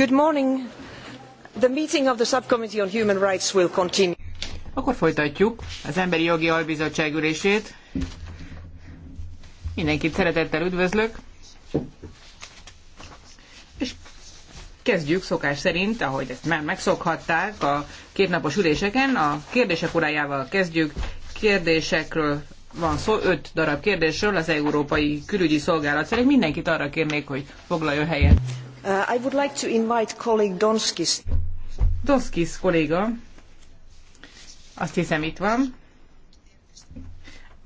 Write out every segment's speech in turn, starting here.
Good morning. The meeting of the Subcommittee on Human Rights will continue. Akkor folytatjuk az Emberi Jogi Albizottság ülését. Mindenkit szeretettel üdvözlök. És kezdjük szokás szerint, ahogy ezt már megszokhatták a kétnapos üléseken, a kérdések órájával kezdjük. Kérdésekről van szó, öt darab kérdésről az Európai Külügyi Szolgálat szerint. Mindenkit arra kérnék, hogy foglaljon helyet. Uh, I would like to invite colleague Donskis. Donskis kolléga, azt hiszem itt van.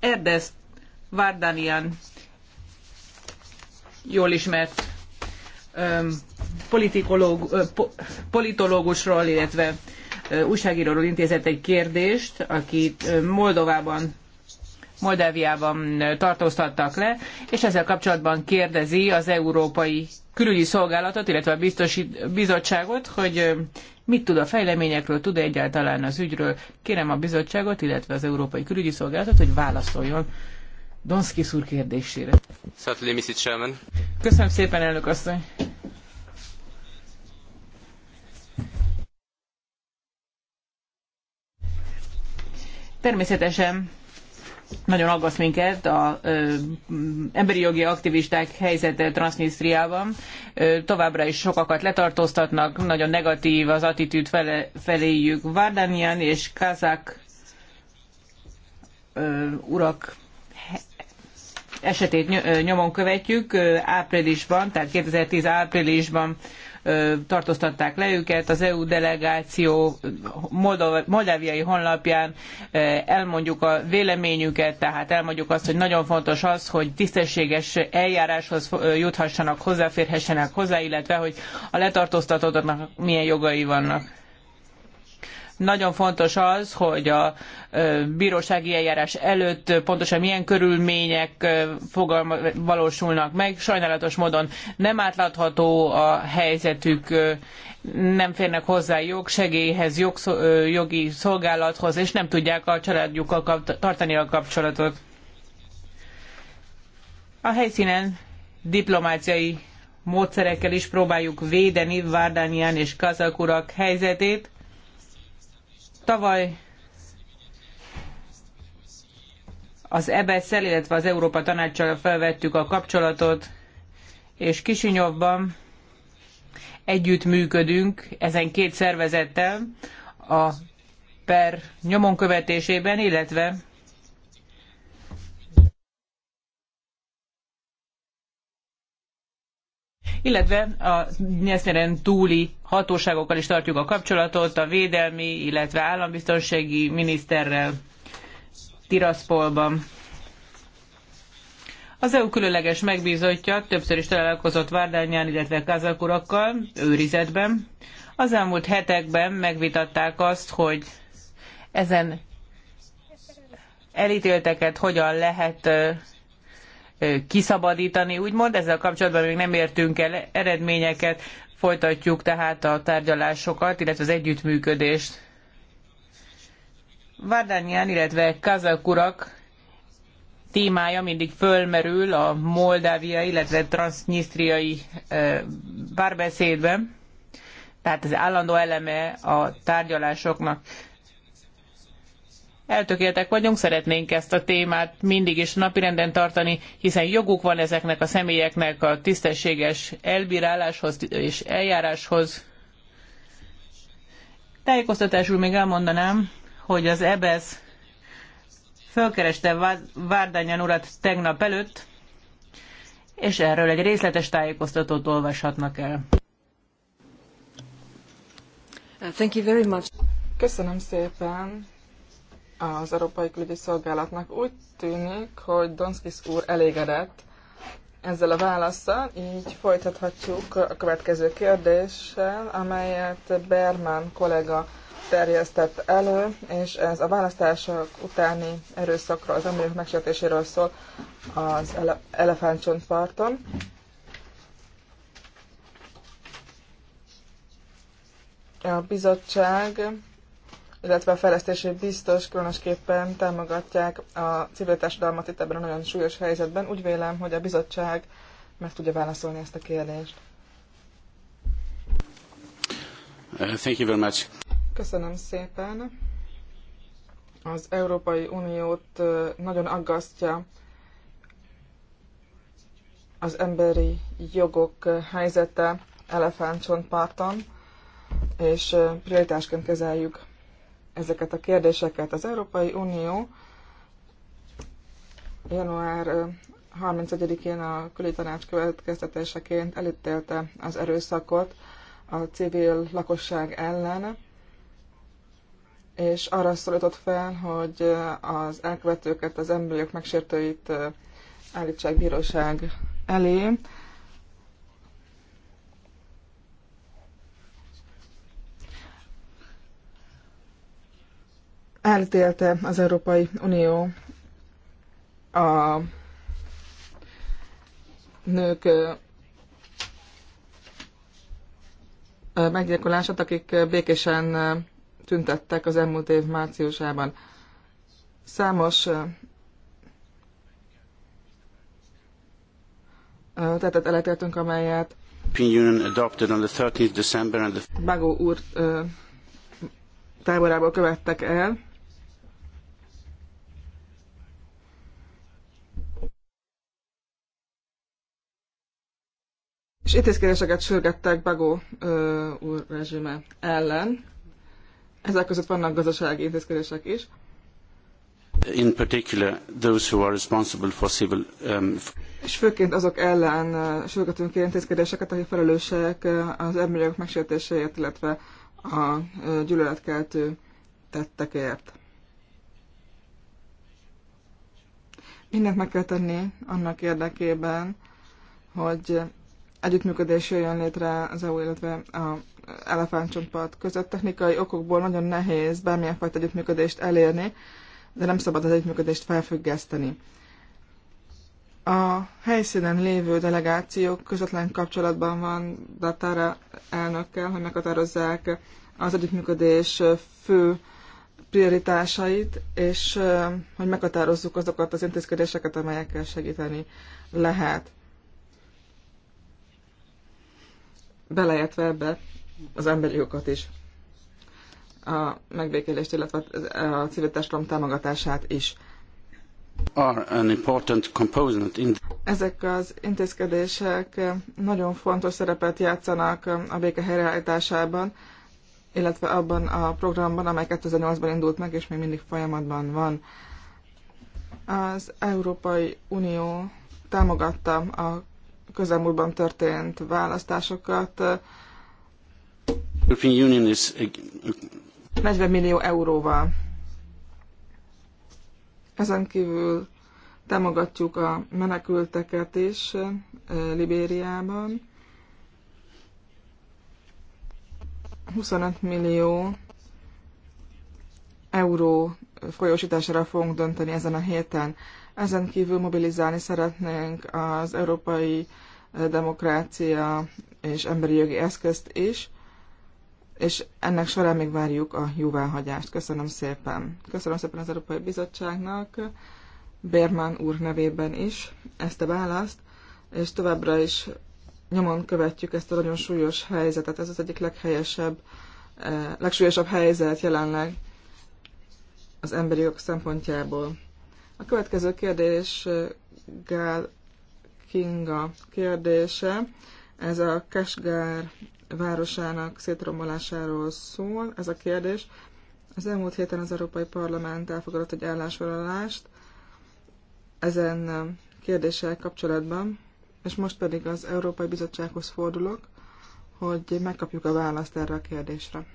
Erdes Várdanian, jól ismert um, politikológ, po, politológusról, illetve újságíróról intézett egy kérdést, akit Moldovában Moldáviában tartóztattak le, és ezzel kapcsolatban kérdezi az Európai külügyi szolgálatot, illetve a bizottságot, hogy mit tud a fejleményekről, tud -e egyáltalán az ügyről. Kérem a bizottságot, illetve az Európai Külügyi Szolgálatot, hogy válaszoljon Donskis úr kérdésére. Mrs. Köszönöm szépen, elnök asszony. Természetesen nagyon aggaszt minket a ö, emberi jogi aktivisták helyzete Transnistriában. továbbra is sokakat letartóztatnak, nagyon negatív az attitűd fele, feléjük. Várdanian és Kazak ö, urak esetét nyomon követjük áprilisban, tehát 2010 áprilisban tartóztatták le őket. Az EU delegáció moldáviai honlapján elmondjuk a véleményüket, tehát elmondjuk azt, hogy nagyon fontos az, hogy tisztességes eljáráshoz juthassanak, hozzáférhessenek hozzá, illetve hogy a letartóztatottaknak milyen jogai vannak. Nagyon fontos az, hogy a bírósági eljárás előtt pontosan milyen körülmények fogalma, valósulnak meg. Sajnálatos módon nem átlátható a helyzetük, nem férnek hozzá jogsegélyhez, jogi szolgálathoz, és nem tudják a családjukkal tartani a kapcsolatot. A helyszínen diplomáciai módszerekkel is próbáljuk védeni Várdánián és Kazakurak helyzetét. Tavaly az EBS-szel, e illetve az Európa Tanácssal felvettük a kapcsolatot, és Kisinyovban együttműködünk ezen két szervezettel a per nyomon követésében, illetve illetve a Nyesznyeren túli hatóságokkal is tartjuk a kapcsolatot, a védelmi, illetve állambiztonsági miniszterrel Tiraspolban. Az EU különleges megbízottja többször is találkozott Várdányán, illetve Kazakurakkal, őrizetben. Az elmúlt hetekben megvitatták azt, hogy ezen elítélteket hogyan lehet kiszabadítani, úgymond. Ezzel kapcsolatban még nem értünk el eredményeket, folytatjuk tehát a tárgyalásokat, illetve az együttműködést. Várdányán, illetve Kazakurak témája mindig fölmerül a Moldávia, illetve transznyisztriai párbeszédben, tehát ez állandó eleme a tárgyalásoknak eltökéltek vagyunk, szeretnénk ezt a témát mindig is napirenden tartani, hiszen joguk van ezeknek a személyeknek a tisztességes elbíráláshoz és eljáráshoz. Tájékoztatásul még elmondanám, hogy az EBESZ fölkereste Várdányan urat tegnap előtt, és erről egy részletes tájékoztatót olvashatnak el. Thank you very much. Köszönöm szépen az Európai Külügyi Szolgálatnak. Úgy tűnik, hogy Donskis úr elégedett ezzel a válaszsal, így folytathatjuk a következő kérdéssel, amelyet Berman kollega terjesztett elő, és ez a választások utáni erőszakról, az emberek megsértéséről szól az ele- elefántcsontparton. A bizottság illetve a fejlesztési biztos különösképpen támogatják a civil társadalmat itt ebben a nagyon súlyos helyzetben. Úgy vélem, hogy a bizottság meg tudja válaszolni ezt a kérdést. Uh, thank you very much. Köszönöm szépen. Az Európai Uniót uh, nagyon aggasztja az emberi jogok uh, helyzete elefántcsontparton, és prioritásként kezeljük ezeket a kérdéseket. Az Európai Unió január 31-én a küli tanács következtetéseként elítélte az erőszakot a civil lakosság ellen, és arra szólított fel, hogy az elkövetőket, az emberek megsértőit állítsák bíróság elé. eltélte az Európai Unió a nők meggyilkolását, akik békésen tüntettek az elmúlt év márciusában. Számos tettet elítéltünk, amelyet Bagó úr táborából követtek el. és intézkedéseket sürgettek Bagó ö, úr rezsime ellen. Ezek között vannak gazdasági intézkedések is. In particular, those who are responsible for civil... Um... És főként azok ellen sürgetünk ki intézkedéseket, akik felelősek az emberi jogok megsértéséért, illetve a gyűlöletkeltő tettekért. Mindent meg kell tenni annak érdekében, hogy együttműködés jön létre az EU, illetve a elefántcsontpart között. Technikai okokból nagyon nehéz bármilyen fajta együttműködést elérni, de nem szabad az együttműködést felfüggeszteni. A helyszínen lévő delegációk közvetlen kapcsolatban van Datára elnökkel, hogy meghatározzák az együttműködés fő prioritásait, és hogy meghatározzuk azokat az intézkedéseket, amelyekkel segíteni lehet. beleértve ebbe az emberi jogokat is, a megbékélést, illetve a civil társadalom támogatását is. Ezek az intézkedések nagyon fontos szerepet játszanak a béke helyreállításában, illetve abban a programban, amely 2008-ban indult meg, és még mindig folyamatban van. Az Európai Unió támogatta a közelmúltban történt választásokat. 40 uh, millió euróval. Ezen kívül támogatjuk a menekülteket is eh, Libériában. 25 millió euró folyósítására fogunk dönteni ezen a héten. Ezen kívül mobilizálni szeretnénk az európai eh, demokrácia és emberi jogi eszközt is, és ennek során még várjuk a jóváhagyást. Köszönöm szépen. Köszönöm szépen az Európai Bizottságnak, Bérmán úr nevében is ezt a választ, és továbbra is nyomon követjük ezt a nagyon súlyos helyzetet. Ez az egyik leghelyesebb, eh, legsúlyosabb helyzet jelenleg az emberi jog szempontjából. A következő kérdés Gál Kinga kérdése. Ez a Kesgár városának szétromolásáról szól. Ez a kérdés. Az elmúlt héten az Európai Parlament elfogadott egy állásfoglalást ezen kérdéssel kapcsolatban, és most pedig az Európai Bizottsághoz fordulok, hogy megkapjuk a választ erre a kérdésre.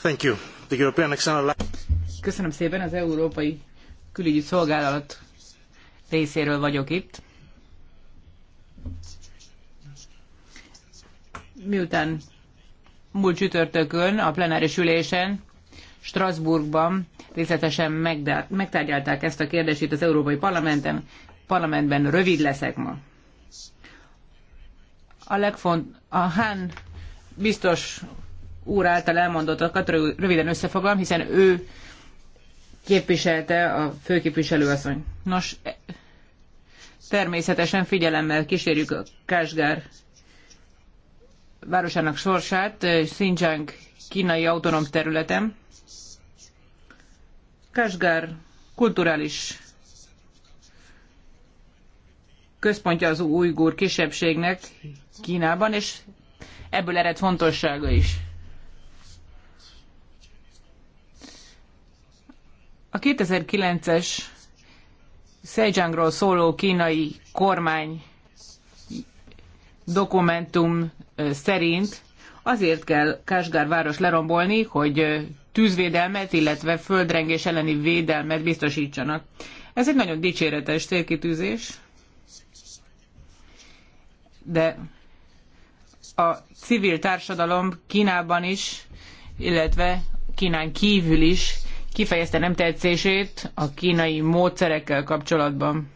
Thank you. The European External Köszönöm szépen, az Európai Külügyi Szolgálat részéről vagyok itt. Miután múlt csütörtökön a plenáris ülésen Strasbourgban részletesen megtárgyalták ezt a kérdést az Európai Parlamenten. Parlamentben rövid leszek ma. A legfont, a Hán biztos úr által elmondottakat röviden összefoglalom, hiszen ő képviselte a főképviselőasszony. Nos, e, természetesen figyelemmel kísérjük a Kásgár városának sorsát, eh, Xinjiang kínai autonóm területen. Kásgár kulturális központja az ujgur kisebbségnek Kínában, és ebből ered fontossága is. A 2009-es Szejdzsángról szóló kínai kormány dokumentum szerint azért kell Kásgár város lerombolni, hogy tűzvédelmet, illetve földrengés elleni védelmet biztosítsanak. Ez egy nagyon dicséretes célkitűzés, de a civil társadalom Kínában is, illetve Kínán kívül is kifejezte nem tetszését a kínai módszerekkel kapcsolatban.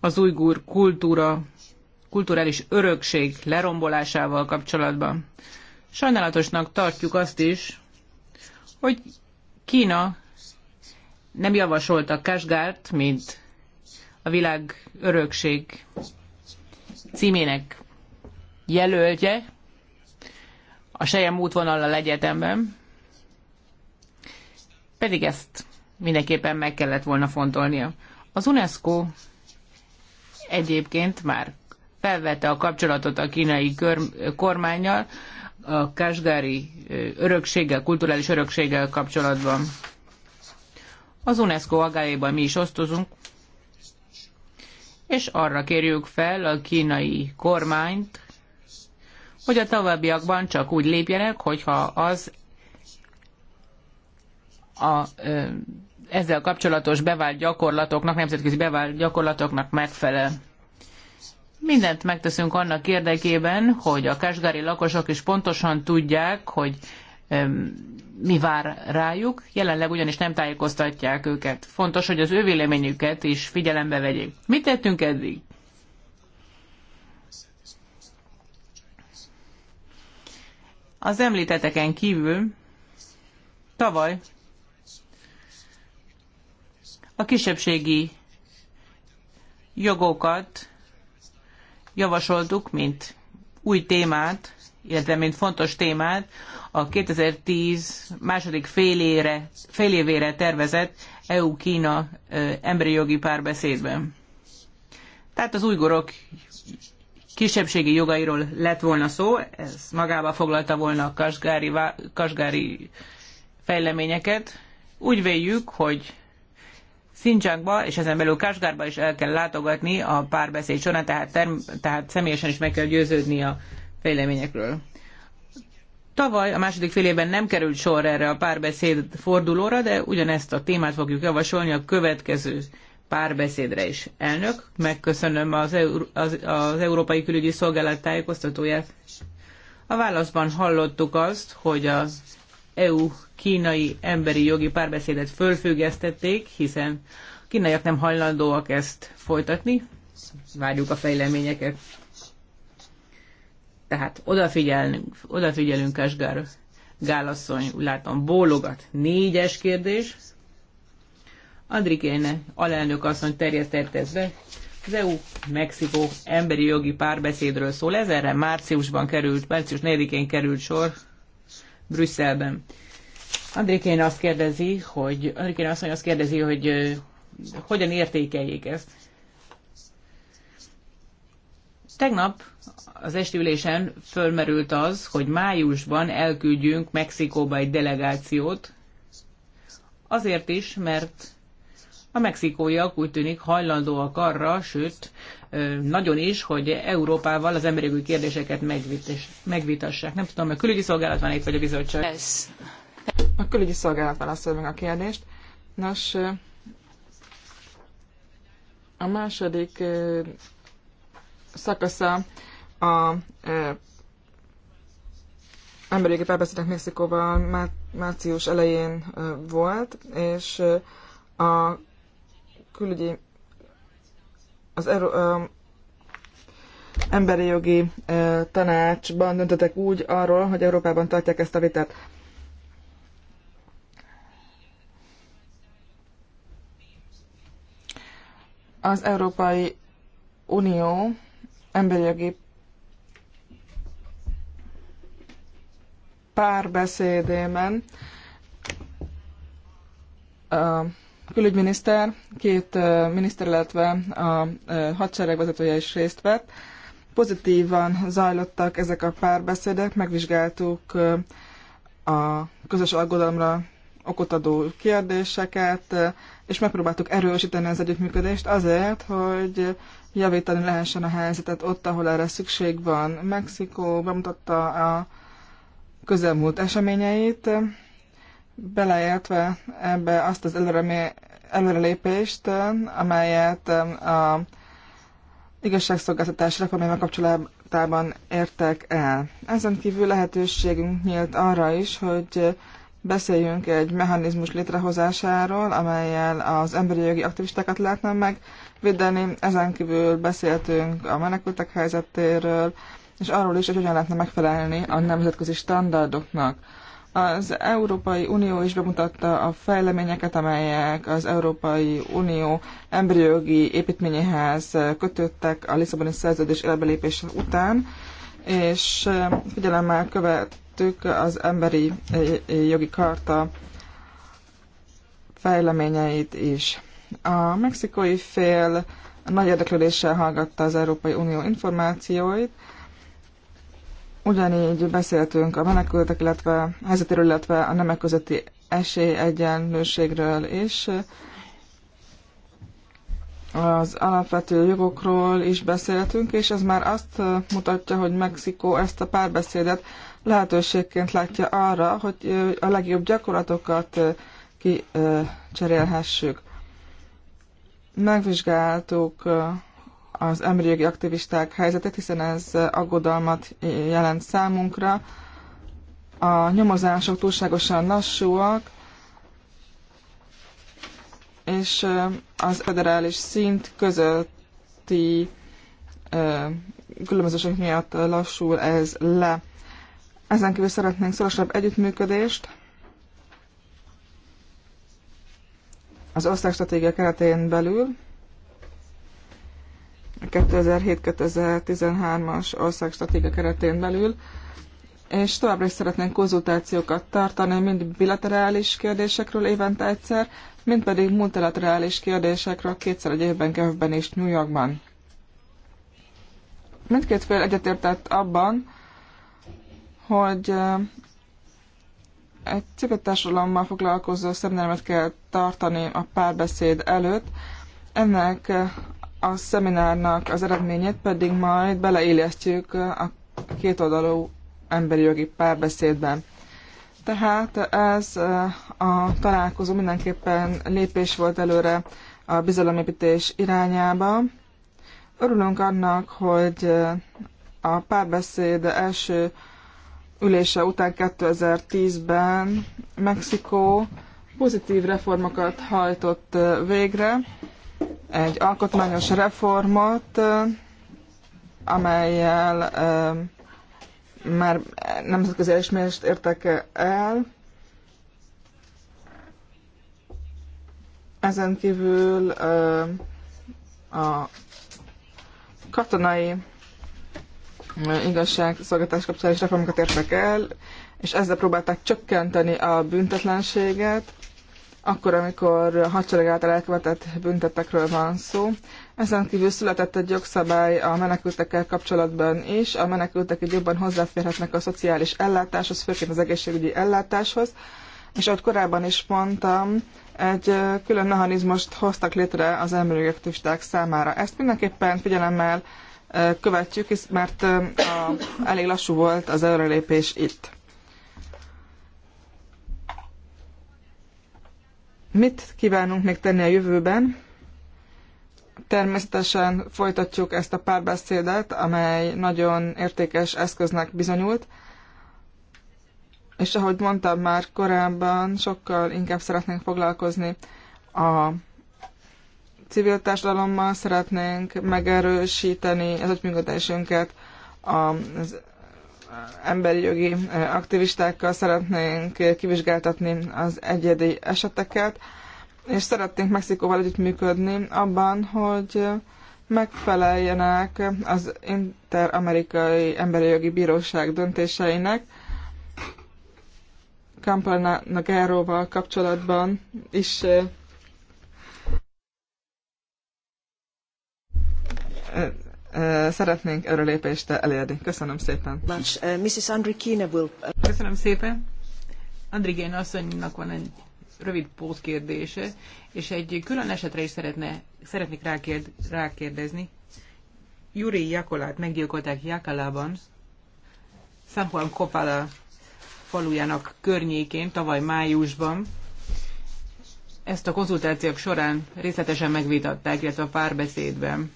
Az ujgur kultúra, kulturális örökség lerombolásával kapcsolatban. Sajnálatosnak tartjuk azt is, hogy Kína nem javasolta Kasgárt, mint a világ örökség címének jelöltje a Sejem útvonallal egyetemben. Pedig ezt mindenképpen meg kellett volna fontolnia. Az UNESCO egyébként már felvette a kapcsolatot a kínai kör- kormányjal, a kasgári örökséggel, kulturális örökséggel kapcsolatban. Az UNESCO agályában mi is osztozunk, és arra kérjük fel a kínai kormányt, hogy a továbbiakban csak úgy lépjenek, hogyha az a ezzel kapcsolatos bevált gyakorlatoknak, nemzetközi bevált gyakorlatoknak megfelel. Mindent megteszünk annak érdekében, hogy a kasgári lakosok is pontosan tudják, hogy mi vár rájuk, jelenleg ugyanis nem tájékoztatják őket. Fontos, hogy az ő véleményüket is figyelembe vegyék. Mit tettünk eddig? Az említeteken kívül tavaly a kisebbségi jogokat javasoltuk, mint új témát, illetve mint fontos témát a 2010 második félére, fél évére tervezett EU-Kína emberi jogi párbeszédben. Tehát az újgorok kisebbségi jogairól lett volna szó, ez magába foglalta volna a kasgári, kasgári fejleményeket. Úgy véljük, hogy Xinjiangba és ezen belül Kásgárba is el kell látogatni a párbeszéd során, tehát, term- tehát személyesen is meg kell győződni a fejleményekről. Tavaly a második félében nem került sor erre a párbeszéd fordulóra, de ugyanezt a témát fogjuk javasolni a következő párbeszédre is. Elnök, megköszönöm az, Euró- az, az Európai Külügyi Szolgálat tájékoztatóját. A válaszban hallottuk azt, hogy az EU-kínai emberi jogi párbeszédet fölfüggesztették, hiszen a kínaiak nem hajlandóak ezt folytatni. Várjuk a fejleményeket. Tehát odafigyelünk, odafigyelünk Kesgár Gálasszony, úgy látom, bólogat. Négyes kérdés. Andrikéne alelnök asszony terjesztette ezt be. Az EU-Mexikó emberi jogi párbeszédről szól. Ez erre márciusban került, március 4-én került sor. Brüsszelben. Andrikén azt kérdezi, hogy Andrikén azt, azt kérdezi, hogy hogyan értékeljék ezt. Tegnap az esti ülésen fölmerült az, hogy májusban elküldjünk Mexikóba egy delegációt, azért is, mert a mexikóiak úgy tűnik hajlandóak arra, sőt, nagyon is, hogy Európával az emberi kérdéseket megvitassák. Nem tudom, a külügyi szolgálat van itt, vagy a bizottság? Yes. A külügyi szolgálat válaszol meg a kérdést. Nos, a második szakasza a emberi párbeszédnek Mexikóval már, március elején volt, és a külügyi az ö, emberi jogi ö, tanácsban döntöttek úgy arról, hogy Európában tartják ezt a vitát. Az Európai Unió emberi jogi párbeszédében ö, külügyminiszter, két miniszter, illetve a hadsereg vezetője is részt vett. Pozitívan zajlottak ezek a párbeszédek, megvizsgáltuk a közös aggodalomra okot adó kérdéseket, és megpróbáltuk erősíteni az együttműködést azért, hogy javítani lehessen a helyzetet ott, ahol erre szükség van. Mexikó bemutatta a közelmúlt eseményeit, beleértve ebbe azt az előre, előrelépést, amelyet um, a igazságszolgáltatás reformjával kapcsolatában értek el. Ezen kívül lehetőségünk nyílt arra is, hogy beszéljünk egy mechanizmus létrehozásáról, amelyel az emberi jogi aktivistákat lehetne megvédeni. Ezen kívül beszéltünk a menekültek helyzetéről, és arról is, hogy hogyan lehetne megfelelni a nemzetközi standardoknak. Az Európai Unió is bemutatta a fejleményeket, amelyek az Európai Unió embriógi építményéhez kötöttek a Lisszaboni szerződés elbelépése után, és figyelemmel követtük az emberi jogi karta fejleményeit is. A mexikói fél nagy érdeklődéssel hallgatta az Európai Unió információit, Ugyanígy beszéltünk a menekültek, illetve helyzetéről, illetve a nemek közötti esélyegyenlőségről is. Az alapvető jogokról is beszéltünk, és ez már azt mutatja, hogy Mexikó ezt a párbeszédet lehetőségként látja arra, hogy a legjobb gyakorlatokat kicserélhessük. Megvizsgáltuk az emberi jogi aktivisták helyzetét, hiszen ez aggodalmat jelent számunkra. A nyomozások túlságosan lassúak, és az federális szint közötti különbözőség miatt lassul ez le. Ezen kívül szeretnénk szorosabb együttműködést az stratégia keretén belül, 2007-2013-as országstratégia keretén belül, és továbbra is szeretnénk konzultációkat tartani, mind bilaterális kérdésekről évente egyszer, mind pedig multilaterális kérdésekről kétszer egy évben Kövben és New Yorkban. Mindkét fél egyetértett abban, hogy egy civil társadalommal foglalkozó szemináriumot kell tartani a párbeszéd előtt. Ennek a szeminárnak az eredményét pedig majd beleillesztjük a kétoldalú emberi jogi párbeszédben. Tehát ez a találkozó mindenképpen lépés volt előre a bizalomépítés irányába. Örülünk annak, hogy a párbeszéd első ülése után 2010-ben Mexikó pozitív reformokat hajtott végre, egy alkotmányos reformot, amelyel már nemzetközi elismerést értek el. Ezen kívül a katonai igazságszolgáltatás kapcsolatos reformokat értek el, és ezzel próbálták csökkenteni a büntetlenséget, akkor, amikor hadsereg által elkövetett büntetekről van szó. Ezen kívül született egy jogszabály a menekültekkel kapcsolatban is. A menekültek egy jobban hozzáférhetnek a szociális ellátáshoz, főként az egészségügyi ellátáshoz. És ott korábban is mondtam, egy külön mechanizmust hoztak létre az emberi számára. Ezt mindenképpen figyelemmel követjük, mert elég lassú volt az előrelépés itt. Mit kívánunk még tenni a jövőben? Természetesen folytatjuk ezt a párbeszédet, amely nagyon értékes eszköznek bizonyult, és ahogy mondtam már korábban, sokkal inkább szeretnénk foglalkozni a civil társadalommal, szeretnénk megerősíteni az ötműködésünket az emberi jogi eh, aktivistákkal szeretnénk kivizsgáltatni az egyedi eseteket, és szeretnénk Mexikóval együttműködni abban, hogy megfeleljenek az Interamerikai Emberi Jogi Bíróság döntéseinek, Kampana Gáróval kapcsolatban is eh, szeretnénk erőlépést elérni. Köszönöm szépen. Mrs. Uh, uh, Köszönöm szépen. Andrikine asszonynak van egy rövid pótkérdése, és egy külön esetre is szeretne, szeretnék rákérd, rákérdezni. Juri Jakolát meggyilkolták Jakalában, San Juan Copala falujának környékén tavaly májusban. Ezt a konzultációk során részletesen megvitatták, illetve a párbeszédben.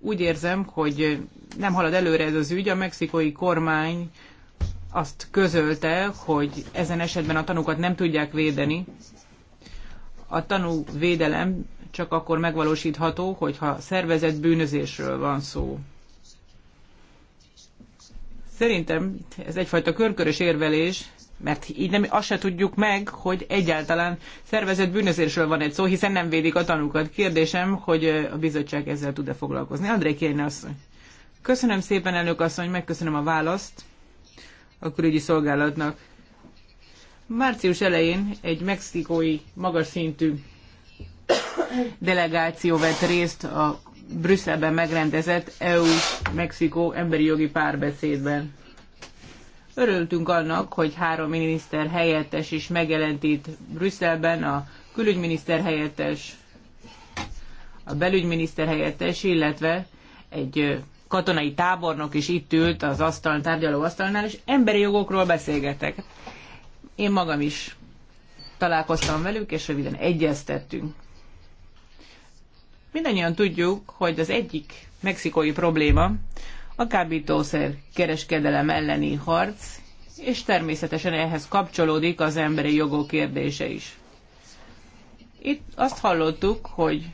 Úgy érzem, hogy nem halad előre ez az ügy, a mexikói kormány azt közölte, hogy ezen esetben a tanúkat nem tudják védeni. A tanú védelem csak akkor megvalósítható, hogyha szervezett bűnözésről van szó. Szerintem ez egyfajta körkörös érvelés, mert így nem, azt se tudjuk meg, hogy egyáltalán szervezett bűnözésről van egy szó, hiszen nem védik a tanúkat. Kérdésem, hogy a bizottság ezzel tud-e foglalkozni. André Kérne asszony. Köszönöm szépen, elnök asszony, megköszönöm a választ a külügyi szolgálatnak. Március elején egy mexikói magas szintű delegáció vett részt a Brüsszelben megrendezett EU-Mexikó emberi jogi párbeszédben Örültünk annak, hogy három miniszter helyettes is megjelent itt Brüsszelben, a külügyminiszter helyettes, a belügyminiszter helyettes, illetve egy katonai tábornok is itt ült az asztal, tárgyaló asztalnál, és emberi jogokról beszélgetek. Én magam is találkoztam velük, és röviden egyeztettünk. Mindannyian tudjuk, hogy az egyik mexikói probléma a kábítószer kereskedelem elleni harc, és természetesen ehhez kapcsolódik az emberi jogok kérdése is. Itt azt hallottuk, hogy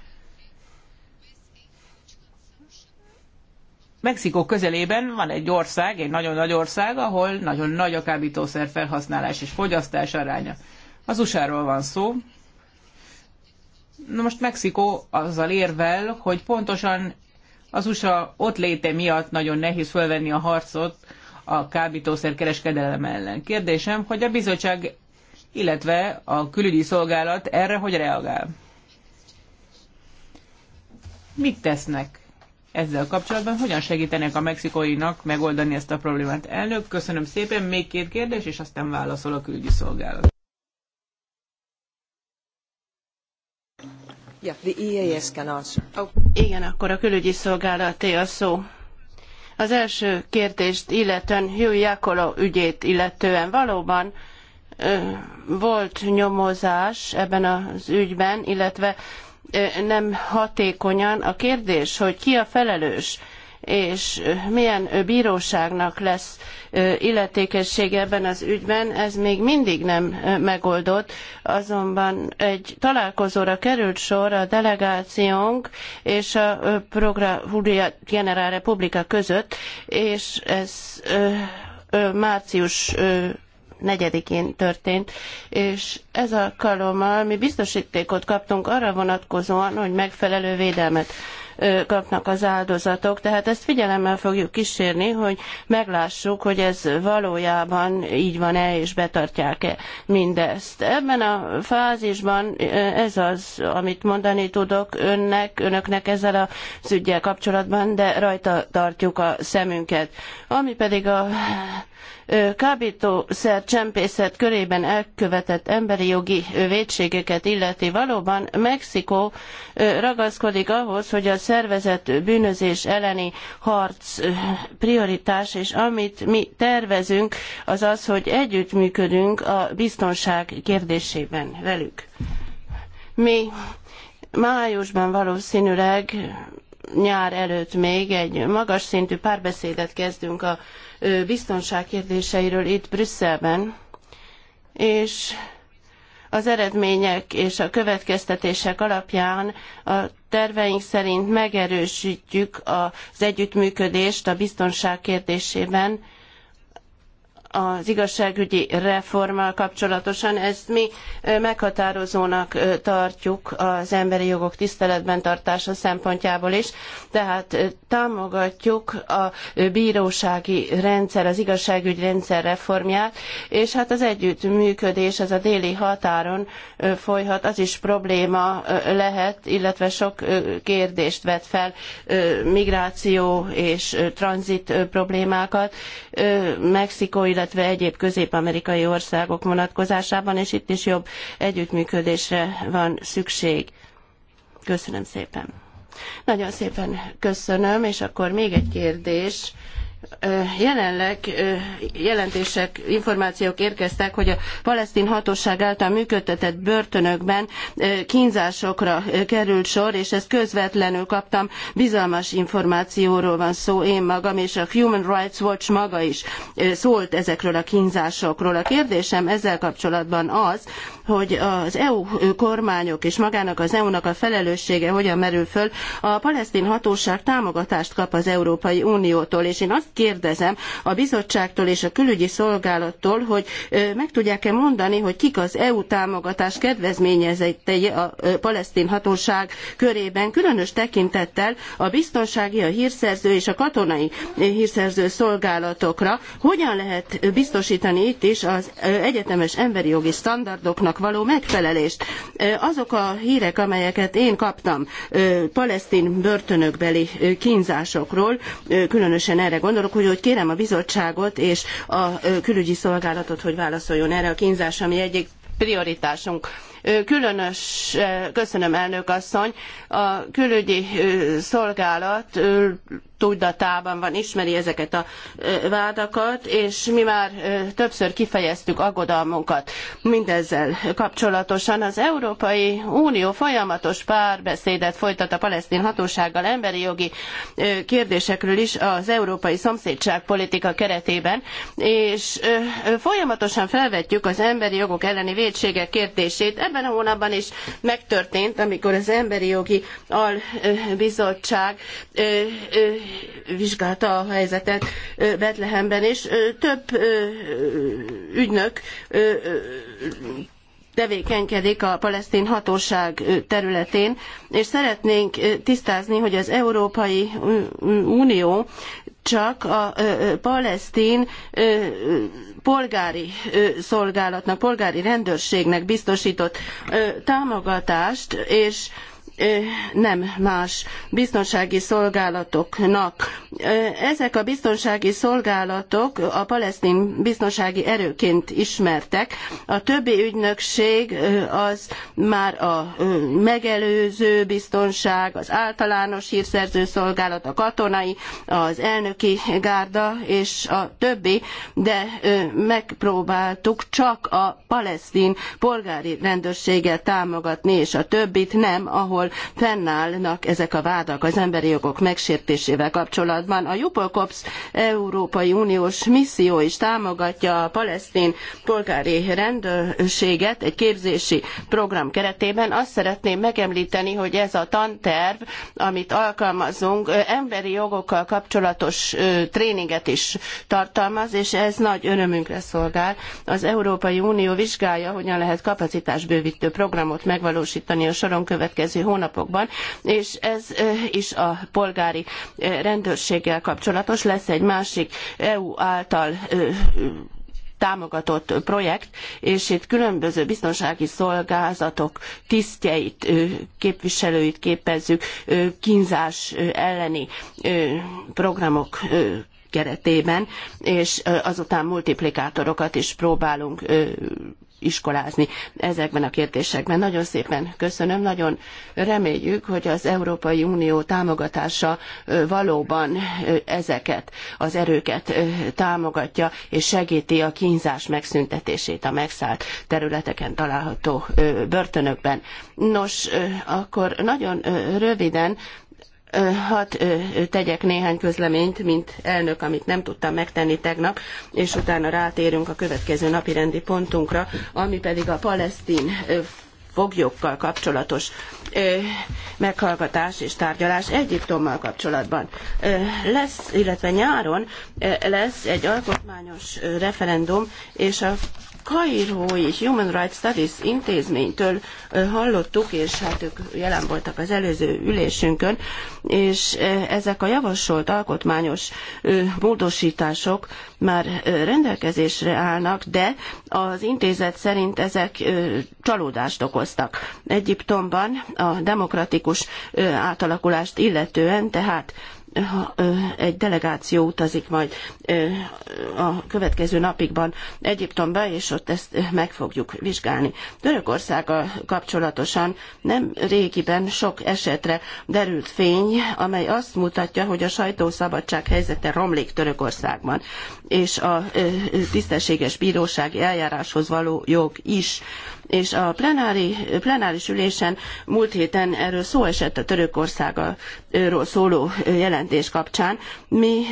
Mexikó közelében van egy ország, egy nagyon nagy ország, ahol nagyon nagy a kábítószer felhasználás és fogyasztás aránya. Az usa van szó. Na most Mexikó azzal érvel, hogy pontosan az USA ott léte miatt nagyon nehéz fölvenni a harcot a kábítószer kereskedelem ellen. Kérdésem, hogy a bizottság, illetve a külügyi szolgálat erre hogy reagál? Mit tesznek ezzel kapcsolatban? Hogyan segítenek a mexikóinak megoldani ezt a problémát? Elnök, köszönöm szépen. Még két kérdés, és aztán válaszol a külügyi szolgálat. Yeah, the EAS can answer. Oh. Igen, akkor a külügyi szolgálaté a szó. Az első kérdést illetően Hugh Jakolo ügyét illetően valóban ö, volt nyomozás ebben az ügyben, illetve ö, nem hatékonyan. A kérdés, hogy ki a felelős, és milyen bíróságnak lesz illetékessége ebben az ügyben, ez még mindig nem megoldott, azonban egy találkozóra került sor a delegációnk és a Programma Generál Republika között, és ez március negyedikén én történt, és ez alkalommal mi biztosítékot kaptunk arra vonatkozóan, hogy megfelelő védelmet kapnak az áldozatok. Tehát ezt figyelemmel fogjuk kísérni, hogy meglássuk, hogy ez valójában így van-e, és betartják-e mindezt. Ebben a fázisban ez az, amit mondani tudok önnek, önöknek ezzel az ügyel kapcsolatban, de rajta tartjuk a szemünket. Ami pedig a kábítószer csempészet körében elkövetett emberi jogi vétségeket illeti valóban Mexikó ragaszkodik ahhoz, hogy a szervezett bűnözés elleni harc prioritás, és amit mi tervezünk, az az, hogy együttműködünk a biztonság kérdésében velük. Mi Májusban valószínűleg nyár előtt még egy magas szintű párbeszédet kezdünk a biztonság kérdéseiről itt Brüsszelben, és az eredmények és a következtetések alapján a terveink szerint megerősítjük az együttműködést a biztonság kérdésében, az igazságügyi reformmal kapcsolatosan. Ezt mi meghatározónak tartjuk az emberi jogok tiszteletben tartása szempontjából is, tehát támogatjuk a bírósági rendszer, az igazságügyi rendszer reformját, és hát az együttműködés, ez a déli határon folyhat, az is probléma lehet, illetve sok kérdést vet fel, migráció és tranzit problémákat, Mexikó, illetve illetve egyéb közép-amerikai országok vonatkozásában, és itt is jobb együttműködésre van szükség. Köszönöm szépen. Nagyon szépen köszönöm, és akkor még egy kérdés Jelenleg jelentések, információk érkeztek, hogy a palesztin hatóság által működtetett börtönökben kínzásokra került sor, és ezt közvetlenül kaptam, bizalmas információról van szó én magam, és a Human Rights Watch maga is szólt ezekről a kínzásokról. A kérdésem ezzel kapcsolatban az, hogy az EU kormányok és magának az EU-nak a felelőssége hogyan merül föl. A palesztin hatóság támogatást kap az Európai Uniótól, és én azt kérdezem a bizottságtól és a külügyi szolgálattól, hogy meg tudják-e mondani, hogy kik az EU támogatás kedvezményezettei a palesztin hatóság körében, különös tekintettel a biztonsági, a hírszerző és a katonai hírszerző szolgálatokra, hogyan lehet biztosítani itt is az egyetemes emberi jogi standardoknak való megfelelést. Azok a hírek, amelyeket én kaptam palesztin börtönökbeli kínzásokról, különösen erre gondolok, gondolok, úgy, hogy kérem a bizottságot és a külügyi szolgálatot, hogy válaszoljon erre a kínzás, ami egyik prioritásunk. Különös, köszönöm elnök asszony, a külügyi szolgálat tudatában van, ismeri ezeket a vádakat, és mi már többször kifejeztük aggodalmunkat mindezzel kapcsolatosan. Az Európai Unió folyamatos párbeszédet folytat a palesztin hatósággal emberi jogi kérdésekről is az európai szomszédságpolitika keretében, és folyamatosan felvetjük az emberi jogok elleni vétségek kérdését. Ebben a hónapban is megtörtént, amikor az Emberi Jogi Albizottság vizsgálta a helyzetet Betlehemben, és több ügynök tevékenykedik a palesztin hatóság területén, és szeretnénk tisztázni, hogy az Európai Unió csak a palesztin polgári szolgálatnak, polgári rendőrségnek biztosított támogatást, és nem más biztonsági szolgálatoknak. Ezek a biztonsági szolgálatok a palesztin biztonsági erőként ismertek. A többi ügynökség az már a megelőző biztonság, az általános hírszerző szolgálat, a katonai, az elnöki gárda és a többi, de megpróbáltuk csak a palesztin polgári rendőrséget támogatni, és a többit nem, ahol ahol fennállnak ezek a vádak az emberi jogok megsértésével kapcsolatban. A Jupolkops Európai Uniós misszió is támogatja a palesztin polgári rendőrséget egy képzési program keretében. Azt szeretném megemlíteni, hogy ez a tanterv, amit alkalmazunk, emberi jogokkal kapcsolatos tréninget is tartalmaz, és ez nagy örömünkre szolgál. Az Európai Unió vizsgálja, hogyan lehet kapacitásbővítő programot megvalósítani a soron következő hónapokban, és ez is a polgári rendőrséggel kapcsolatos. Lesz egy másik EU által támogatott projekt, és itt különböző biztonsági szolgálatok tisztjeit, képviselőit képezzük kínzás elleni programok keretében, és azután multiplikátorokat is próbálunk iskolázni ezekben a kérdésekben. Nagyon szépen köszönöm, nagyon reméljük, hogy az Európai Unió támogatása valóban ezeket az erőket támogatja és segíti a kínzás megszüntetését a megszállt területeken található börtönökben. Nos, akkor nagyon röviden Hadd tegyek néhány közleményt, mint elnök, amit nem tudtam megtenni tegnap, és utána rátérünk a következő napirendi pontunkra, ami pedig a palesztin foglyokkal kapcsolatos meghallgatás és tárgyalás Egyiptommal kapcsolatban. lesz, illetve nyáron lesz egy alkotmányos referendum, és a Kairói Human Rights Studies intézménytől hallottuk, és hát ők jelen voltak az előző ülésünkön, és ezek a javasolt alkotmányos módosítások már rendelkezésre állnak, de az intézet szerint ezek csalódást okoztak. Egyiptomban a demokratikus átalakulást illetően, tehát ha egy delegáció utazik majd a következő napikban Egyiptomba, és ott ezt meg fogjuk vizsgálni. Törökországgal kapcsolatosan nem régiben sok esetre derült fény, amely azt mutatja, hogy a sajtószabadság helyzete romlik Törökországban, és a tisztességes bírósági eljáráshoz való jog is és a plenári, plenáris ülésen múlt héten erről szó esett a Törökországról szóló jelentés jelentés kapcsán. Mi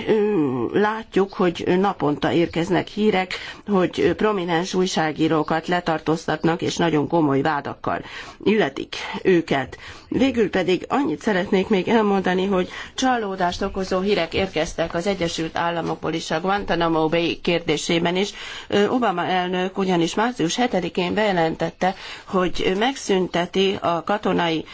látjuk, hogy naponta érkeznek hírek, hogy prominens újságírókat letartóztatnak, és nagyon komoly vádakkal illetik őket. Végül pedig annyit szeretnék még elmondani, hogy csalódást okozó hírek érkeztek az Egyesült Államokból is, a Guantanamo Bay kérdésében is. Obama elnök ugyanis március 7-én bejelentette, hogy megszünteti a katonai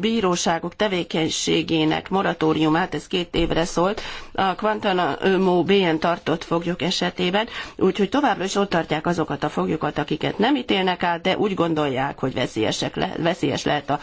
bíróságok tevékenységének moratóriumát, ez két évre szólt, a Guantanamo BN tartott foglyok esetében, úgyhogy továbbra is ott tartják azokat a foglyokat, akiket nem ítélnek át, de úgy gondolják, hogy veszélyesek le, veszélyes lehet a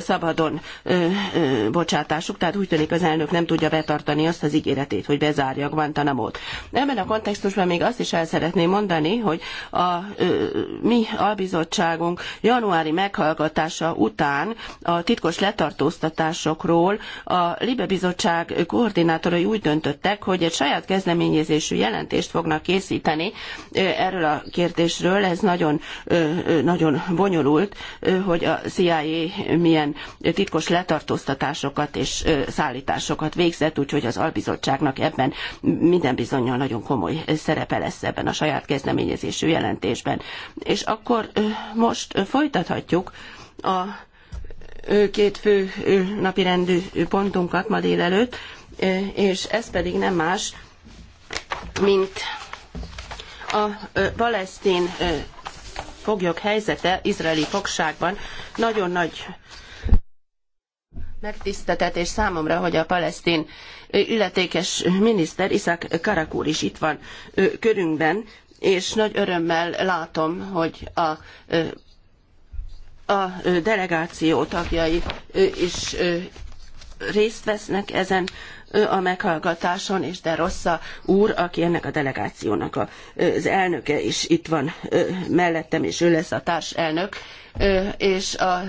szabadon ö, ö, bocsátásuk, tehát úgy tűnik az elnök nem tudja betartani azt az ígéretét, hogy bezárja Guantanamo-t. Ebben a kontextusban még azt is el szeretném mondani, hogy a ö, mi albizottságunk januári meghallgatása után során a titkos letartóztatásokról a Libe Bizottság koordinátorai úgy döntöttek, hogy egy saját kezdeményezésű jelentést fognak készíteni erről a kérdésről. Ez nagyon, nagyon bonyolult, hogy a CIA milyen titkos letartóztatásokat és szállításokat végzett, úgyhogy az albizottságnak ebben minden bizonyal nagyon komoly szerepe lesz ebben a saját kezdeményezésű jelentésben. És akkor most folytathatjuk a két fő napirendű pontunkat ma délelőtt, és ez pedig nem más, mint a palesztin foglyok helyzete izraeli fogságban nagyon nagy megtiszteltetés számomra, hogy a palesztin illetékes miniszter Iszák Karakúr is itt van körünkben, és nagy örömmel látom, hogy a a delegáció tagjai is részt vesznek ezen a meghallgatáson, és de Rossza úr, aki ennek a delegációnak az elnöke, is itt van mellettem, és ő lesz a társelnök, és a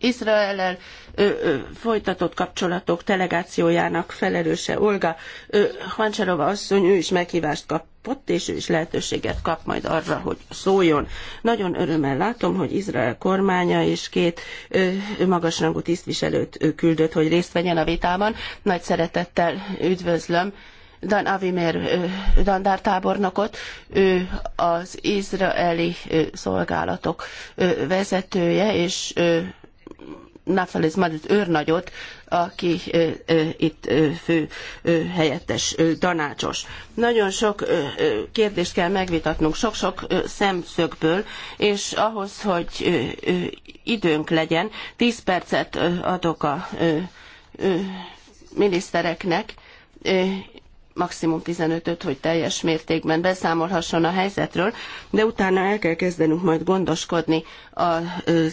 izrael folytatott kapcsolatok delegációjának felelőse Olga Hancserova asszony, ő is meghívást kapott, és ő is lehetőséget kap majd arra, hogy szóljon. Nagyon örömmel látom, hogy Izrael kormánya és két magas magasrangú tisztviselőt küldött, hogy részt vegyen a vitában. Nagy szeretettel üdvözlöm. Dan Avimer, dandártábornokot, ő az izraeli szolgálatok vezetője, és Nafalis Madrid őrnagyot, aki itt fő helyettes tanácsos. Nagyon sok kérdést kell megvitatnunk, sok-sok szemszögből, és ahhoz, hogy időnk legyen, 10 percet adok a minisztereknek, maximum 15-öt, hogy teljes mértékben beszámolhasson a helyzetről, de utána el kell kezdenünk majd gondoskodni az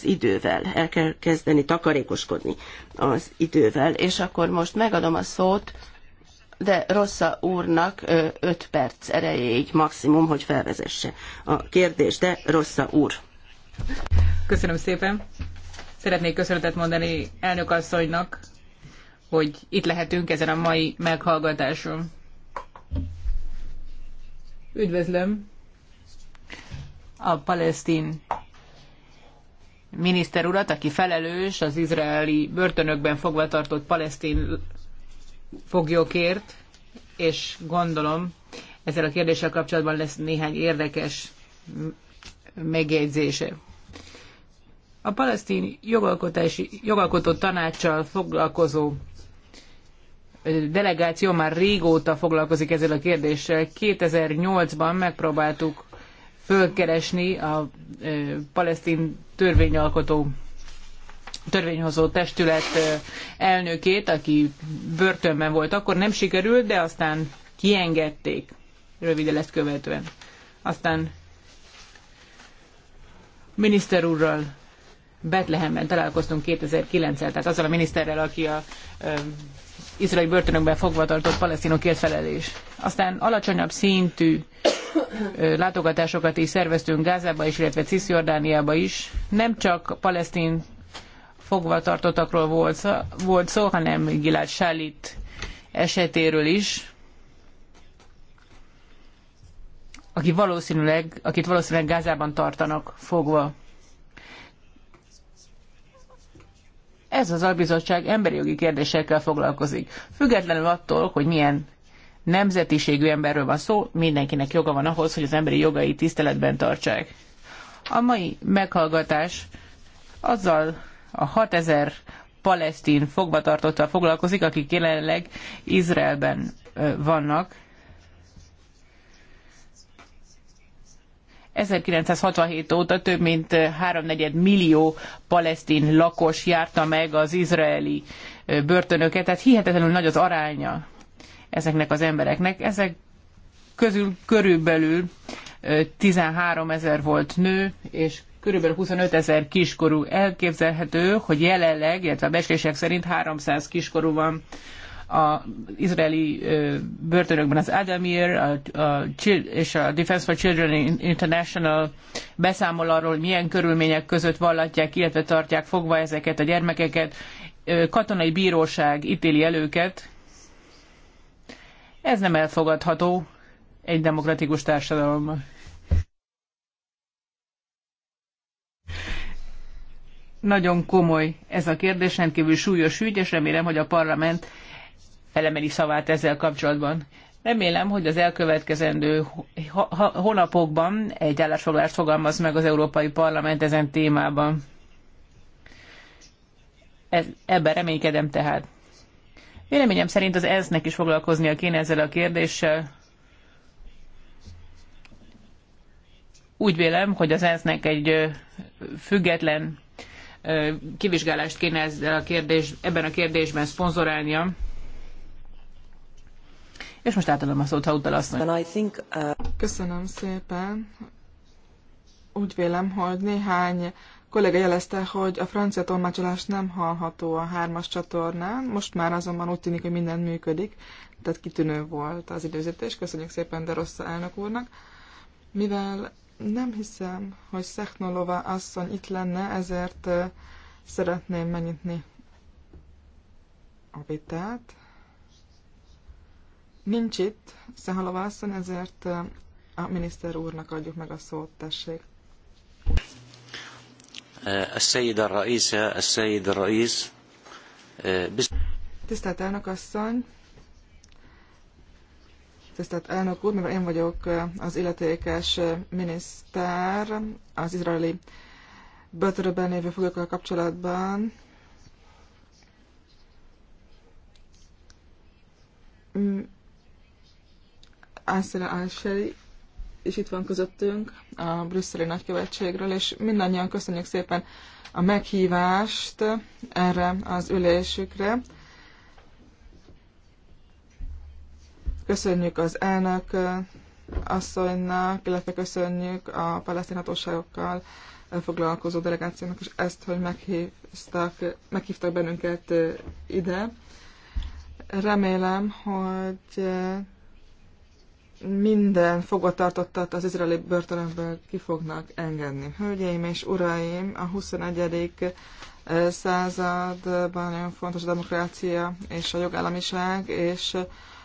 idővel, el kell kezdeni takarékoskodni az idővel, és akkor most megadom a szót, de Rossza úrnak 5 perc erejéig maximum, hogy felvezesse a kérdést, de Rossza úr. Köszönöm szépen. Szeretnék köszönetet mondani elnök asszonynak, hogy itt lehetünk ezen a mai meghallgatáson. Üdvözlöm a palesztin miniszter urat, aki felelős az izraeli börtönökben fogvatartott palesztin foglyokért, és gondolom ezzel a kérdéssel kapcsolatban lesz néhány érdekes megjegyzése. A palesztin jogalkotási, jogalkotó tanácssal foglalkozó delegáció már régóta foglalkozik ezzel a kérdéssel. 2008-ban megpróbáltuk fölkeresni a palesztin törvényalkotó törvényhozó testület elnökét, aki börtönben volt akkor, nem sikerült, de aztán kiengedték röviden ezt követően. Aztán miniszter úrral Betlehemben találkoztunk 2009-el, tehát azzal a miniszterrel, aki a izraeli börtönökben fogva tartott palesztinokért felelés. Aztán alacsonyabb szintű látogatásokat is szerveztünk Gázába is, illetve Cisjordániába is. Nem csak palesztin fogvatartottakról volt, volt szó, hanem Gilad Shalit esetéről is, aki valószínűleg, akit valószínűleg Gázában tartanak fogva. Ez az albizottság emberi jogi kérdésekkel foglalkozik. Függetlenül attól, hogy milyen nemzetiségű emberről van szó, mindenkinek joga van ahhoz, hogy az emberi jogai tiszteletben tartsák. A mai meghallgatás azzal a 6000 palesztin fogvatartottal foglalkozik, akik jelenleg Izraelben vannak, 1967 óta több mint 3,4 millió palesztin lakos járta meg az izraeli börtönöket, tehát hihetetlenül nagy az aránya ezeknek az embereknek. Ezek közül körülbelül 13 ezer volt nő, és körülbelül 25 ezer kiskorú. Elképzelhető, hogy jelenleg, illetve a beszélések szerint 300 kiskorú van az izraeli börtönökben az Adamir a, a, és a Defense for Children International beszámol arról, hogy milyen körülmények között vallatják, illetve tartják fogva ezeket a gyermekeket. Katonai bíróság ítéli el őket. Ez nem elfogadható egy demokratikus társadalomban. Nagyon komoly ez a kérdés, rendkívül súlyos ügy, és remélem, hogy a parlament elemeli szavát ezzel kapcsolatban. Remélem, hogy az elkövetkezendő hónapokban egy állásfoglalást fogalmaz meg az Európai Parlament ezen témában. Ebben reménykedem tehát. Véleményem szerint az ENSZ-nek is foglalkoznia kéne ezzel a kérdéssel. Úgy vélem, hogy az ENSZ-nek egy független kivizsgálást kéne ezzel a kérdés, ebben a kérdésben szponzorálnia. És most átadom a szót Hautala asszony. Uh, Köszönöm szépen. Úgy vélem, hogy néhány kolléga jelezte, hogy a francia tolmácsolás nem hallható a hármas csatornán, most már azonban úgy tűnik, hogy minden működik, tehát kitűnő volt az időzítés. Köszönjük szépen de rossz elnök úrnak. Mivel nem hiszem, hogy Szechnolova asszony itt lenne, ezért uh, szeretném megnyitni a vitát. Nincs itt Szehalovászon, ezért a miniszter úrnak adjuk meg a szót, tessék. السيدة الرئيسة السيد الرئيس Tisztelt elnök asszony, tisztelt elnök úr, mivel én vagyok az illetékes miniszter az izraeli börtönben lévő foglyokkal kapcsolatban, Ászela Ásseri, és itt van közöttünk a brüsszeli nagykövetségről, és mindannyian köszönjük szépen a meghívást erre az ülésükre. Köszönjük az elnök asszonynak, illetve köszönjük a palesztin hatóságokkal foglalkozó delegációnak is ezt, hogy meghívtak, meghívtak bennünket ide. Remélem, hogy minden fogvatartottat az izraeli börtönökből ki fognak engedni. Hölgyeim és uraim, a 21. században nagyon fontos a demokrácia és a jogállamiság, és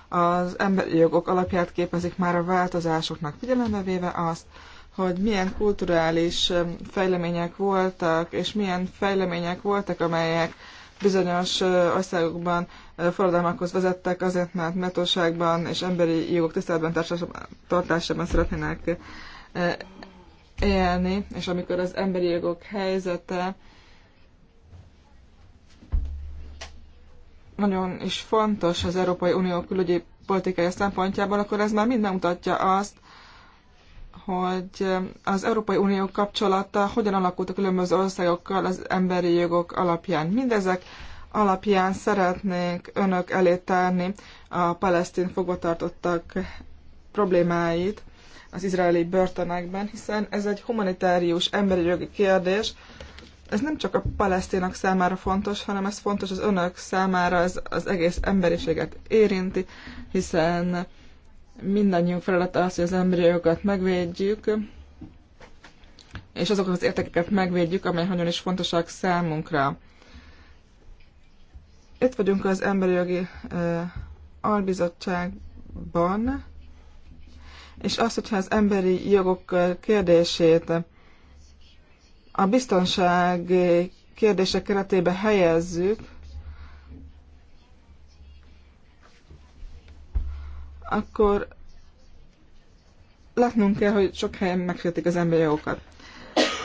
az emberi jogok alapját képezik már a változásoknak, figyelembe véve azt, hogy milyen kulturális fejlemények voltak, és milyen fejlemények voltak, amelyek bizonyos országokban forradalmakhoz vezettek, azért mert metóságban és emberi jogok tiszteletben tartásában szeretnének élni, és amikor az emberi jogok helyzete nagyon is fontos az Európai Unió külügyi politikai szempontjából, akkor ez már mind megmutatja azt, hogy az Európai Unió kapcsolata hogyan alakult a különböző országokkal az emberi jogok alapján. Mindezek alapján szeretnék önök elé tárni a palesztin fogvatartottak problémáit az izraeli börtönekben, hiszen ez egy humanitárius emberi jogi kérdés. Ez nem csak a palesztinok számára fontos, hanem ez fontos az önök számára, ez az egész emberiséget érinti, hiszen mindannyiunk feladata az, hogy az emberi jogokat megvédjük, és azokat az értékeket megvédjük, amely nagyon is fontosak számunkra. Itt vagyunk az Emberi Jogi Albizottságban, és az, hogyha az emberi jogok kérdését a biztonság kérdése keretébe helyezzük, akkor látnunk kell, hogy sok helyen megsértik az emberi jogokat.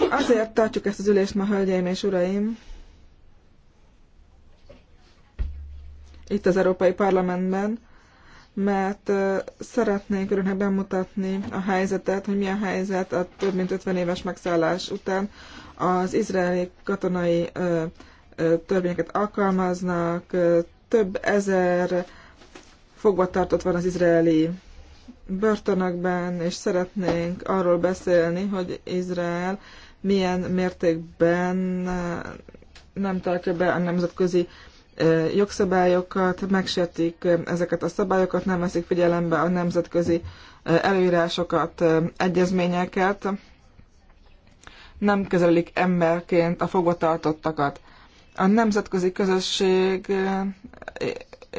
Azért tartjuk ezt az ülést ma, hölgyeim és uraim, itt az Európai Parlamentben, mert szeretnék önöknek bemutatni a helyzetet, hogy milyen helyzet a több mint 50 éves megszállás után. Az izraeli katonai törvényeket alkalmaznak, több ezer fogva tartott van az izraeli börtönökben, és szeretnénk arról beszélni, hogy Izrael milyen mértékben eh, nem tartja be a nemzetközi eh, jogszabályokat, megsértik eh, ezeket a szabályokat, nem veszik figyelembe a nemzetközi előírásokat, egyezményeket, nem kezelik emberként a fogvatartottakat. A nemzetközi közösség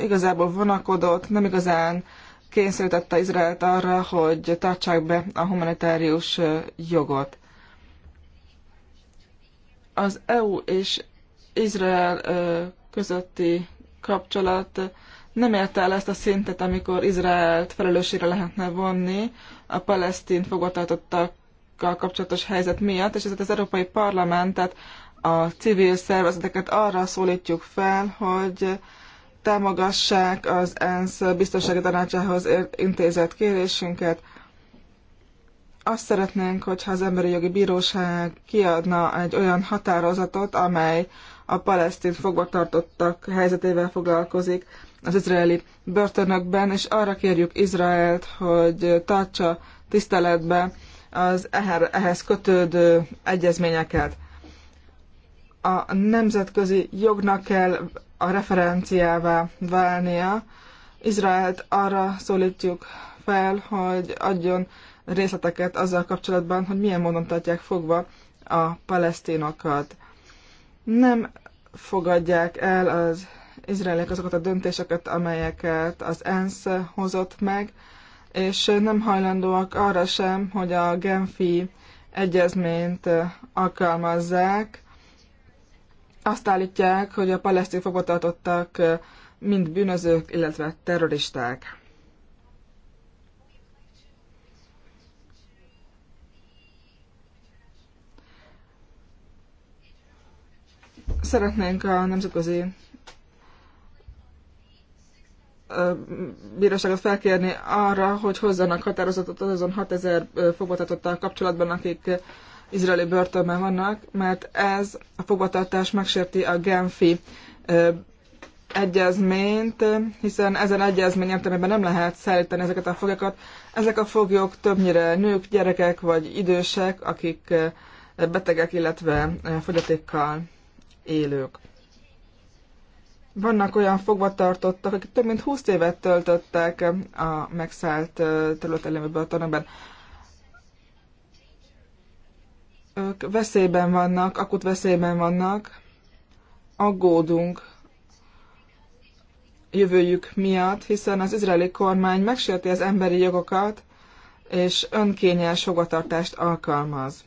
igazából vonakodott, nem igazán kényszerítette Izraelt arra, hogy tartsák be a humanitárius jogot. Az EU és Izrael közötti kapcsolat nem érte el ezt a szintet, amikor Izraelt felelősére lehetne vonni a palesztin fogvatartottakkal kapcsolatos helyzet miatt, és ezért az Európai Parlamentet, a civil szervezeteket arra szólítjuk fel, hogy támogassák az ENSZ biztonsági tanácsához intézett kérésünket. Azt szeretnénk, hogyha az Emberi Jogi Bíróság kiadna egy olyan határozatot, amely a palesztin fogvatartottak helyzetével foglalkozik az izraeli börtönökben, és arra kérjük Izraelt, hogy tartsa tiszteletbe az ehhez kötődő egyezményeket a nemzetközi jognak kell a referenciává válnia. Izraelt arra szólítjuk fel, hogy adjon részleteket azzal kapcsolatban, hogy milyen módon tartják fogva a palesztinokat. Nem fogadják el az izraeliek azokat a döntéseket, amelyeket az ENSZ hozott meg, és nem hajlandóak arra sem, hogy a Genfi egyezményt alkalmazzák, azt állítják, hogy a palesztin fogvatartottak mind bűnözők, illetve terroristák. Szeretnénk a nemzetközi bíróságot felkérni arra, hogy hozzanak határozatot azon 6000 fogvatartottal kapcsolatban, akik izraeli börtönben vannak, mert ez a fogvatartás megsérti a Genfi egyezményt, hiszen ezen egyezmény értelmében nem lehet szállítani ezeket a foglyokat. Ezek a foglyok többnyire nők, gyerekek vagy idősek, akik betegek, illetve fogyatékkal élők. Vannak olyan fogvatartottak, akik több mint 20 évet töltöttek a megszállt terület ellenőrből tanokban ők veszélyben vannak, akut veszélyben vannak, aggódunk jövőjük miatt, hiszen az izraeli kormány megsérti az emberi jogokat, és önkényes hovatartást alkalmaz.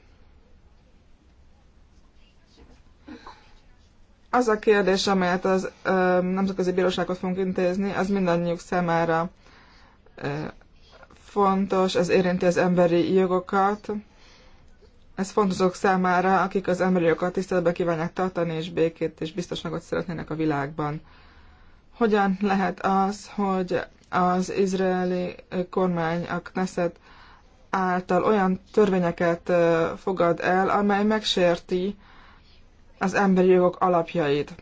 Az a kérdés, amelyet az ö, Nemzetközi Bíróságot fogunk intézni, az mindannyiuk számára ö, fontos, ez érinti az emberi jogokat, ez fontos azok számára, akik az emberi jogokat tiszteletbe kívánják tartani, és békét és biztonságot szeretnének a világban. Hogyan lehet az, hogy az izraeli kormány, a Knesset által olyan törvényeket fogad el, amely megsérti az emberi jogok alapjait.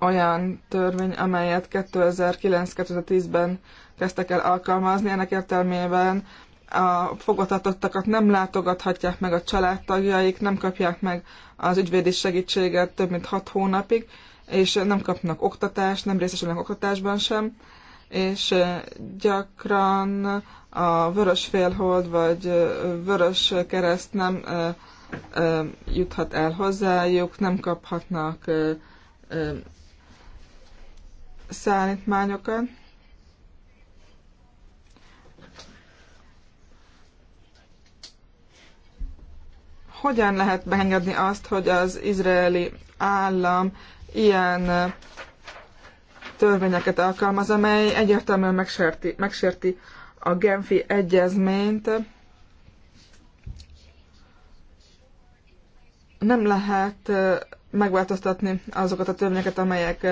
Olyan törvény, amelyet 2009-2010-ben kezdtek el alkalmazni, ennek értelmében a fogadhatottakat nem látogathatják meg a családtagjaik, nem kapják meg az ügyvédi segítséget több mint hat hónapig, és nem kapnak oktatást, nem részesülnek oktatásban sem, és gyakran a vörös félhold vagy vörös kereszt nem juthat el hozzájuk, nem kaphatnak szállítmányokat. Hogyan lehet beengedni azt, hogy az izraeli állam ilyen törvényeket alkalmaz, amely egyértelműen megsérti, megsérti a Genfi egyezményt. Nem lehet megváltoztatni azokat a törvényeket, amelyek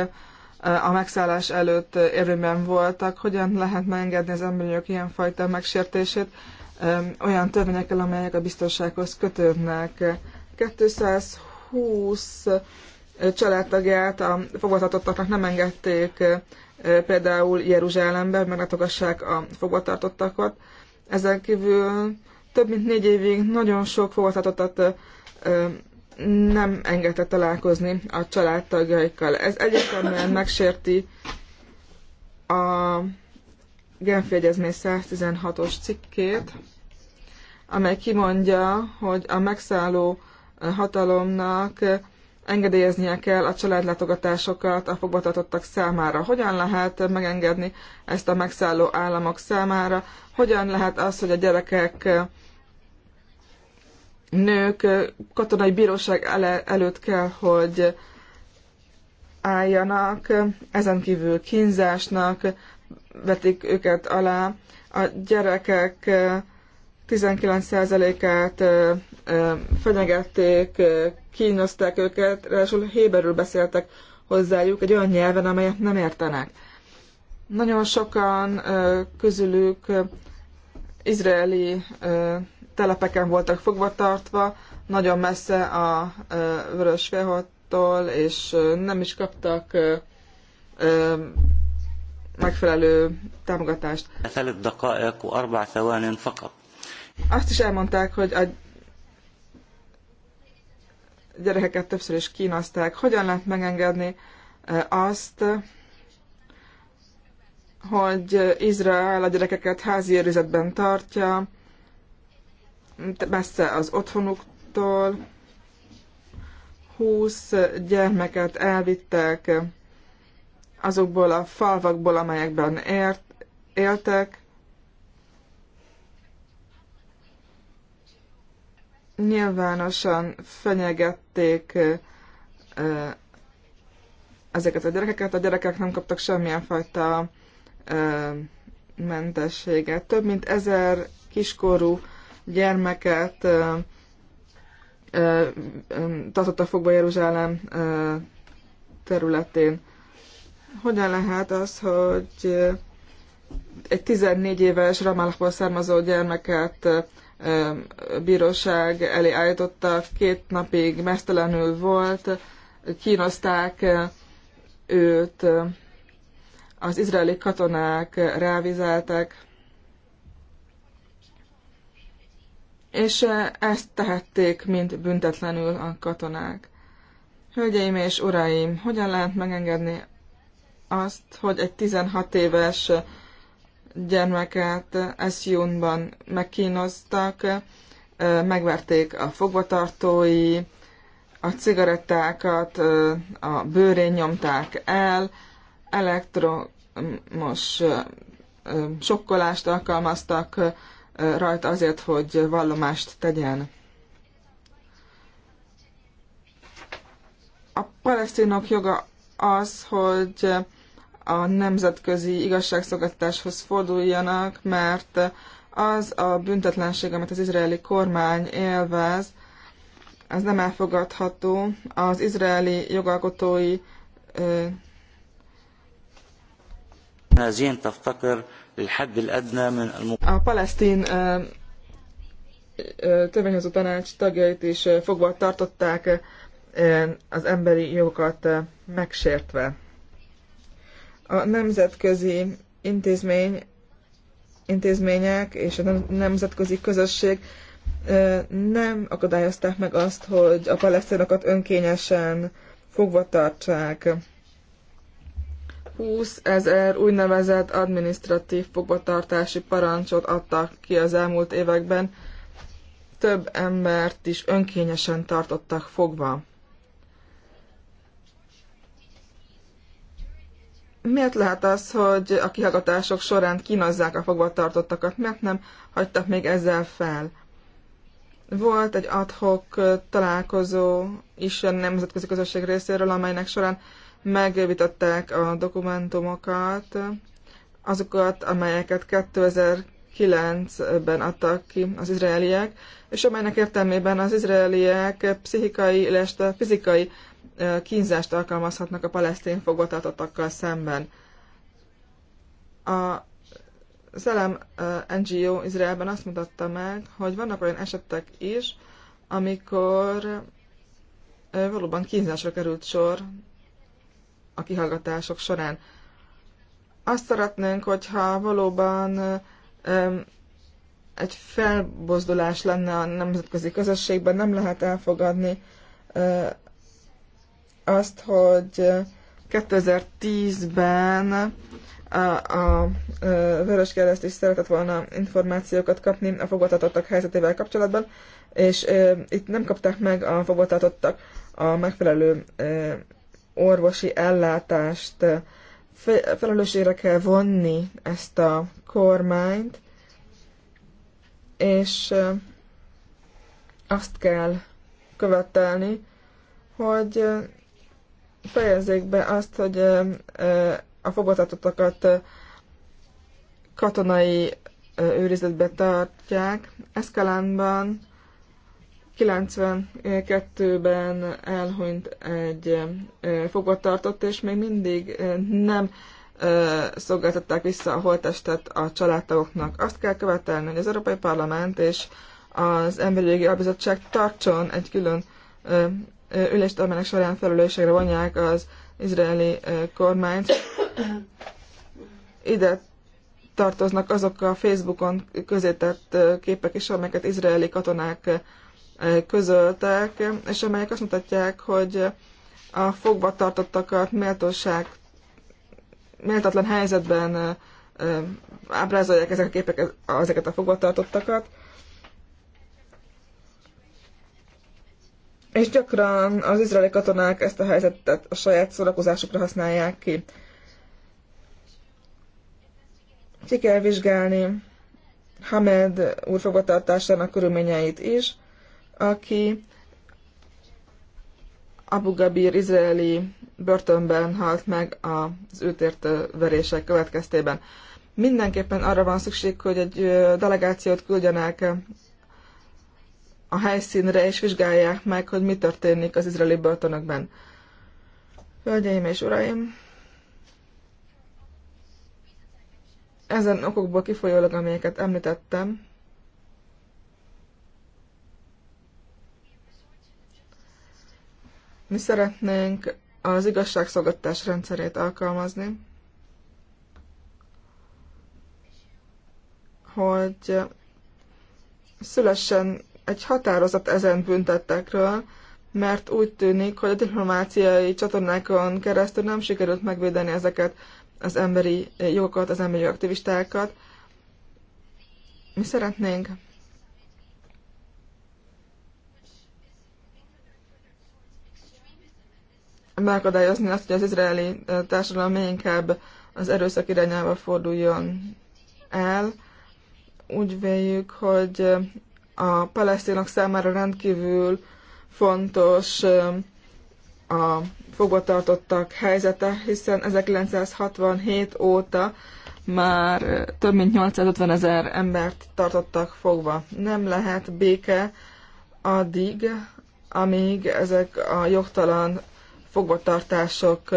a megszállás előtt érvényben voltak. Hogyan lehet megengedni az emberek ilyenfajta megsértését? olyan törvényekkel, amelyek a biztonsághoz kötődnek. 220 családtagját a fogvatartottaknak nem engedték például Jeruzsálembe, hogy meglátogassák a fogvatartottakat. Ezen kívül több mint négy évig nagyon sok fogvatartottat nem engedte találkozni a családtagjaikkal. Ez egyértelműen megsérti a Genfi Egyezmény 116-os cikkét, amely kimondja, hogy a megszálló eh, hatalomnak eh, engedélyeznie kell a családlátogatásokat a fogvatartottak számára. Hogyan lehet megengedni ezt a megszálló államok számára? Hogyan lehet az, hogy a gyerekek eh, nők katonai bíróság előtt kell, hogy álljanak, ezen kívül kínzásnak, vetik őket alá. A gyerekek 19%-át fenyegették, kínoszták őket, ráadásul héberül beszéltek hozzájuk egy olyan nyelven, amelyet nem értenek. Nagyon sokan közülük izraeli telepeken voltak fogvatartva, nagyon messze a Vörös és nem is kaptak megfelelő támogatást. Azt is elmondták, hogy a gyerekeket többször is kínozták. Hogyan lehet megengedni eh, azt, hogy Izrael a gyerekeket házi őrizetben tartja, messze az otthonuktól. 20 gyermeket elvittek azokból a falvakból, amelyekben ért, éltek. Nyilvánosan fenyegették ezeket a gyerekeket, a gyerekek nem kaptak semmilyen fajta mentességet. Több mint ezer kiskorú gyermeket tartottak fogva Jeruzsálem területén. Hogyan lehet az, hogy egy 14 éves Ramallahból származó gyermeket bíróság elé állította, két napig mesztelenül volt, kínozták őt, az izraeli katonák rávizeltek, és ezt tehették, mint büntetlenül a katonák. Hölgyeim és uraim, hogyan lehet megengedni azt, hogy egy 16 éves gyermeket Eszjúnban megkínoztak, megverték a fogvatartói, a cigarettákat, a bőrén nyomták el, elektromos sokkolást alkalmaztak rajta azért, hogy vallomást tegyen. A palesztinok joga az, hogy a nemzetközi igazságszolgáltatáshoz forduljanak, mert az a büntetlenség, amit az izraeli kormány élvez, ez nem elfogadható. Az izraeli jogalkotói a palesztin törvényhozó tanács tagjait is fogva tartották Eh, az emberi jogokat eh, megsértve. A nemzetközi intézmény, intézmények és a nemzetközi közösség eh, nem akadályozták meg azt, hogy a palesztinokat önkényesen fogva tartsák. 20 ezer úgynevezett administratív fogvatartási parancsot adtak ki az elmúlt években, több embert is önkényesen tartottak fogva. Miért lehet az, hogy a kihallgatások során kínozzák a fogvatartottakat? Miért nem hagytak még ezzel fel? Volt egy adhok találkozó is a nemzetközi közösség részéről, amelynek során megvitatták a dokumentumokat, azokat, amelyeket 2009-ben adtak ki az izraeliek, és amelynek értelmében az izraeliek pszichikai, illetve fizikai kínzást alkalmazhatnak a palesztén fogvatartottakkal szemben. A Szelem NGO Izraelben azt mutatta meg, hogy vannak olyan esetek is, amikor valóban kínzásra került sor a kihallgatások során. Azt szeretnénk, hogyha valóban egy felbozdulás lenne a nemzetközi közösségben, nem lehet elfogadni azt, hogy 2010-ben a, a, a Kereszt is szeretett volna információkat kapni a fogvatartottak helyzetével kapcsolatban, és e, itt nem kapták meg a fogvatartottak a megfelelő e, orvosi ellátást. Fe, felelősségre kell vonni ezt a kormányt, és e, azt kell követelni, hogy fejezzék be azt, hogy a fogvatartottakat katonai őrizetbe tartják. Eszkalánban 92-ben elhunyt egy fogvatartott, és még mindig nem szolgáltatták vissza a holttestet a családtagoknak. Azt kell követelni, hogy az Európai Parlament és az Emberi Jogi Albizottság tartson egy külön ülést, során felelősségre vonják az izraeli kormányt. Ide tartoznak azok a Facebookon közétett képek is, amelyeket izraeli katonák közöltek, és amelyek azt mutatják, hogy a fogvatartottakat méltóság, méltatlan helyzetben ábrázolják ezek a képek ezeket a fogvatartottakat. És gyakran az izraeli katonák ezt a helyzetet a saját szórakozásukra használják ki. Ki kell vizsgálni Hamed úr fogvatartásának körülményeit is, aki Abu Gabir izraeli börtönben halt meg az őtért verések következtében. Mindenképpen arra van szükség, hogy egy delegációt küldjenek a helyszínre, és vizsgálják meg, hogy mi történik az izraeli börtönökben. Hölgyeim és uraim! Ezen okokból kifolyólag, amelyeket említettem, mi szeretnénk az igazságszolgatás rendszerét alkalmazni, hogy szülessen egy határozat ezen büntettekről, mert úgy tűnik, hogy a diplomáciai csatornákon keresztül nem sikerült megvédeni ezeket az emberi jogokat, az emberi aktivistákat. Mi szeretnénk megakadályozni azt, hogy az izraeli társadalom még inkább az erőszak irányába forduljon el. Úgy véljük, hogy a palesztinok számára rendkívül fontos a fogvatartottak helyzete, hiszen 1967 óta már több mint 850 ezer embert tartottak fogva. Nem lehet béke addig, amíg ezek a jogtalan fogvatartások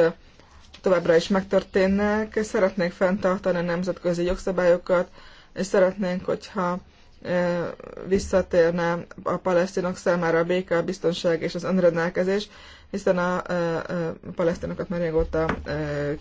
továbbra is megtörténnek. Szeretnék fenntartani a nemzetközi jogszabályokat, és szeretnénk, hogyha visszatérne a palesztinok számára a béke, a biztonság és az önrendelkezés, hiszen a palesztinokat már régóta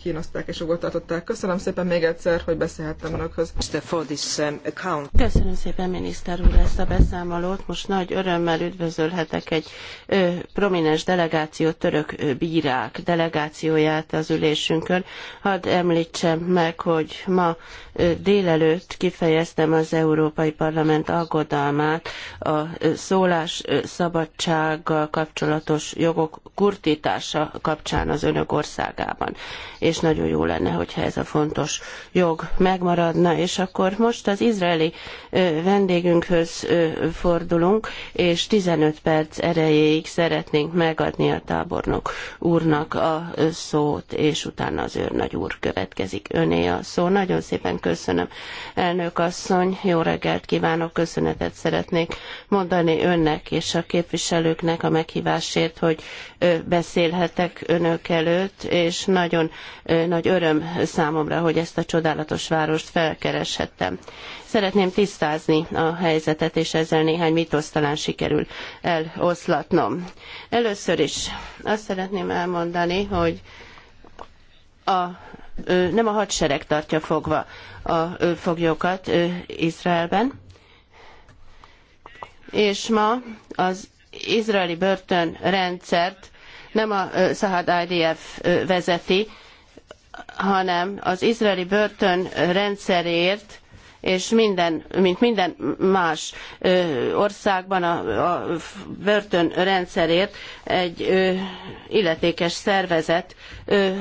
kínozták és ugot tartották. Köszönöm szépen még egyszer, hogy beszélhettem önökhöz. Um, Köszönöm szépen, miniszter úr, ezt a beszámolót. Most nagy örömmel üdvözölhetek egy ö, prominens delegáció, török bírák delegációját az ülésünkön. Hadd említsem meg, hogy ma ö, délelőtt kifejeztem az Európai Parlament aggodalmát a szólás szabadsággal kapcsolatos jogok kurtítása kapcsán az önök országában. És nagyon jó lenne, hogyha ez a fontos jog megmaradna, és akkor most az izraeli vendégünkhöz fordulunk, és 15 perc erejéig szeretnénk megadni a tábornok úrnak a szót, és utána az őrnagy úr következik. Öné a szó. Nagyon szépen köszönöm, elnök asszony. Jó reggelt kívánok, köszönetet szeretnék mondani önnek és a képviselőknek a meghívásért, hogy beszélhetek önök előtt, és nagyon nagy öröm számomra, hogy ezt a csodálatos várost felkereshettem. Szeretném tisztázni a helyzetet, és ezzel néhány mitoszt talán sikerül eloszlatnom. Először is azt szeretném elmondani, hogy a nem a hadsereg tartja fogva a foglyokat Izraelben, és ma az izraeli börtönrendszert nem a Szahad IDF vezeti, hanem az izraeli börtön rendszerért és minden, mint minden más országban a, a börtönrendszerért egy illetékes szervezet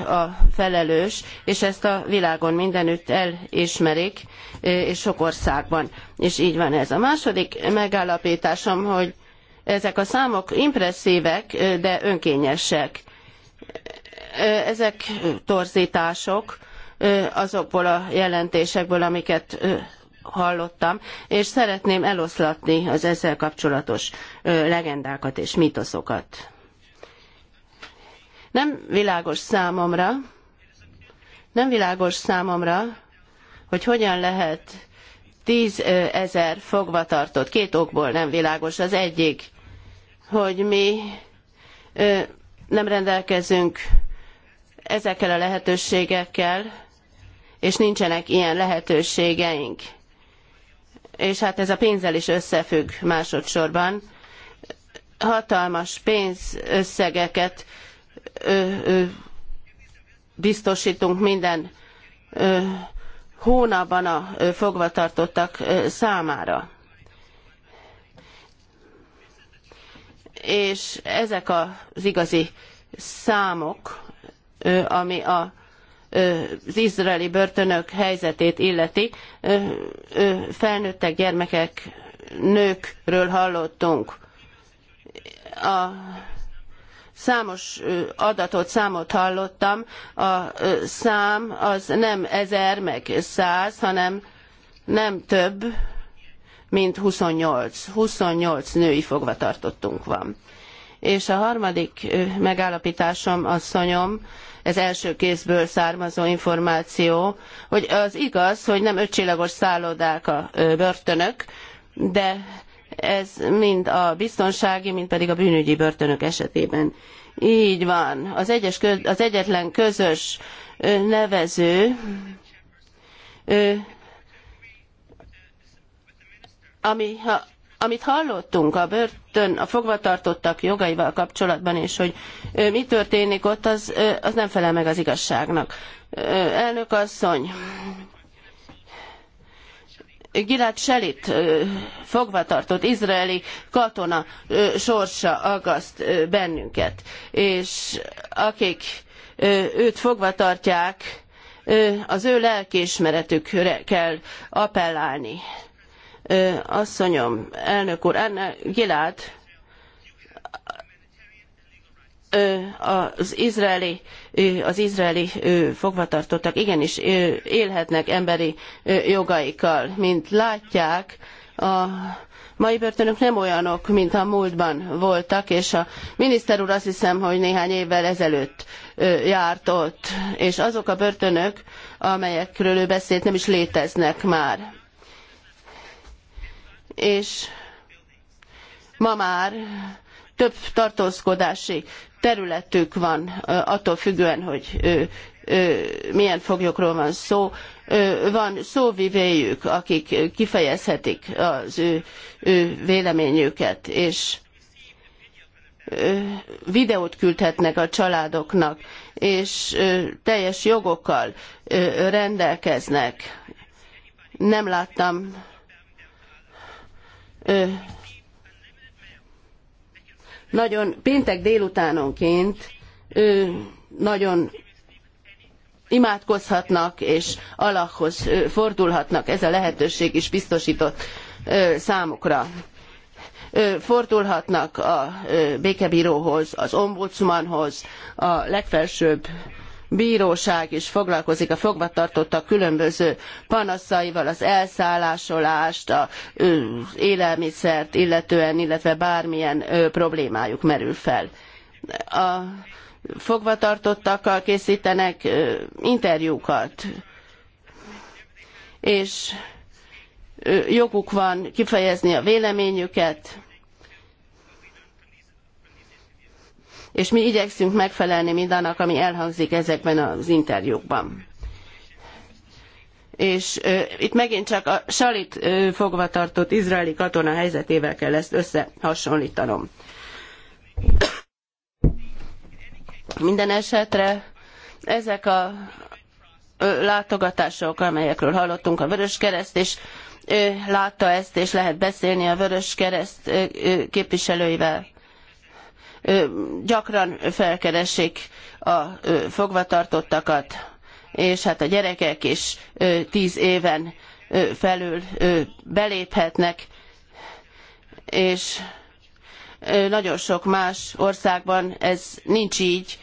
a felelős, és ezt a világon mindenütt elismerik, és sok országban. És így van ez. A második megállapításom, hogy ezek a számok impresszívek, de önkényesek. Ezek torzítások azokból a jelentésekből, amiket hallottam, és szeretném eloszlatni az ezzel kapcsolatos legendákat és mitoszokat. Nem világos számomra, nem világos számomra, hogy hogyan lehet tízezer fogvatartott, két okból nem világos. Az egyik, hogy mi nem rendelkezünk ezekkel a lehetőségekkel, és nincsenek ilyen lehetőségeink. És hát ez a pénzzel is összefügg másodszorban. Hatalmas pénzösszegeket ö, ö, biztosítunk minden ö, hónapban a fogvatartottak számára. és ezek az igazi számok, ami a az izraeli börtönök helyzetét illeti. Felnőttek, gyermekek, nőkről hallottunk. A számos adatot, számot hallottam. A szám az nem ezer meg száz, hanem nem több, mint 28. 28 női fogvatartottunk van. És a harmadik megállapításom, asszonyom, ez első kézből származó információ, hogy az igaz, hogy nem ötcsillagos szállodák a börtönök, de ez mind a biztonsági, mind pedig a bűnügyi börtönök esetében. Így van. Az, egyes, az egyetlen közös nevező ami, ha, amit hallottunk a börtön, a fogvatartottak jogaival kapcsolatban, és hogy mi történik ott, az, az nem felel meg az igazságnak. Elnök asszony, Gilad Shalit fogvatartott izraeli katona sorsa aggaszt bennünket, és akik őt fogvatartják, az ő lelkiismeretükre kell appellálni asszonyom, elnök úr, Anna Gilad az izraeli, az izraeli fogvatartottak igenis élhetnek emberi jogaikkal. Mint látják, a mai börtönök nem olyanok, mint a múltban voltak, és a miniszter úr azt hiszem, hogy néhány évvel ezelőtt járt ott, és azok a börtönök, amelyekről ő beszélt, nem is léteznek már és ma már több tartózkodási területük van, attól függően, hogy milyen foglyokról van szó. Van szóvivéjük, akik kifejezhetik az ő, ő véleményüket, és videót küldhetnek a családoknak, és teljes jogokkal rendelkeznek. Nem láttam nagyon péntek délutánonként nagyon imádkozhatnak és ö, fordulhatnak, ez a lehetőség is biztosított számukra. Fordulhatnak a békebíróhoz, az ombudsmanhoz, a legfelsőbb bíróság is foglalkozik a fogvatartottak különböző panaszaival, az elszállásolást, az élelmiszert illetően, illetve bármilyen problémájuk merül fel. A fogvatartottakkal készítenek interjúkat, és joguk van kifejezni a véleményüket, és mi igyekszünk megfelelni mindannak, ami elhangzik ezekben az interjúkban. És ö, itt megint csak a salit ö, fogvatartott izraeli katona helyzetével kell ezt összehasonlítanom. Minden esetre ezek a ö, látogatások, amelyekről hallottunk, a Vöröskereszt, és látta ezt, és lehet beszélni a Vöröskereszt képviselőivel gyakran felkeresik a fogvatartottakat, és hát a gyerekek is tíz éven felül beléphetnek, és nagyon sok más országban ez nincs így.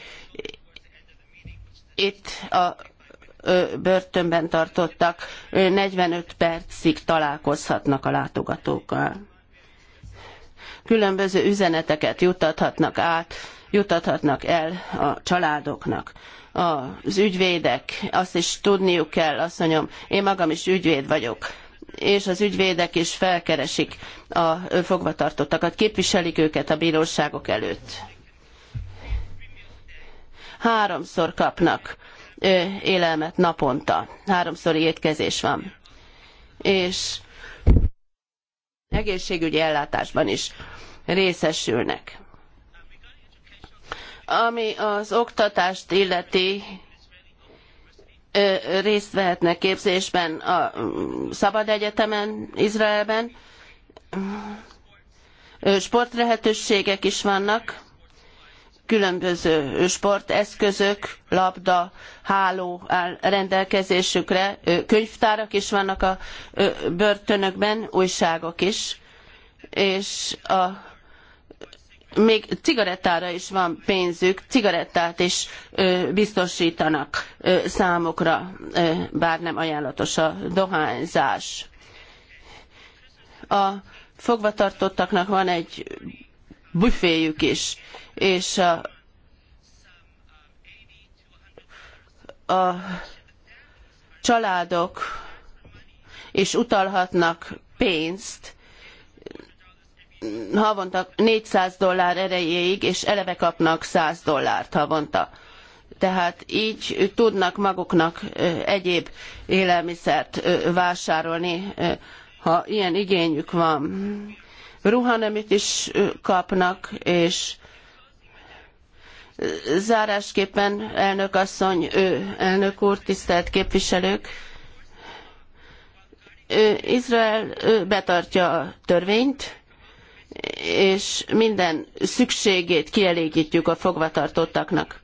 Itt a börtönben tartottak 45 percig találkozhatnak a látogatókkal különböző üzeneteket juttathatnak át, juttathatnak el a családoknak az ügyvédek, azt is tudniuk kell, asszonyom, én magam is ügyvéd vagyok, és az ügyvédek is felkeresik a fogvatartottakat, képviselik őket a bíróságok előtt. Háromszor kapnak élelmet naponta, háromszor étkezés van. És egészségügyi ellátásban is részesülnek. Ami az oktatást illeti, részt vehetnek képzésben a mm, Szabad Egyetemen, Izraelben. Sportlehetőségek is vannak, különböző sporteszközök, labda, háló áll rendelkezésükre, könyvtárak is vannak a börtönökben, újságok is, és a még cigarettára is van pénzük, cigarettát is ö, biztosítanak ö, számukra, ö, bár nem ajánlatos a dohányzás. A fogvatartottaknak van egy büféjük is, és a, a családok és utalhatnak pénzt havonta 400 dollár erejéig, és eleve kapnak 100 dollárt havonta. Tehát így tudnak maguknak egyéb élelmiszert vásárolni, ha ilyen igényük van. Ruhanemit is kapnak, és zárásképpen elnök asszony, elnök úr, tisztelt képviselők, Izrael betartja a törvényt, és minden szükségét kielégítjük a fogvatartottaknak.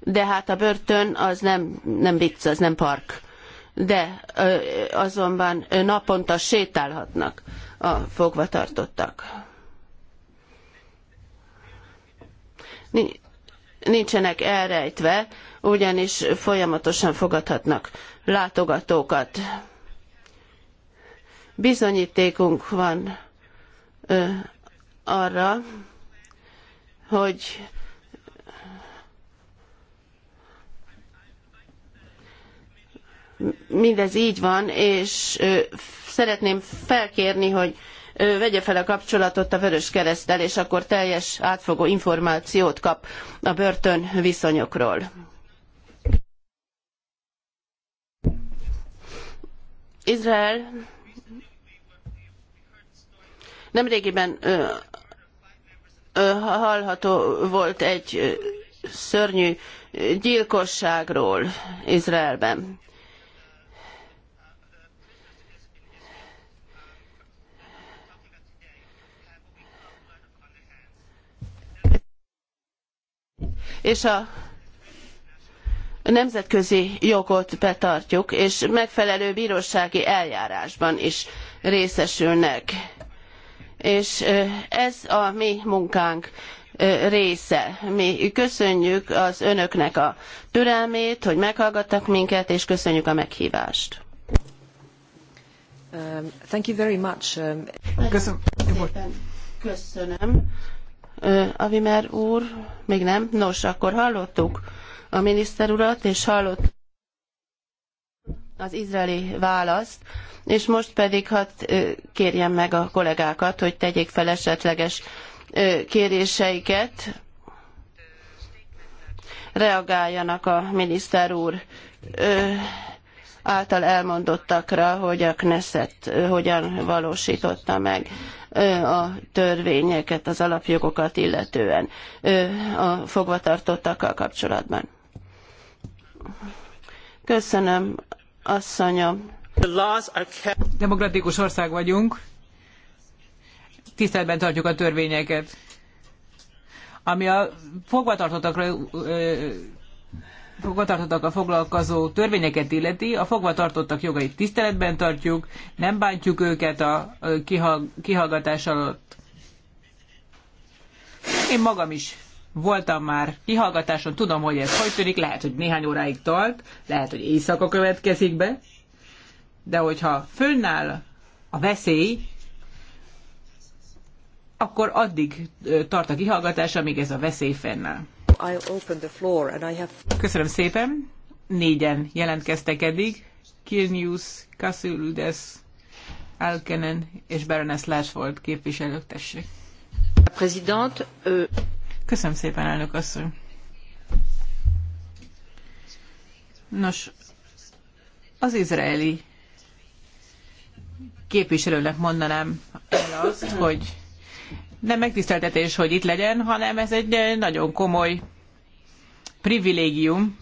De hát a börtön az nem, nem vicc, az nem park. De azonban naponta sétálhatnak a fogvatartottak. Nincsenek elrejtve, ugyanis folyamatosan fogadhatnak látogatókat. Bizonyítékunk van arra, hogy mindez így van, és szeretném felkérni, hogy vegye fel a kapcsolatot a Vörös Keresztel, és akkor teljes átfogó információt kap a börtön viszonyokról. Izrael Nemrégiben hallható volt egy szörnyű gyilkosságról Izraelben. És a nemzetközi jogot betartjuk, és megfelelő bírósági eljárásban is részesülnek és ez a mi munkánk része. Mi köszönjük az önöknek a türelmét, hogy meghallgattak minket, és köszönjük a meghívást. Um, thank you very much. Um... Köszönöm. Köszönöm. Avimer úr, még nem? Nos, akkor hallottuk a miniszter urat, és hallottuk az izraeli választ, és most pedig hadd kérjem meg a kollégákat, hogy tegyék fel esetleges kéréseiket, reagáljanak a miniszter úr által elmondottakra, hogy a Knesset hogyan valósította meg a törvényeket, az alapjogokat illetően a fogvatartottakkal kapcsolatban. Köszönöm asszonyom. Demokratikus ország vagyunk, tiszteletben tartjuk a törvényeket. Ami a fogvatartottakra fogvatartottak foglalkozó törvényeket illeti, a fogvatartottak jogait tiszteletben tartjuk, nem bántjuk őket a kihallgatás alatt. Én magam is voltam már kihallgatáson, tudom, hogy ez hogy tűnik, lehet, hogy néhány óráig tart, lehet, hogy éjszaka következik be, de hogyha fönnáll a veszély, akkor addig tart a kihallgatás, amíg ez a veszély fennáll. Köszönöm szépen. Négyen jelentkeztek eddig. Kirnius, Kassuludes, Alkenen és Baroness Lashford képviselők, tessék. A Köszönöm szépen, elnök asszony. Nos, az izraeli képviselőnek mondanám el azt, hogy nem megtiszteltetés, hogy itt legyen, hanem ez egy nagyon komoly privilégium,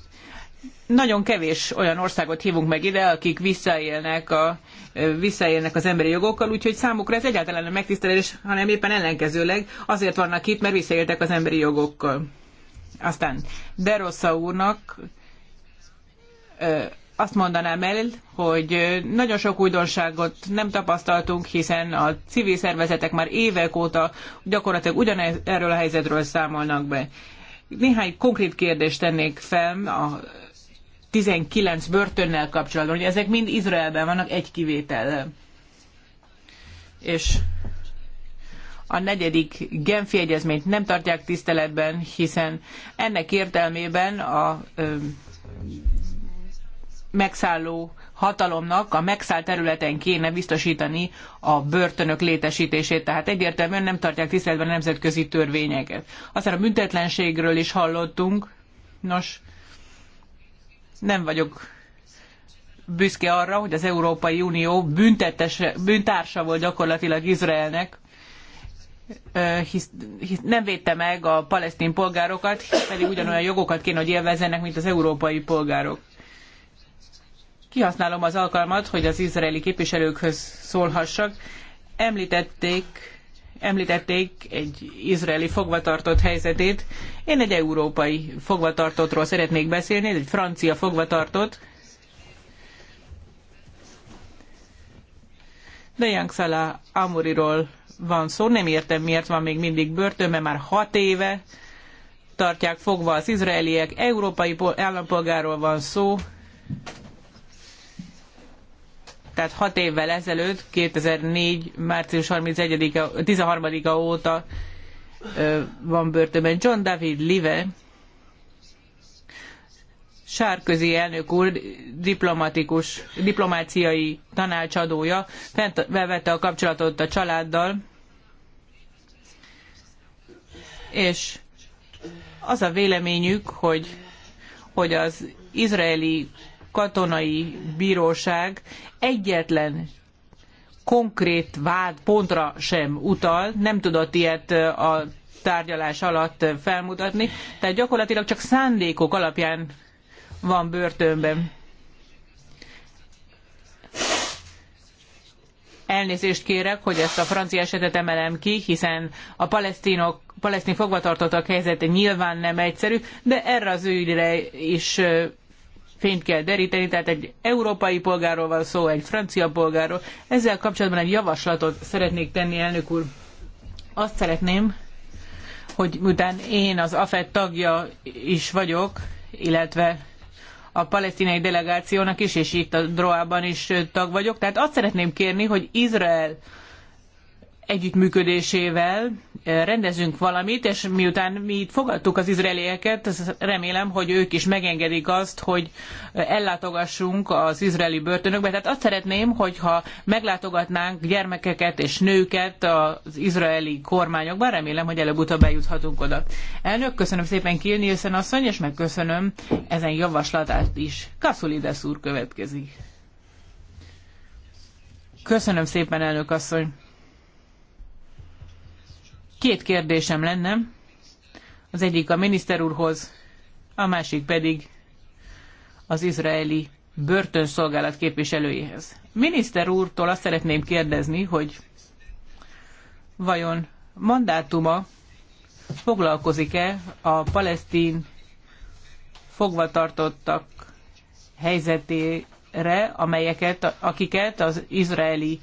nagyon kevés olyan országot hívunk meg ide, akik visszaélnek, a, visszaélnek az emberi jogokkal, úgyhogy számukra ez egyáltalán nem megtisztelés, hanem éppen ellenkezőleg azért vannak itt, mert visszaéltek az emberi jogokkal. Aztán De Rossa úrnak azt mondanám el, hogy nagyon sok újdonságot nem tapasztaltunk, hiszen a civil szervezetek már évek óta gyakorlatilag ugyanerről a helyzetről számolnak be. Néhány konkrét kérdést tennék fel a 19 börtönnel kapcsolatban. Ugye ezek mind Izraelben vannak egy kivétellel. És a negyedik Genfi egyezményt nem tartják tiszteletben, hiszen ennek értelmében a ö, megszálló hatalomnak a megszállt területen kéne biztosítani a börtönök létesítését, tehát egyértelműen nem tartják tiszteletben a nemzetközi törvényeket. Aztán a büntetlenségről is hallottunk. Nos, nem vagyok büszke arra, hogy az Európai Unió bűntársa volt gyakorlatilag Izraelnek, hisz, hisz nem védte meg a palesztin polgárokat, hisz pedig ugyanolyan jogokat kéne, hogy élvezzenek, mint az európai polgárok. Kihasználom az alkalmat, hogy az izraeli képviselőkhöz szólhassak. Említették említették egy izraeli fogvatartott helyzetét. Én egy európai fogvatartottról szeretnék beszélni, egy francia fogvatartott. De Jankszala Amuriról van szó, nem értem miért van még mindig börtönben, már hat éve tartják fogva az izraeliek, európai állampolgáról van szó, tehát hat évvel ezelőtt, 2004. március 31-a, 13-a óta van börtönben John David Live, Sárközi elnök úr diplomatikus, diplomáciai tanácsadója felvette a kapcsolatot a családdal, és az a véleményük, hogy, hogy az izraeli katonai bíróság egyetlen konkrét vád pontra sem utal, nem tudott ilyet a tárgyalás alatt felmutatni, tehát gyakorlatilag csak szándékok alapján van börtönben. Elnézést kérek, hogy ezt a francia esetet emelem ki, hiszen a palesztinok, palesztin fogvatartottak helyzete nyilván nem egyszerű, de erre az ügyre is fényt kell deríteni, tehát egy európai polgárról van szó, egy francia polgárról. Ezzel kapcsolatban egy javaslatot szeretnék tenni, elnök úr. Azt szeretném, hogy miután én az AFET tagja is vagyok, illetve a palesztinai delegációnak is, és itt a Droában is tag vagyok. Tehát azt szeretném kérni, hogy Izrael együttműködésével rendezünk valamit, és miután mi itt fogadtuk az izraelieket, remélem, hogy ők is megengedik azt, hogy ellátogassunk az izraeli börtönökbe. Tehát azt szeretném, hogyha meglátogatnánk gyermekeket és nőket az izraeli kormányokban, remélem, hogy előbb-utóbb eljuthatunk oda. Elnök, köszönöm szépen Kill Nielsen asszony, és megköszönöm ezen javaslatát is. Kasulides úr következik. Köszönöm szépen, elnök asszony. Két kérdésem lenne, az egyik a miniszter úrhoz, a másik pedig az izraeli börtönszolgálat képviselőjéhez. Miniszter úrtól azt szeretném kérdezni, hogy vajon mandátuma foglalkozik-e a palesztin fogvatartottak helyzetére, amelyeket, akiket az izraeli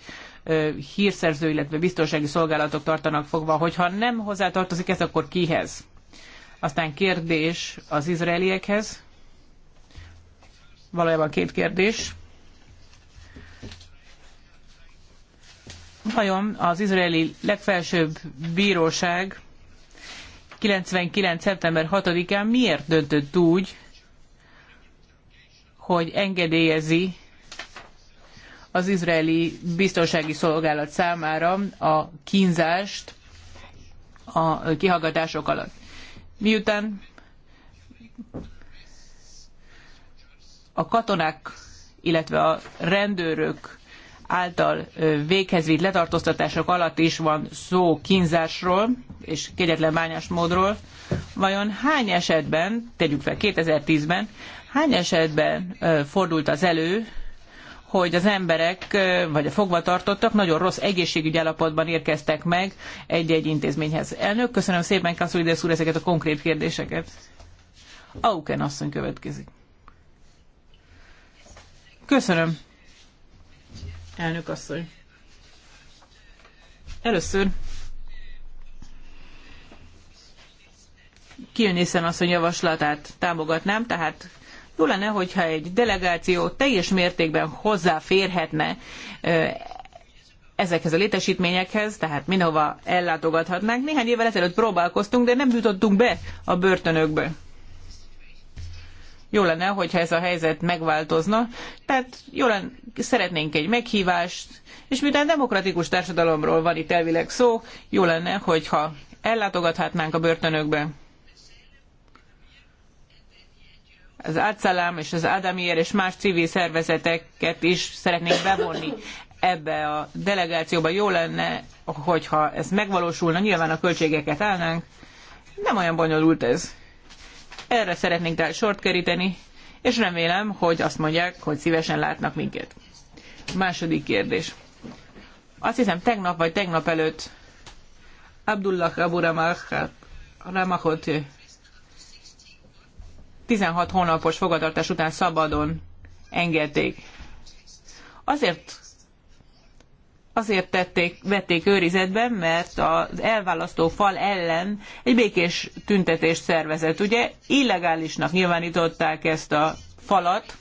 hírszerző, illetve biztonsági szolgálatok tartanak fogva. Hogyha nem hozzátartozik ez, akkor kihez? Aztán kérdés az izraeliekhez. Valójában két kérdés. Vajon az izraeli legfelsőbb bíróság 99. szeptember 6-án miért döntött úgy, hogy engedélyezi az izraeli biztonsági szolgálat számára a kínzást a kihallgatások alatt. Miután a katonák, illetve a rendőrök által véghez vitt letartóztatások alatt is van szó kínzásról és kegyetlen bánásmódról. Vajon hány esetben, tegyük fel 2010-ben, hány esetben fordult az elő, hogy az emberek, vagy a fogvatartottak nagyon rossz egészségügyi állapotban érkeztek meg egy-egy intézményhez. Elnök, köszönöm szépen, Kasszolides úr, ezeket a konkrét kérdéseket. Auken asszony következik. Köszönöm. Elnök asszony. Először Kilnészen asszony javaslatát támogatnám, tehát jó lenne, hogyha egy delegáció teljes mértékben hozzáférhetne ezekhez a létesítményekhez, tehát mindenhova ellátogathatnánk. Néhány évvel ezelőtt próbálkoztunk, de nem jutottunk be a börtönökbe. Jó lenne, hogyha ez a helyzet megváltozna. Tehát jó lenne, szeretnénk egy meghívást, és miután demokratikus társadalomról van itt elvileg szó, jó lenne, hogyha ellátogathatnánk a börtönökbe. az Átszalám és az Ádámier és más civil szervezeteket is szeretnénk bevonni ebbe a delegációba. Jó lenne, hogyha ez megvalósulna, nyilván a költségeket állnánk. Nem olyan bonyolult ez. Erre szeretnénk tehát sort keríteni, és remélem, hogy azt mondják, hogy szívesen látnak minket. Második kérdés. Azt hiszem tegnap vagy tegnap előtt Abdullah Abu Ramahot 16 hónapos fogadartás után szabadon engedték. Azért azért tették, vették őrizetben, mert az elválasztó fal ellen egy békés tüntetést szervezett. Ugye illegálisnak nyilvánították ezt a falat,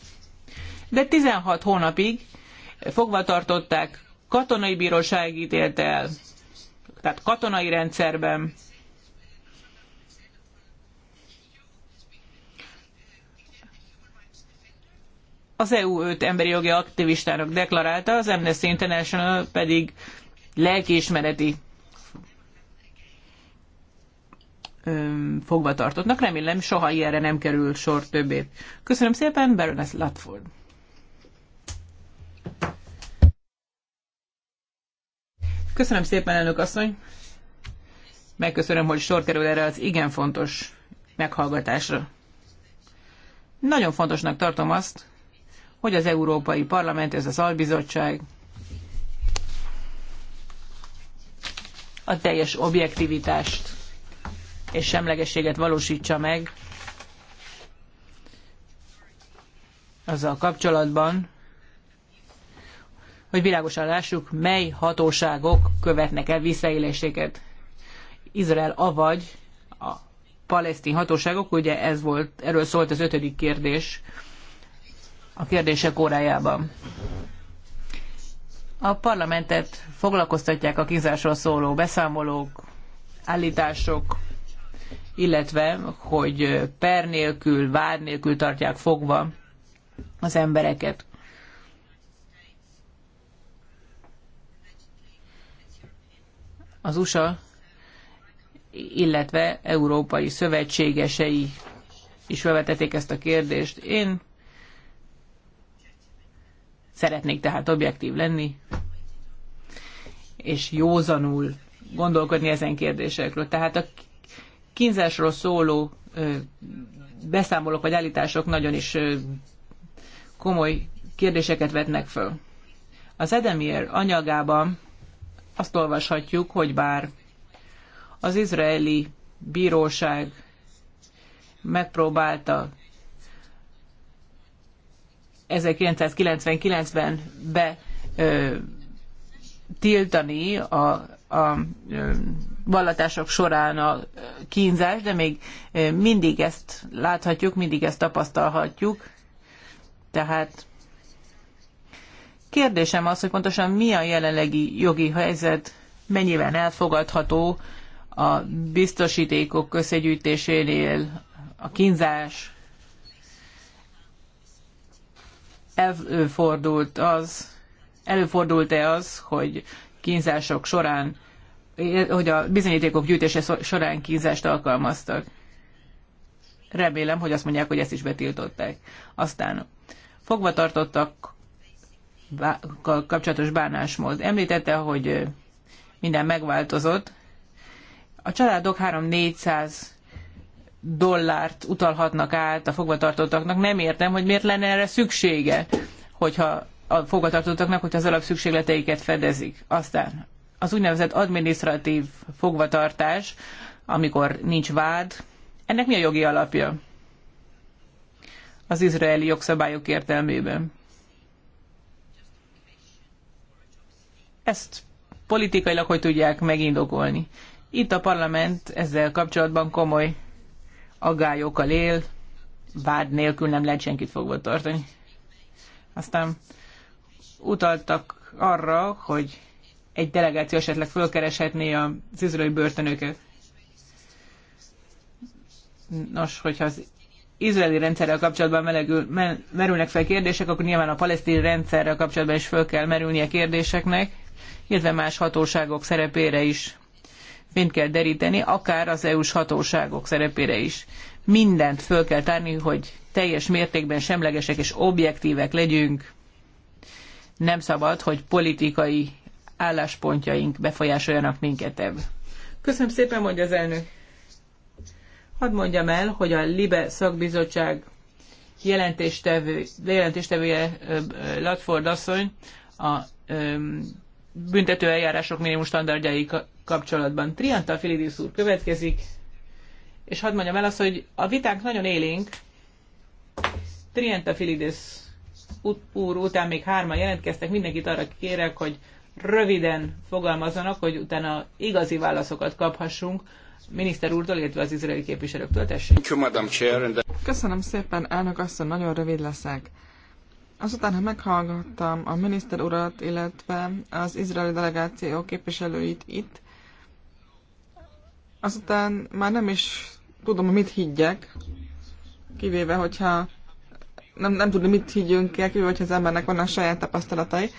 de 16 hónapig fogva tartották, katonai bíróság ítélt el, tehát katonai rendszerben Az EU öt emberi jogi aktivistának deklarálta, az Amnesty International pedig lelkiismereti fogva tartottnak. Remélem, soha ilyenre nem kerül sor többé. Köszönöm szépen, Baroness Latford. Köszönöm szépen, elnök asszony. Megköszönöm, hogy sor kerül erre az igen fontos meghallgatásra. Nagyon fontosnak tartom azt, hogy az Európai Parlament, ez az albizottság a teljes objektivitást és semlegességet valósítsa meg azzal kapcsolatban, hogy világosan lássuk, mely hatóságok követnek el visszaéléséket. Izrael avagy a palesztin hatóságok, ugye ez volt, erről szólt az ötödik kérdés, a kérdések órájában. A parlamentet foglalkoztatják a kizásról szóló beszámolók, állítások, illetve hogy per nélkül, vád nélkül tartják fogva az embereket. Az USA, illetve európai szövetségesei is felvetették ezt a kérdést. Én Szeretnék tehát objektív lenni, és józanul gondolkodni ezen kérdésekről. Tehát a kínzásról szóló ö, beszámolók vagy állítások nagyon is ö, komoly kérdéseket vetnek föl. Az Edemier anyagában azt olvashatjuk, hogy bár az izraeli bíróság megpróbálta 1999-ben be ö, tiltani a, a ö, vallatások során a kínzás, de még mindig ezt láthatjuk, mindig ezt tapasztalhatjuk. Tehát kérdésem az, hogy pontosan mi a jelenlegi jogi helyzet, mennyiben elfogadható a biztosítékok összegyűjtésénél a kínzás, Előfordult az, előfordult-e az, hogy kínzások során, hogy a bizonyítékok gyűjtése során kínzást alkalmaztak. Remélem, hogy azt mondják, hogy ezt is betiltották. Aztán fogvatartottak kapcsolatos bánásmód. Említette, hogy minden megváltozott. A családok 3-400 dollárt utalhatnak át a fogvatartottaknak. Nem értem, hogy miért lenne erre szüksége, hogyha a fogvatartottaknak, hogyha az alapszükségleteiket fedezik. Aztán az úgynevezett administratív fogvatartás, amikor nincs vád, ennek mi a jogi alapja? Az izraeli jogszabályok értelmében. Ezt politikailag hogy tudják megindokolni? Itt a parlament ezzel kapcsolatban komoly aggályokkal él, vád nélkül nem lehet senkit fogva tartani. Aztán utaltak arra, hogy egy delegáció esetleg fölkereshetné a izraeli börtönöket. Nos, hogyha az izraeli rendszerrel kapcsolatban melegül, merülnek fel kérdések, akkor nyilván a palesztin rendszerrel kapcsolatban is föl kell merülnie kérdéseknek, illetve más hatóságok szerepére is fényt kell deríteni, akár az EU-s hatóságok szerepére is. Mindent föl kell tárni, hogy teljes mértékben semlegesek és objektívek legyünk. Nem szabad, hogy politikai álláspontjaink befolyásoljanak minket ebb. Köszönöm szépen, mondja az elnök. Hadd mondjam el, hogy a LIBE szakbizottság jelentéstevő, jelentéstevője Latford asszony a büntető eljárások minimum standardjai kapcsolatban. Trianta Filidis úr következik, és hadd mondjam el azt, hogy a vitánk nagyon élénk. Trianta Filidis úr után még hárman jelentkeztek, mindenkit arra kérek, hogy röviden fogalmazzanak, hogy utána igazi válaszokat kaphassunk miniszter úrtól, illetve az izraeli képviselőktől. Tessék! Köszönöm szépen, elnök asszony, nagyon rövid leszek. Azután, ha meghallgattam a miniszter urat, illetve az izraeli delegáció képviselőit itt, azután már nem is tudom, mit higgyek, kivéve, hogyha nem, nem tudom, mit higgyünk el, kivéve, hogyha az embernek vannak saját tapasztalatai.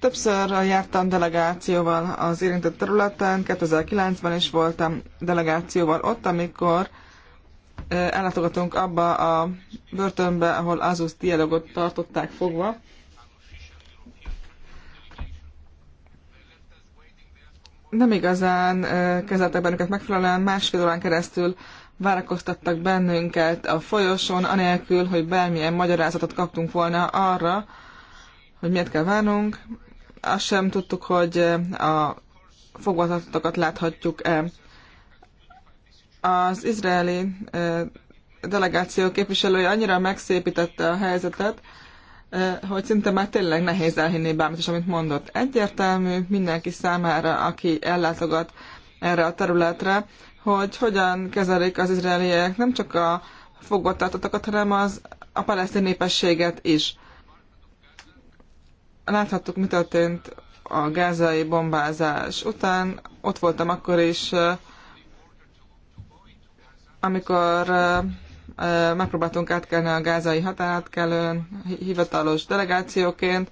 Többször jártam delegációval az érintett területen, 2009-ben is voltam delegációval ott, amikor Eh, ellátogatunk abba a börtönbe, ahol Azus dialogot tartották fogva. Nem igazán eh, kezeltek bennünket megfelelően, másfél órán keresztül várakoztattak bennünket a folyosón, anélkül, hogy bármilyen magyarázatot kaptunk volna arra, hogy miért kell várnunk. Azt sem tudtuk, hogy eh, a fogvatartatokat láthatjuk-e. Az izraeli delegáció képviselője annyira megszépítette a helyzetet, hogy szinte már tényleg nehéz elhinni bármit is, amit mondott. Egyértelmű mindenki számára, aki ellátogat erre a területre, hogy hogyan kezelik az izraeliek nem csak a fogvatartottakat, hanem az, a palesztin népességet is. Láthattuk, mi történt a gázai bombázás után. Ott voltam akkor is amikor megpróbáltunk átkelni a gázai határátkelőn hivatalos delegációként.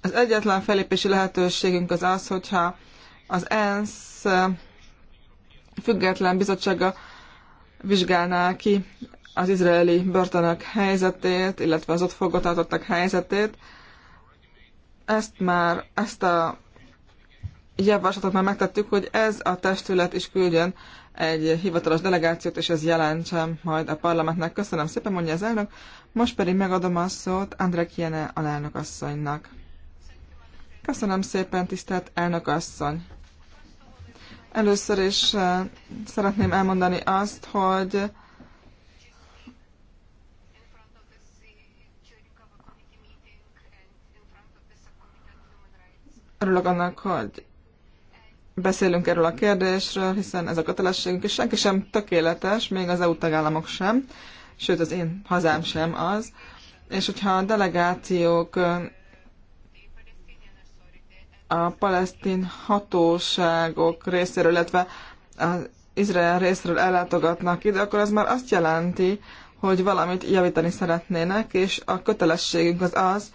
Az egyetlen felépési lehetőségünk az az, hogyha az ENSZ független bizottsága vizsgálná ki az izraeli börtönök helyzetét, illetve az ott fogvatartottak helyzetét. Ezt már, ezt a javaslatot már megtettük, hogy ez a testület is küldjön egy hivatalos delegációt, és ez jelentsem majd a parlamentnek. Köszönöm szépen, mondja az elnök. Most pedig megadom a szót André Kiene alelnök asszonynak. Köszönöm szépen, tisztelt elnök asszony. Először is eh, szeretném elmondani azt, hogy örülök annak, hogy beszélünk erről a kérdésről, hiszen ez a kötelességünk, és senki sem tökéletes, még az EU tagállamok sem, sőt az én hazám sem az. És hogyha a delegációk a palesztin hatóságok részéről, illetve az Izrael részéről ellátogatnak ide, akkor az már azt jelenti, hogy valamit javítani szeretnének, és a kötelességünk az az,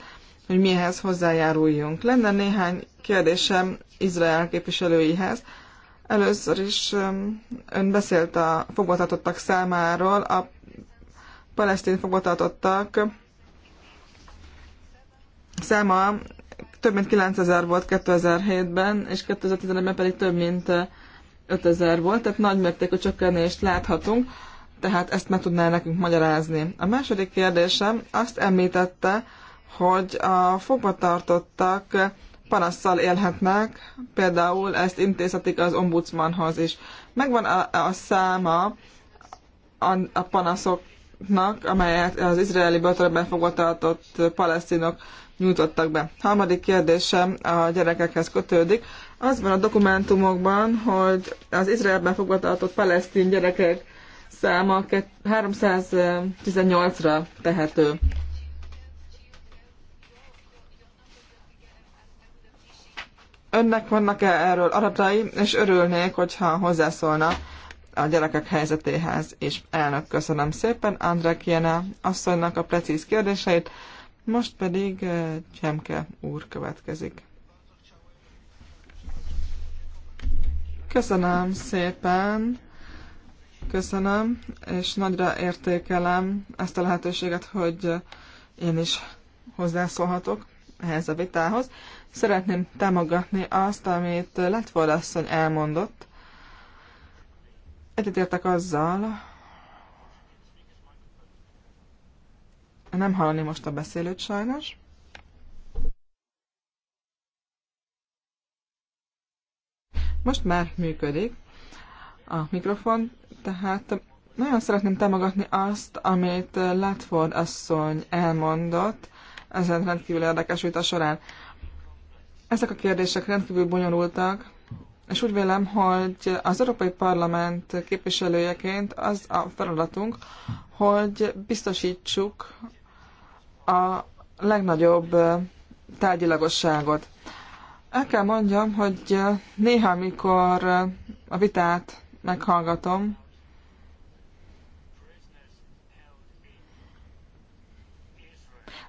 hogy mihez hozzájáruljunk. Lenne néhány kérdésem Izrael képviselőihez. Először is um, ön beszélt a fogvatartottak számáról, a palesztin fogvatartottak száma több mint 9000 volt 2007-ben, és 2011-ben pedig több mint 5000 uh, volt, tehát nagymértékű csökkenést láthatunk, tehát ezt meg tudná nekünk magyarázni. A második kérdésem azt említette, hogy a fogvatartottak panasszal élhetnek, például ezt intézhetik az ombudsmanhoz is. Megvan a, a száma a, a panaszoknak, amelyet az izraeli börtönben fogvatartott palesztinok nyújtottak be. Harmadik kérdésem a gyerekekhez kötődik. Az van a dokumentumokban, hogy az Izraelben fogvatartott palesztin gyerekek száma 318-ra tehető. önnek vannak-e erről adatai, és örülnék, hogyha hozzászólna a gyerekek helyzetéhez És Elnök, köszönöm szépen André Kiena asszonynak a precíz kérdéseit, most pedig eh, Csemke úr következik. Köszönöm szépen, köszönöm, és nagyra értékelem ezt a lehetőséget, hogy eh, én is hozzászólhatok ehhez a vitához. Szeretném támogatni azt, amit Letford asszony elmondott. Egyetértek azzal, nem hallani most a beszélőt sajnos. Most már működik a mikrofon, tehát nagyon szeretném támogatni azt, amit Ledford asszony elmondott ezen rendkívül érdekes vita során. Ezek a kérdések rendkívül bonyolultak, és úgy vélem, hogy az Európai Parlament képviselőjeként az a feladatunk, hogy biztosítsuk a legnagyobb tárgyilagosságot. El kell mondjam, hogy néha, amikor a vitát meghallgatom,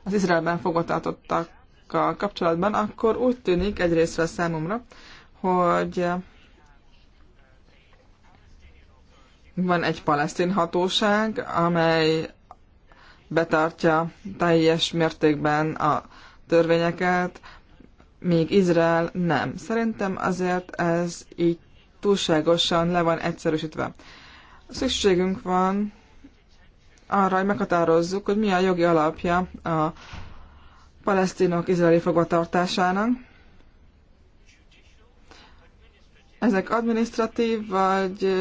az Izraelben fogvatartottak témákkal kapcsolatban, akkor úgy tűnik egyrészt számomra, hogy van egy palesztin hatóság, amely betartja teljes mértékben a törvényeket, még Izrael nem. Szerintem azért ez így túlságosan le van egyszerűsítve. Szükségünk van arra, hogy meghatározzuk, hogy mi a jogi alapja a palesztinok izraeli fogvatartásának. Ezek administratív vagy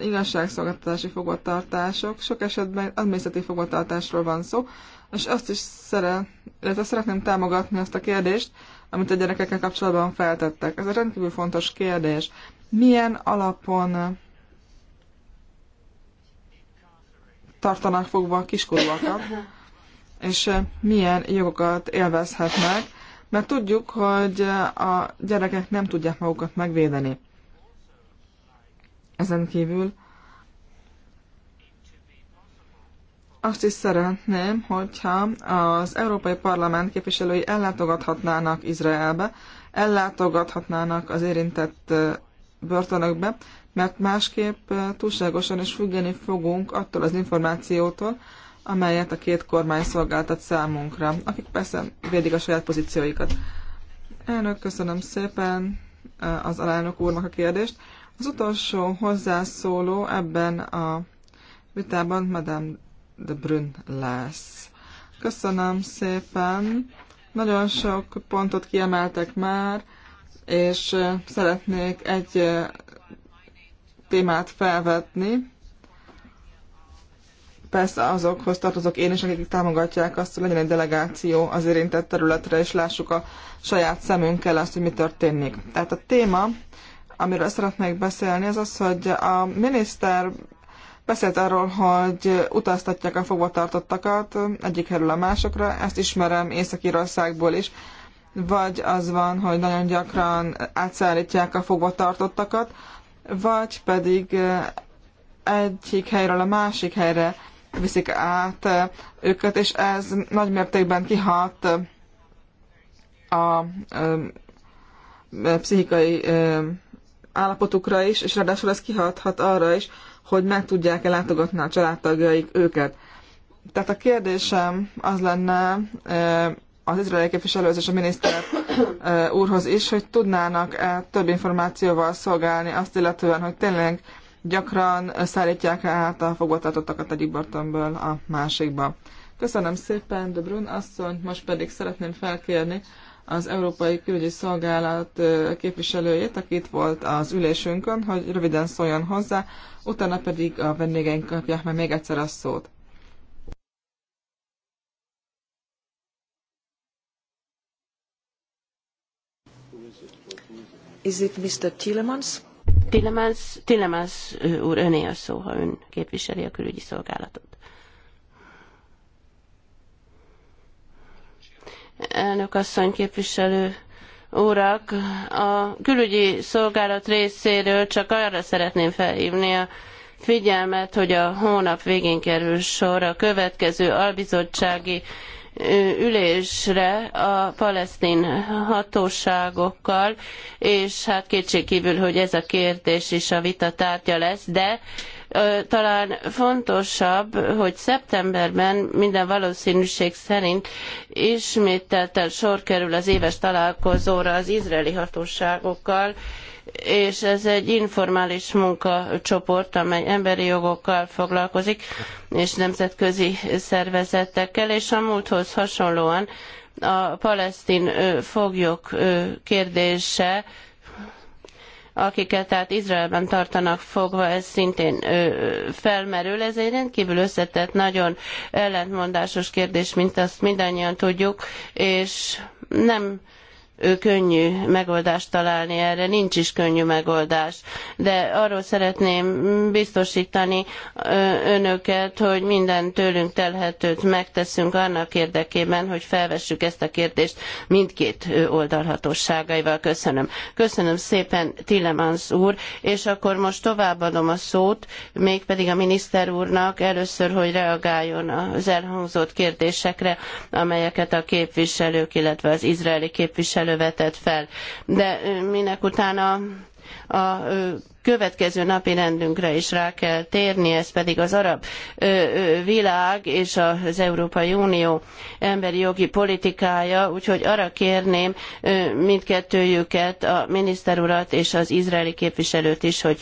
igazságszolgáltatási fogvatartások, sok esetben administratív fogvatartásról van szó, és azt is szeret, szeretném támogatni azt a kérdést, amit a gyerekekkel kapcsolatban feltettek. Ez egy rendkívül fontos kérdés. Milyen alapon tartanak fogva a kiskorúakat? és milyen jogokat élvezhetnek, mert tudjuk, hogy a gyerekek nem tudják magukat megvédeni. Ezen kívül azt is szeretném, hogyha az Európai Parlament képviselői ellátogathatnának Izraelbe, ellátogathatnának az érintett börtönökbe, mert másképp túlságosan is függeni fogunk attól az információtól, amelyet a két kormány szolgáltat számunkra, akik persze védik a saját pozícióikat. Elnök, köszönöm szépen az alelnök úrnak a kérdést. Az utolsó hozzászóló ebben a vitában Madame de Brün lesz. Köszönöm szépen. Nagyon sok pontot kiemeltek már, és szeretnék egy témát felvetni, persze azokhoz tartozok én is, akik támogatják azt, hogy legyen egy delegáció az érintett területre, és lássuk a saját szemünkkel azt, hogy mi történik. Tehát a téma, amiről szeretnék beszélni, az az, hogy a miniszter beszélt arról, hogy utaztatják a fogvatartottakat egyik helyről a másokra, ezt ismerem Észak-Írországból is, vagy az van, hogy nagyon gyakran átszállítják a fogvatartottakat, vagy pedig egyik helyről a másik helyre viszik át őket, és ez nagy mértékben kihat a pszichikai állapotukra is, és ráadásul ez kihathat arra is, hogy meg tudják-e látogatni a családtagjaik őket. Tehát a kérdésem az lenne az izraeli képviselőhöz és a miniszter úrhoz is, hogy tudnának-e több információval szolgálni azt illetően, hogy tényleg gyakran szállítják át a fogvatartottakat egyik börtönből a másikba. Köszönöm szépen, De Brun asszony, most pedig szeretném felkérni az Európai Külügyi Szolgálat képviselőjét, aki itt volt az ülésünkön, hogy röviden szóljon hozzá, utána pedig a vendégeink kapják meg még egyszer a szót. Is it Mr. Tillemans? Tillemans, Tillemans úr, öné a szó, ha ön képviseli a külügyi szolgálatot. Elnök asszony képviselő urak, a külügyi szolgálat részéről csak arra szeretném felhívni a figyelmet, hogy a hónap végén kerül sor a következő albizottsági ülésre a palesztin hatóságokkal, és hát kétségkívül, hogy ez a kérdés is a vita tárgya lesz, de talán fontosabb, hogy szeptemberben minden valószínűség szerint ismételten sor kerül az éves találkozóra az izraeli hatóságokkal, és ez egy informális munkacsoport, amely emberi jogokkal foglalkozik, és nemzetközi szervezetekkel, és a múlthoz hasonlóan a palesztin foglyok kérdése, akiket tehát Izraelben tartanak fogva, ez szintén felmerül. Ez egy rendkívül összetett, nagyon ellentmondásos kérdés, mint azt mindannyian tudjuk, és nem könnyű megoldást találni erre, nincs is könnyű megoldás. De arról szeretném biztosítani önöket, hogy minden tőlünk telhetőt megteszünk annak érdekében, hogy felvessük ezt a kérdést mindkét oldalhatóságaival. Köszönöm. Köszönöm szépen Tillemans úr, és akkor most továbbadom a szót, mégpedig a miniszter úrnak először, hogy reagáljon az elhangzott kérdésekre, amelyeket a képviselők, illetve az izraeli képviselők képviselő vetett fel. De minek utána a következő napi rendünkre is rá kell térni, ez pedig az arab világ és az Európai Unió emberi jogi politikája, úgyhogy arra kérném mindkettőjüket, a miniszter urat és az izraeli képviselőt is, hogy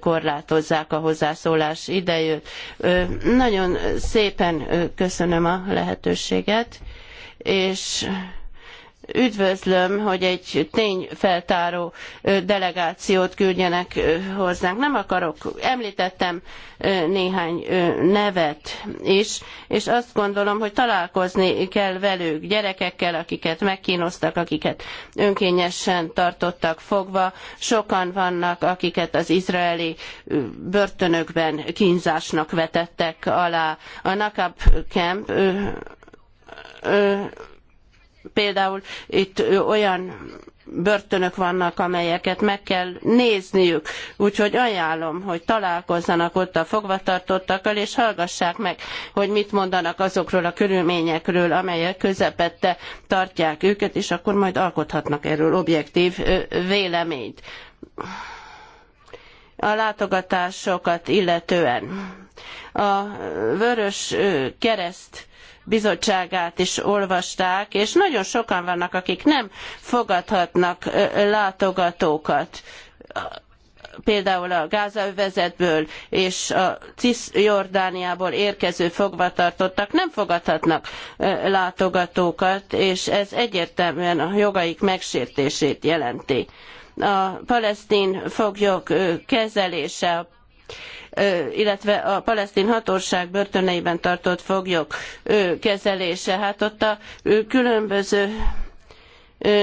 korlátozzák a hozzászólás idejét. Nagyon szépen köszönöm a lehetőséget, és üdvözlöm, hogy egy tényfeltáró delegációt küldjenek hozzánk. Nem akarok, említettem néhány nevet is, és azt gondolom, hogy találkozni kell velük, gyerekekkel, akiket megkínoztak, akiket önkényesen tartottak fogva. Sokan vannak, akiket az izraeli börtönökben kínzásnak vetettek alá. A Nakab Camp ö, ö, Például itt olyan börtönök vannak, amelyeket meg kell nézniük. Úgyhogy ajánlom, hogy találkozzanak ott a fogvatartottakkal, és hallgassák meg, hogy mit mondanak azokról a körülményekről, amelyek közepette tartják őket, és akkor majd alkothatnak erről objektív véleményt. A látogatásokat illetően a Vörös Kereszt bizottságát is olvasták, és nagyon sokan vannak, akik nem fogadhatnak látogatókat például a Gázaövezetből és a Cisjordániából érkező fogvatartottak nem fogadhatnak látogatókat, és ez egyértelműen a jogaik megsértését jelenti. A palesztin foglyok kezelése, illetve a palesztin hatóság börtöneiben tartott foglyok kezelése. Hát ott a különböző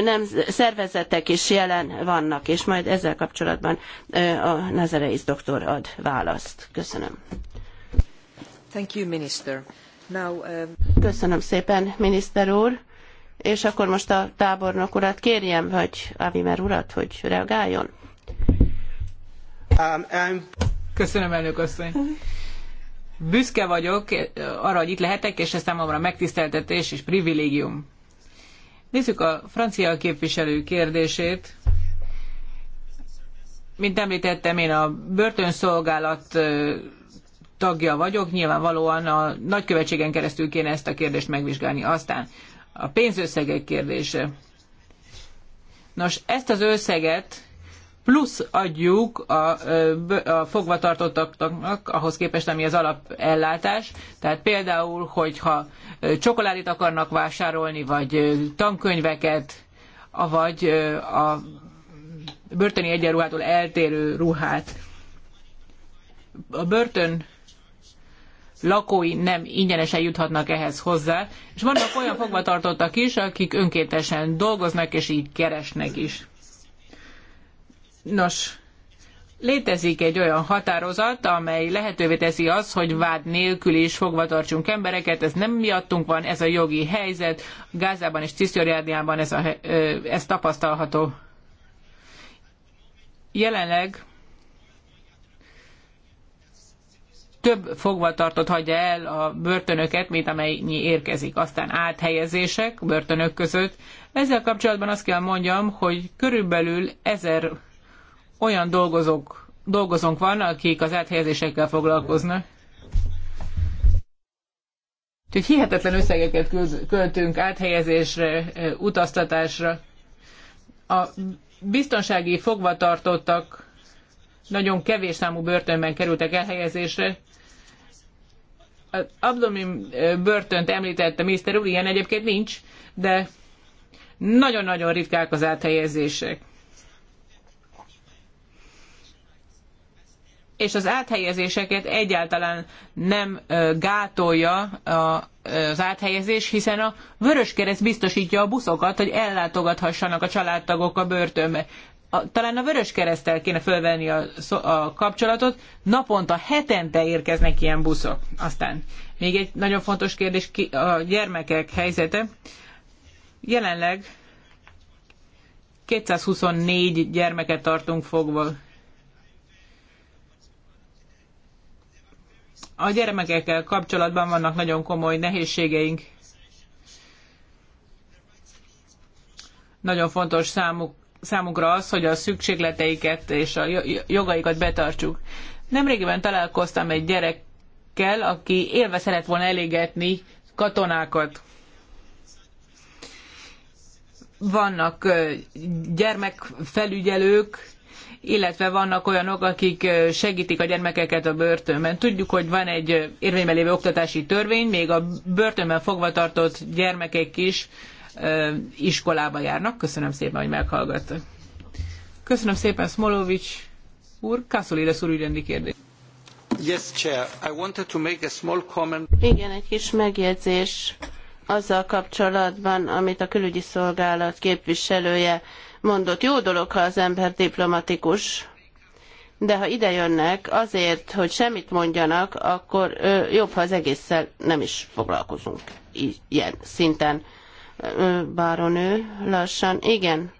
nem, szervezetek is jelen vannak, és majd ezzel kapcsolatban a Nazareis doktor ad választ. Köszönöm. Thank you, minister. Now, um... Köszönöm szépen, miniszter úr. És akkor most a tábornok urat kérjem, vagy Avimer urat, hogy reagáljon. Um, Köszönöm, elnök asszony. Büszke vagyok eh, arra, hogy itt lehetek, és ez számomra megtiszteltetés és privilégium. Nézzük a francia képviselő kérdését. Mint említettem, én a börtönszolgálat eh, tagja vagyok, nyilvánvalóan a nagykövetségen keresztül kéne ezt a kérdést megvizsgálni. Aztán a pénzösszegek kérdése. Nos, ezt az összeget plusz adjuk a, a fogvatartottaknak ahhoz képest, ami az alapellátás. Tehát például, hogyha csokoládét akarnak vásárolni, vagy tankönyveket, vagy a börtöni egyenruhától eltérő ruhát. A börtön lakói nem ingyenesen juthatnak ehhez hozzá, és vannak olyan fogvatartottak is, akik önkéntesen dolgoznak, és így keresnek is. Nos, létezik egy olyan határozat, amely lehetővé teszi azt, hogy vád nélkül is fogva tartsunk embereket, ez nem miattunk van, ez a jogi helyzet, Gázában és Cisziordániában ez, a, ez tapasztalható. Jelenleg több fogvatartott hagyja el a börtönöket, mint amennyi érkezik. Aztán áthelyezések börtönök között. Ezzel kapcsolatban azt kell mondjam, hogy körülbelül ezer olyan dolgozók, dolgozónk van, akik az áthelyezésekkel foglalkoznak. Úgyhogy hihetetlen összegeket költünk áthelyezésre, utaztatásra. A biztonsági fogvatartottak nagyon kevés számú börtönben kerültek elhelyezésre. Az abdomin börtönt említette Mr. Úr, ilyen egyébként nincs, de nagyon-nagyon ritkák az áthelyezések. és az áthelyezéseket egyáltalán nem gátolja az áthelyezés, hiszen a Vöröskereszt biztosítja a buszokat, hogy ellátogathassanak a családtagok a börtönbe. A, talán a Vöröskereszttel kéne fölvenni a, a kapcsolatot, naponta hetente érkeznek ilyen buszok. Aztán még egy nagyon fontos kérdés, ki, a gyermekek helyzete. Jelenleg 224 gyermeket tartunk fogva A gyermekekkel kapcsolatban vannak nagyon komoly nehézségeink. Nagyon fontos számuk, számukra az, hogy a szükségleteiket és a jogaikat betartsuk. Nemrégiben találkoztam egy gyerekkel, aki élve szeret volna elégetni katonákat vannak gyermekfelügyelők, illetve vannak olyanok, akik segítik a gyermekeket a börtönben. Tudjuk, hogy van egy érvényben lévő oktatási törvény, még a börtönben fogvatartott gyermekek is iskolába járnak. Köszönöm szépen, hogy meghallgattak. Köszönöm szépen, Smolovics úr. Kaszolides úr ügyrendi kérdés. Yes, Chair. I wanted to make a small comment. Igen, egy kis megjegyzés azzal kapcsolatban, amit a külügyi szolgálat képviselője mondott. Jó dolog, ha az ember diplomatikus, de ha ide jönnek azért, hogy semmit mondjanak, akkor jobb, ha az egésszel nem is foglalkozunk ilyen szinten. Báronő, lassan. Igen.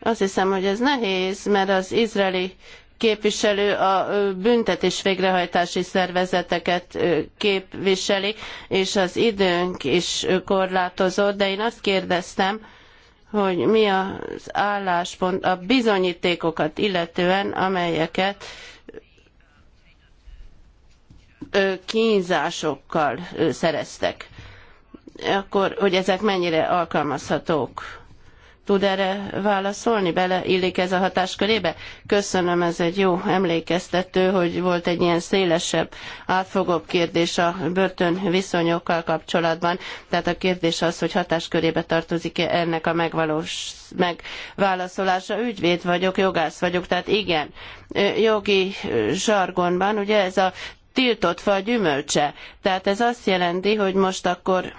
Azt hiszem, hogy ez nehéz, mert az izraeli képviselő a büntetés végrehajtási szervezeteket képviseli, és az időnk is korlátozott, de én azt kérdeztem, hogy mi az álláspont a bizonyítékokat illetően, amelyeket kínzásokkal szereztek. Akkor, hogy ezek mennyire alkalmazhatók tud erre válaszolni, beleillik ez a hatáskörébe? Köszönöm, ez egy jó emlékeztető, hogy volt egy ilyen szélesebb, átfogóbb kérdés a börtön viszonyokkal kapcsolatban. Tehát a kérdés az, hogy hatáskörébe tartozik-e ennek a megvalós megválaszolása. Ügyvéd vagyok, jogász vagyok, tehát igen, jogi zsargonban, ugye ez a tiltott fa gyümölcse. Tehát ez azt jelenti, hogy most akkor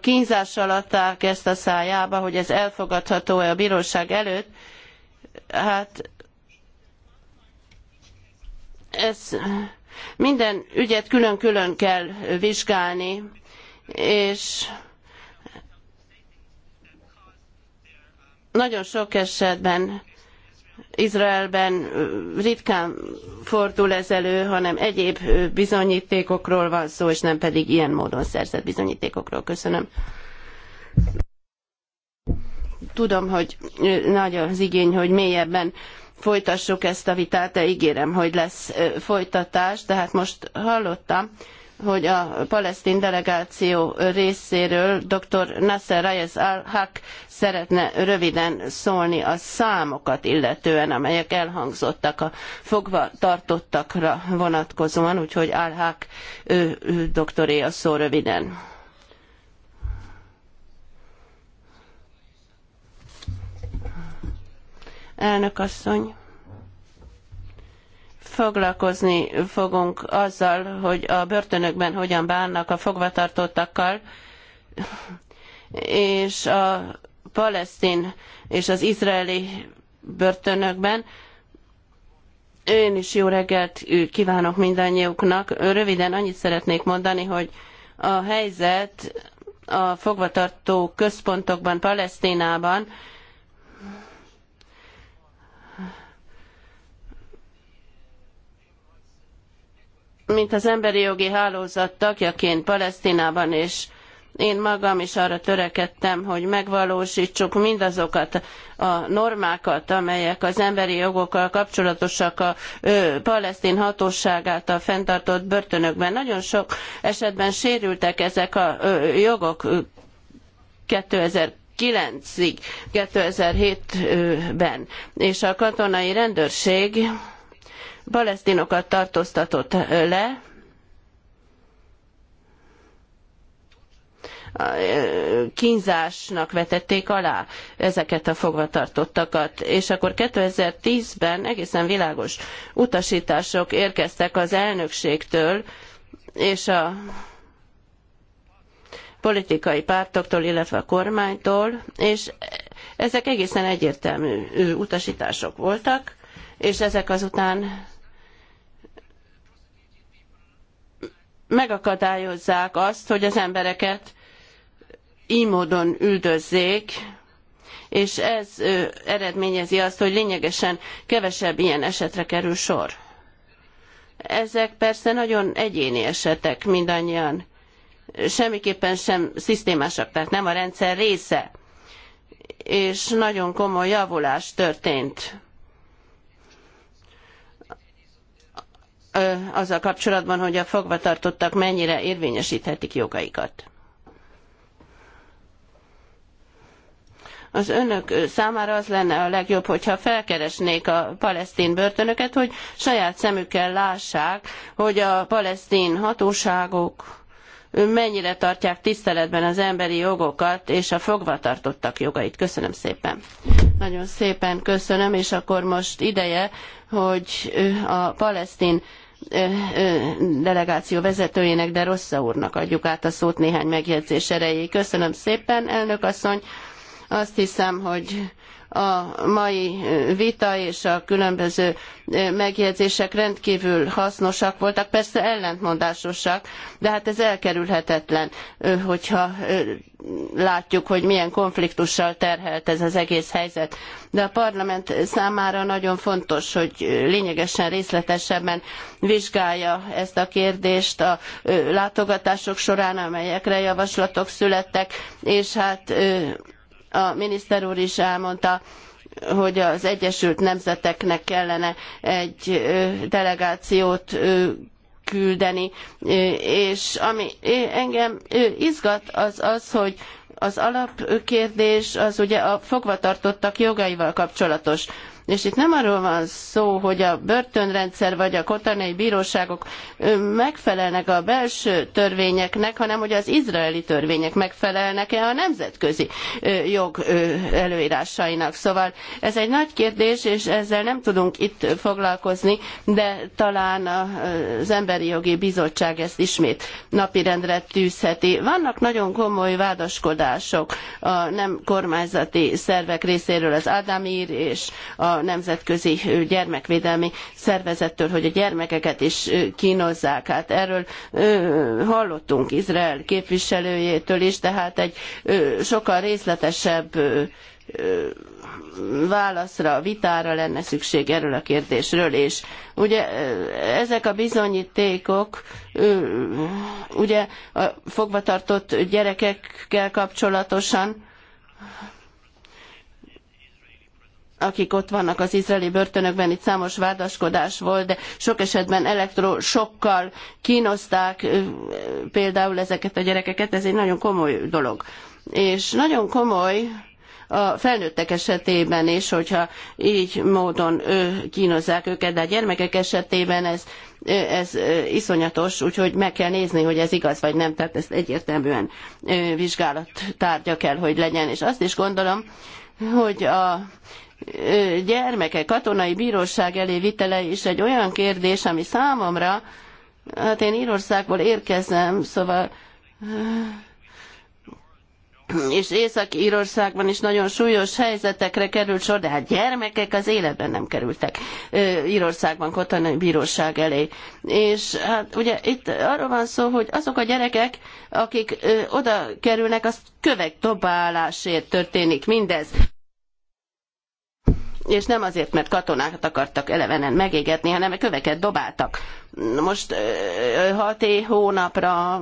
kínzással adták ezt a szájába, hogy ez elfogadható-e a bíróság előtt, hát ez minden ügyet külön-külön kell vizsgálni, és nagyon sok esetben Izraelben ritkán fordul ez elő, hanem egyéb bizonyítékokról van szó, és nem pedig ilyen módon szerzett bizonyítékokról. Köszönöm. Tudom, hogy nagy az igény, hogy mélyebben folytassuk ezt a vitát, de ígérem, hogy lesz folytatás, tehát most hallottam, hogy a palesztin delegáció részéről dr. Nasser Reyes al-Haq szeretne röviden szólni a számokat illetően, amelyek elhangzottak a fogva tartottakra vonatkozóan, úgyhogy al-Haq ő, ő doktoré a szó röviden. Elnök asszony foglalkozni fogunk azzal, hogy a börtönökben hogyan bánnak a fogvatartottakkal, és a palesztin és az izraeli börtönökben. Én is jó reggelt kívánok mindannyiuknak. Röviden annyit szeretnék mondani, hogy a helyzet a fogvatartó központokban, Palesztinában mint az emberi jogi hálózat tagjaként Palesztinában és én magam is arra törekedtem, hogy megvalósítsuk mindazokat a normákat, amelyek az emberi jogokkal kapcsolatosak a ö, palesztin hatóság által fenntartott börtönökben. Nagyon sok esetben sérültek ezek a ö, jogok 2000 9-ig, 2007-ben, és a katonai rendőrség palesztinokat tartóztatott le, kínzásnak vetették alá ezeket a fogvatartottakat. És akkor 2010-ben egészen világos utasítások érkeztek az elnökségtől, és a politikai pártoktól, illetve a kormánytól, és ezek egészen egyértelmű utasítások voltak, és ezek azután megakadályozzák azt, hogy az embereket így módon üldözzék, és ez eredményezi azt, hogy lényegesen kevesebb ilyen esetre kerül sor. Ezek persze nagyon egyéni esetek mindannyian. Semmiképpen sem szisztémásak, tehát nem a rendszer része. És nagyon komoly javulás történt azzal kapcsolatban, hogy a fogvatartottak mennyire érvényesíthetik jogaikat. az önök számára az lenne a legjobb, hogyha felkeresnék a palesztin börtönöket, hogy saját szemükkel lássák, hogy a palesztin hatóságok mennyire tartják tiszteletben az emberi jogokat és a fogvatartottak jogait. Köszönöm szépen. Nagyon szépen köszönöm, és akkor most ideje, hogy a palesztin delegáció vezetőjének, de Rossza úrnak adjuk át a szót néhány megjegyzés erejéig. Köszönöm szépen, elnök asszony. Azt hiszem, hogy a mai vita és a különböző megjegyzések rendkívül hasznosak voltak, persze ellentmondásosak, de hát ez elkerülhetetlen, hogyha látjuk, hogy milyen konfliktussal terhelt ez az egész helyzet. De a parlament számára nagyon fontos, hogy lényegesen részletesebben vizsgálja ezt a kérdést a látogatások során, amelyekre javaslatok születtek, és hát a miniszter úr is elmondta, hogy az Egyesült Nemzeteknek kellene egy delegációt küldeni, és ami engem izgat, az az, hogy az alapkérdés az ugye a fogvatartottak jogaival kapcsolatos és itt nem arról van szó, hogy a börtönrendszer vagy a kotanai bíróságok megfelelnek a belső törvényeknek, hanem hogy az izraeli törvények megfelelnek-e a nemzetközi jog előírásainak. Szóval ez egy nagy kérdés, és ezzel nem tudunk itt foglalkozni, de talán az Emberi Jogi Bizottság ezt ismét napirendre tűzheti. Vannak nagyon komoly vádaskodások a nem kormányzati szervek részéről, az Adamír és a a Nemzetközi Gyermekvédelmi Szervezettől, hogy a gyermekeket is kínozzák. Hát erről hallottunk Izrael képviselőjétől is, tehát egy sokkal részletesebb válaszra, vitára lenne szükség erről a kérdésről, és ugye ezek a bizonyítékok ugye a fogvatartott gyerekekkel kapcsolatosan akik ott vannak az izraeli börtönökben, itt számos vádaskodás volt, de sok esetben elektrosokkal kínozták például ezeket a gyerekeket, ez egy nagyon komoly dolog. És nagyon komoly a felnőttek esetében is, hogyha így módon ő, kínozzák őket, de a gyermekek esetében ez, ez iszonyatos, úgyhogy meg kell nézni, hogy ez igaz vagy nem, tehát ezt egyértelműen vizsgálat tárgya kell, hogy legyen. És azt is gondolom, hogy a gyermekek katonai bíróság elé vitele is egy olyan kérdés, ami számomra, hát én Írországból érkezem, szóval és Észak-Írországban is nagyon súlyos helyzetekre került sor, de hát gyermekek az életben nem kerültek Írországban katonai bíróság elé. És hát ugye itt arról van szó, hogy azok a gyerekek, akik oda kerülnek, az kövek dobálásért történik mindez és nem azért, mert katonákat akartak elevenen megégetni, hanem köveket dobáltak most hat hónapra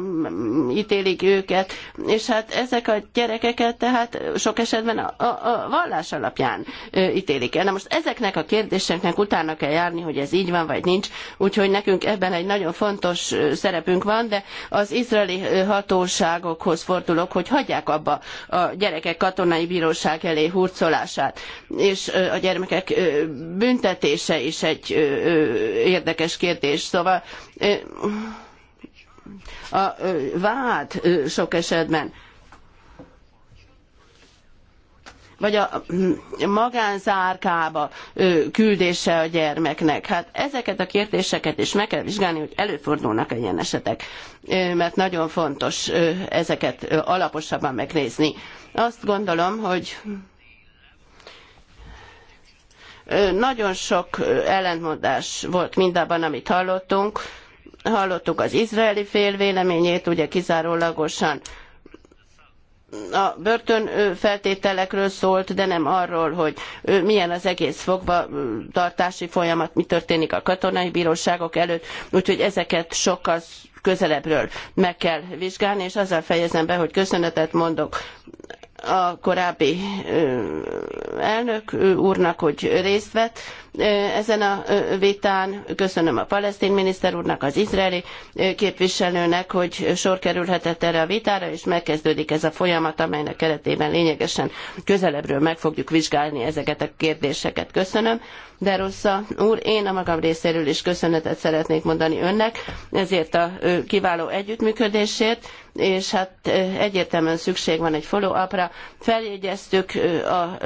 ítélik őket, és hát ezek a gyerekeket tehát sok esetben a, a, a vallás alapján ítélik el. Na most ezeknek a kérdéseknek utána kell járni, hogy ez így van, vagy nincs, úgyhogy nekünk ebben egy nagyon fontos szerepünk van, de az izraeli hatóságokhoz fordulok, hogy hagyják abba a gyerekek katonai bíróság elé hurcolását, és a gyermekek büntetése is egy érdekes kérdés. Szóval Szóval a vád sok esetben vagy a magánzárkába küldése a gyermeknek. Hát ezeket a kérdéseket is meg kell vizsgálni, hogy előfordulnak -e ilyen esetek, mert nagyon fontos ezeket alaposabban megnézni. Azt gondolom, hogy nagyon sok ellentmondás volt mindabban, amit hallottunk. Hallottuk az izraeli fél véleményét, ugye kizárólagosan a börtön feltételekről szólt, de nem arról, hogy milyen az egész fogva tartási folyamat, mi történik a katonai bíróságok előtt, úgyhogy ezeket sokkal közelebbről meg kell vizsgálni, és azzal fejezem be, hogy köszönetet mondok a korábbi elnök úrnak, hogy részt vett ezen a vitán. Köszönöm a palesztin miniszter úrnak, az izraeli képviselőnek, hogy sor kerülhetett erre a vitára, és megkezdődik ez a folyamat, amelynek keretében lényegesen közelebbről meg fogjuk vizsgálni ezeket a kérdéseket. Köszönöm. De Rossza úr, én a magam részéről is köszönetet szeretnék mondani önnek ezért a kiváló együttműködésért, és hát egyértelműen szükség van egy follow-upra. Feljegyeztük a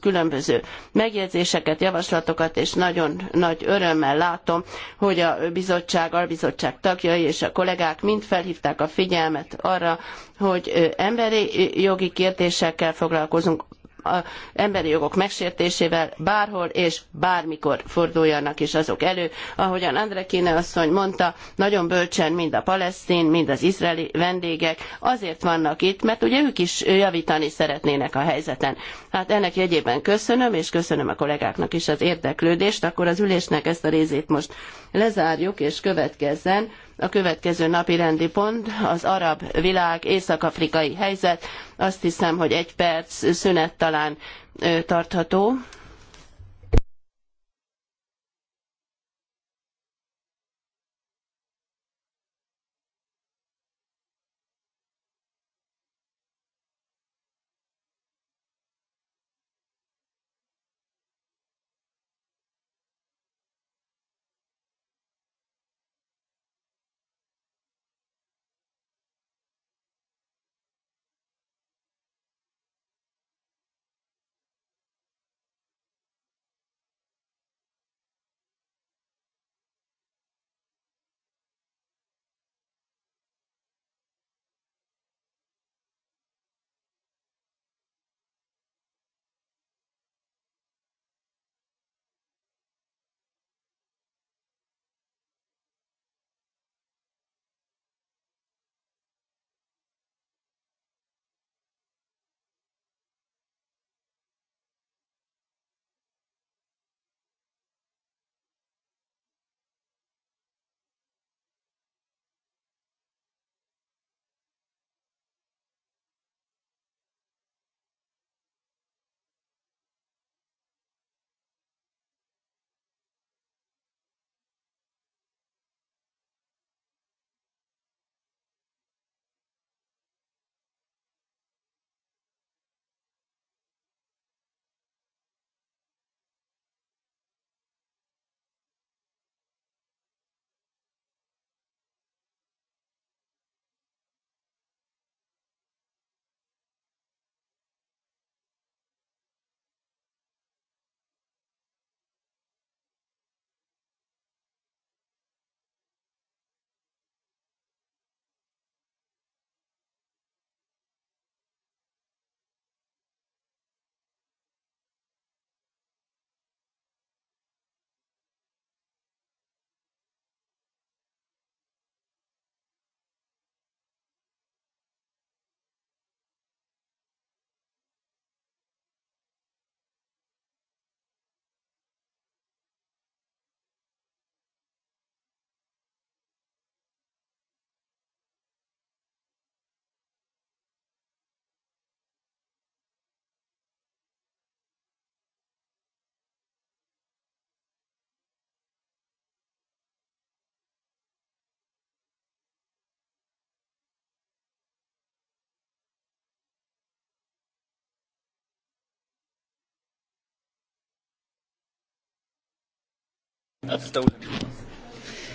különböző megjegyzéseket, javaslatokat, munkájukat, és nagyon nagy örömmel látom, hogy a bizottság, albizottság tagjai és a kollégák mind felhívták a figyelmet arra, hogy emberi jogi kérdésekkel foglalkozunk, emberi jogok megsértésével bárhol és bármikor forduljanak is azok elő. Ahogyan Andrekine asszony mondta, nagyon bölcsen mind a palesztin, mind az izraeli vendégek azért vannak itt, mert ugye ők is javítani szeretnének a helyzeten. Hát ennek jegyében köszönöm, és köszönöm a kollégáknak is az érdeklődést, akkor az ülésnek ezt a részét most lezárjuk, és következzen a következő napi rendi pont az arab világ észak-afrikai helyzet. Azt hiszem, hogy egy perc szünet talán tartható.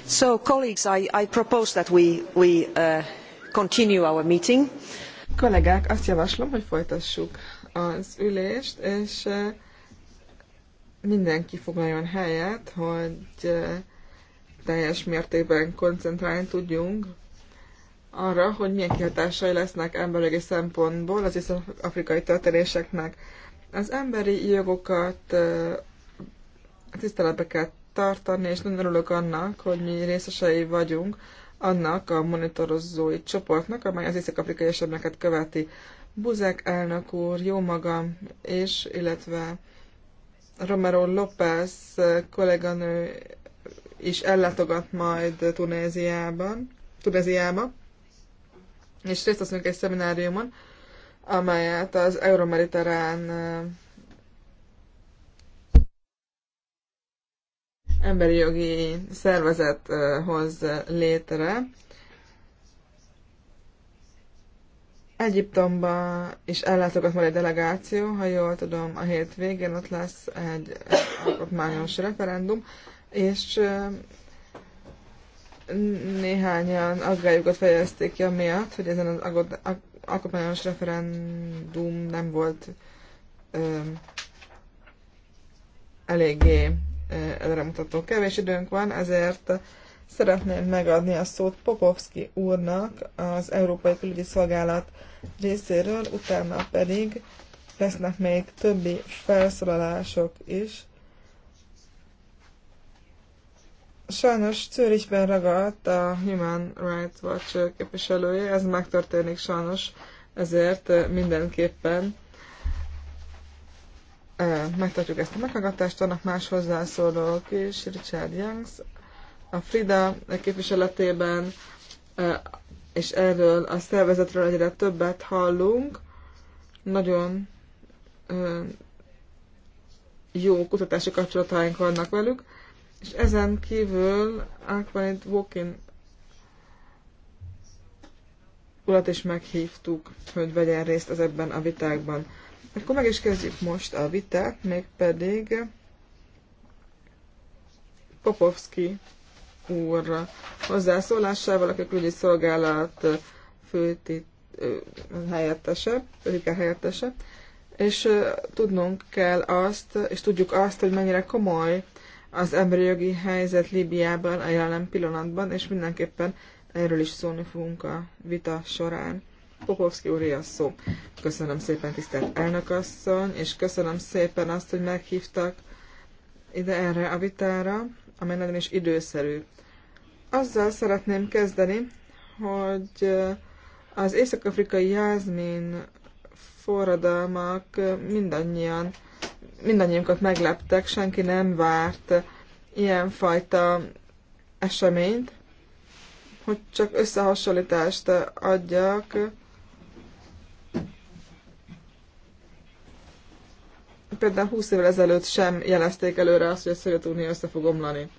So, colleagues, I, I propose that we, we uh, continue our meeting. Kollégák, azt javaslom, hogy folytassuk az ülést, és uh, mindenki foglaljon helyet, hogy uh, teljes mértékben koncentrálni tudjunk arra, hogy milyen kihatásai lesznek emberi szempontból az észak-afrikai történéseknek. Az emberi jogokat uh, tiszteletbe kell tartani, és nagyon örülök annak, hogy mi részesei vagyunk annak a monitorozói csoportnak, amely az észak-afrikai eseményeket követi. Buzek elnök úr, jó magam, és illetve Romero López kolléganő is ellátogat majd Tunéziában, Tunéziába, és részt veszünk egy szemináriumon, amelyet az Euromediterrán emberi jogi szervezet hoz létre. Egyiptomba is ellátogat majd egy delegáció, ha jól tudom, a hét végén ott lesz egy alkotmányos referendum, és néhányan aggályukat fejezték ki amiatt, hogy ezen az alkotmányos referendum nem volt ö, eléggé mutató Kevés időnk van, ezért szeretném megadni a szót Popovski úrnak az Európai Külügyi Szolgálat részéről, utána pedig lesznek még többi felszólalások is. Sajnos Zürichben ragadt a Human Rights Watch képviselője, ez megtörténik sajnos, ezért mindenképpen megtartjuk ezt a meghallgatást, annak más hozzászólók is, Richard Youngs, a Frida képviseletében, és erről a szervezetről egyre többet hallunk. Nagyon jó kutatási kapcsolataink vannak velük, és ezen kívül Aquanit Wokin, urat is meghívtuk, hogy vegyen részt ezekben a vitákban. Akkor meg is kezdjük most a vitát, mégpedig Popovski úr hozzászólásával, aki a külügyi szolgálat főtit, helyettese, főtitkár helyettese, és tudnunk kell azt, és tudjuk azt, hogy mennyire komoly az emberi jogi helyzet Líbiában a jelen pillanatban, és mindenképpen erről is szólni fogunk a vita során. Popovszki úr szó. Köszönöm szépen, tisztelt elnökasszony, és köszönöm szépen azt, hogy meghívtak ide erre a vitára, amely nagyon is időszerű. Azzal szeretném kezdeni, hogy eh, az észak-afrikai jázmin forradalmak eh, mindannyian, mindannyiunkat megleptek, senki nem várt ilyenfajta eseményt, hogy csak összehasonlítást adjak, például 20 évvel ezelőtt sem jelezték előre azt, hogy a Szovjetunió össze fog omlani.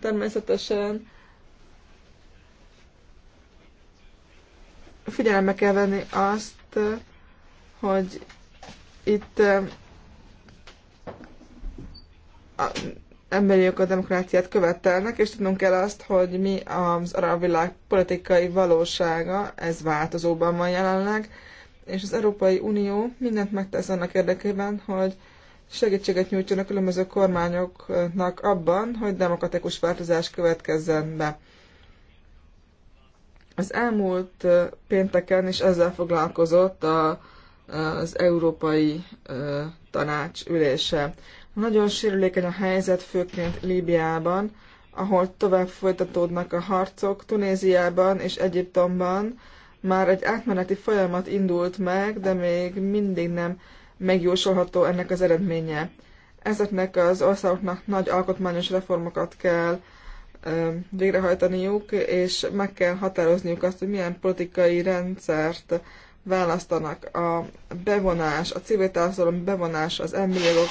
Természetesen figyelembe kell venni azt, hogy itt eh, a emberi jogok a demokráciát követelnek, és tudnunk kell azt, hogy mi az arab világ politikai valósága, ez változóban van jelenleg, és az Európai Unió mindent megtesz annak érdekében, hogy segítséget nyújtson a különböző kormányoknak abban, hogy demokratikus változás következzen be. Az elmúlt pénteken is ezzel foglalkozott a, az Európai Tanács ülése. Nagyon sérülékeny a helyzet, főként Líbiában, ahol tovább folytatódnak a harcok, Tunéziában és Egyiptomban. Már egy átmeneti folyamat indult meg, de még mindig nem megjósolható ennek az eredménye. Ezeknek az országoknak nagy alkotmányos reformokat kell végrehajtaniuk, és meg kell határozniuk azt, hogy milyen politikai rendszert választanak. A bevonás, a civil társadalom bevonás, az emberi jogok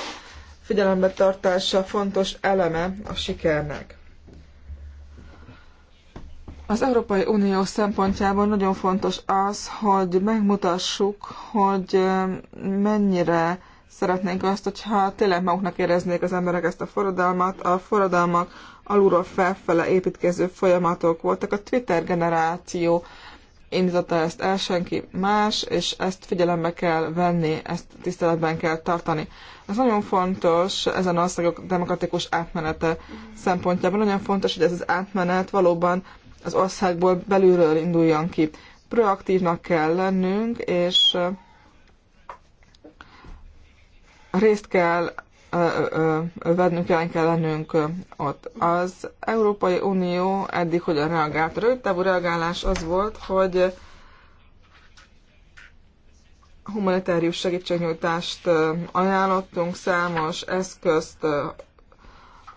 figyelembe tartása fontos eleme a sikernek. Az Európai Unió szempontjából nagyon fontos az, hogy megmutassuk, hogy mennyire szeretnénk azt, hogyha tényleg maguknak éreznék az emberek ezt a forradalmat. A forradalmak alulról felfele építkező folyamatok voltak. A Twitter generáció indította ezt el, senki más, és ezt figyelembe kell venni, ezt tiszteletben kell tartani. Ez nagyon fontos ezen országok demokratikus átmenete szempontjából. Nagyon fontos, hogy ez az átmenet valóban az országból belülről induljon ki. Proaktívnak kell lennünk, és részt kell vennünk, jelen kell lennünk ott. Az Európai Unió eddig hogyan reagált? A rövid reagálás az volt, hogy humanitárius segítségnyújtást ajánlottunk, számos eszközt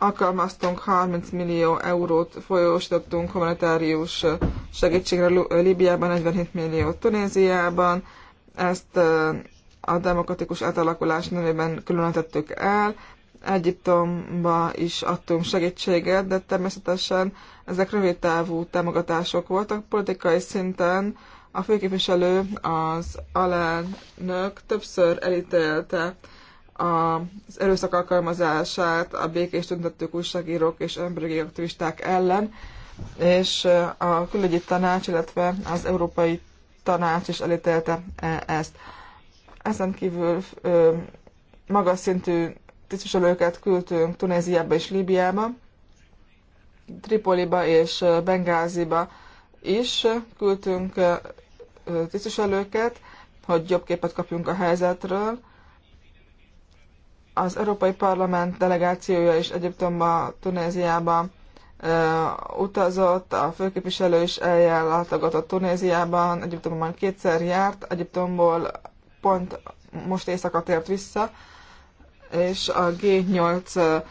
alkalmaztunk 30 millió eurót, folyósítottunk humanitárius segítségre Líbiában, 47 millió Tunéziában, ezt a demokratikus átalakulás nevében különítettük el, Egyiptomba is adtunk segítséget, de természetesen ezek rövid távú támogatások voltak. Politikai szinten a főképviselő, az alelnök többször elítélte az erőszak alkalmazását a békés tüntetők, újságírók és emberi aktivisták ellen, és a külügyi tanács, illetve az Európai Tanács is elítélte e, ezt. Ezen kívül magas szintű tisztviselőket küldtünk Tunéziába és Líbiába, Tripoliba és Bengáziba is küldtünk tisztviselőket, hogy jobb képet kapjunk a helyzetről, az Európai Parlament delegációja is Egyiptomba, Tunéziába ö, utazott, a főképviselő is eljállatogatott Tunéziában, Egyiptomban kétszer járt, Egyiptomból pont most éjszaka tért vissza, és a G8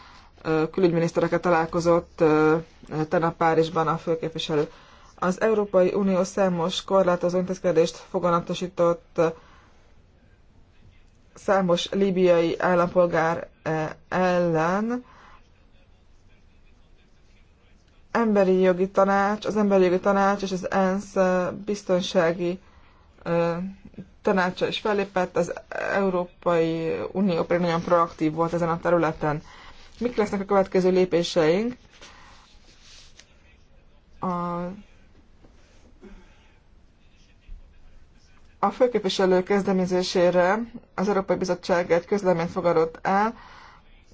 külügyminisztereket találkozott tegnap Párizsban a főképviselő. Az Európai Unió számos korlátozó intézkedést foganatosított számos líbiai állampolgár eh, ellen emberi jogi tanács, az emberi jogi tanács és az ENSZ eh, biztonsági eh, tanácsa is fellépett, az Európai Unió pedig nagyon proaktív volt ezen a területen. Mik lesznek a következő lépéseink? A A főképviselő kezdeményezésére az Európai Bizottság egy közleményt fogadott el,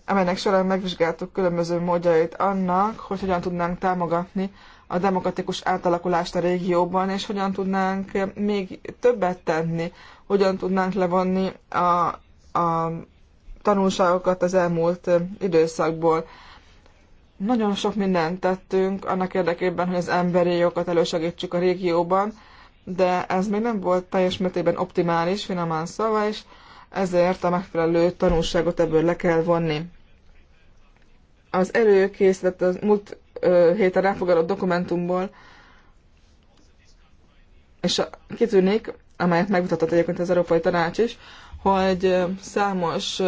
amelynek során megvizsgáltuk különböző módjait annak, hogy hogyan tudnánk támogatni a demokratikus átalakulást a régióban, és hogyan tudnánk még többet tenni, hogyan tudnánk levonni a, a tanulságokat az elmúlt időszakból. Nagyon sok mindent tettünk annak érdekében, hogy az emberi jogokat elősegítsük a régióban, de ez még nem volt teljes mértékben optimális, finoman szava, és ezért a megfelelő tanulságot ebből le kell vonni. Az előkészített az múlt héten elfogadott dokumentumból, és a kitűnik, amelyet megmutatott egyébként az Európai Tanács is, hogy számos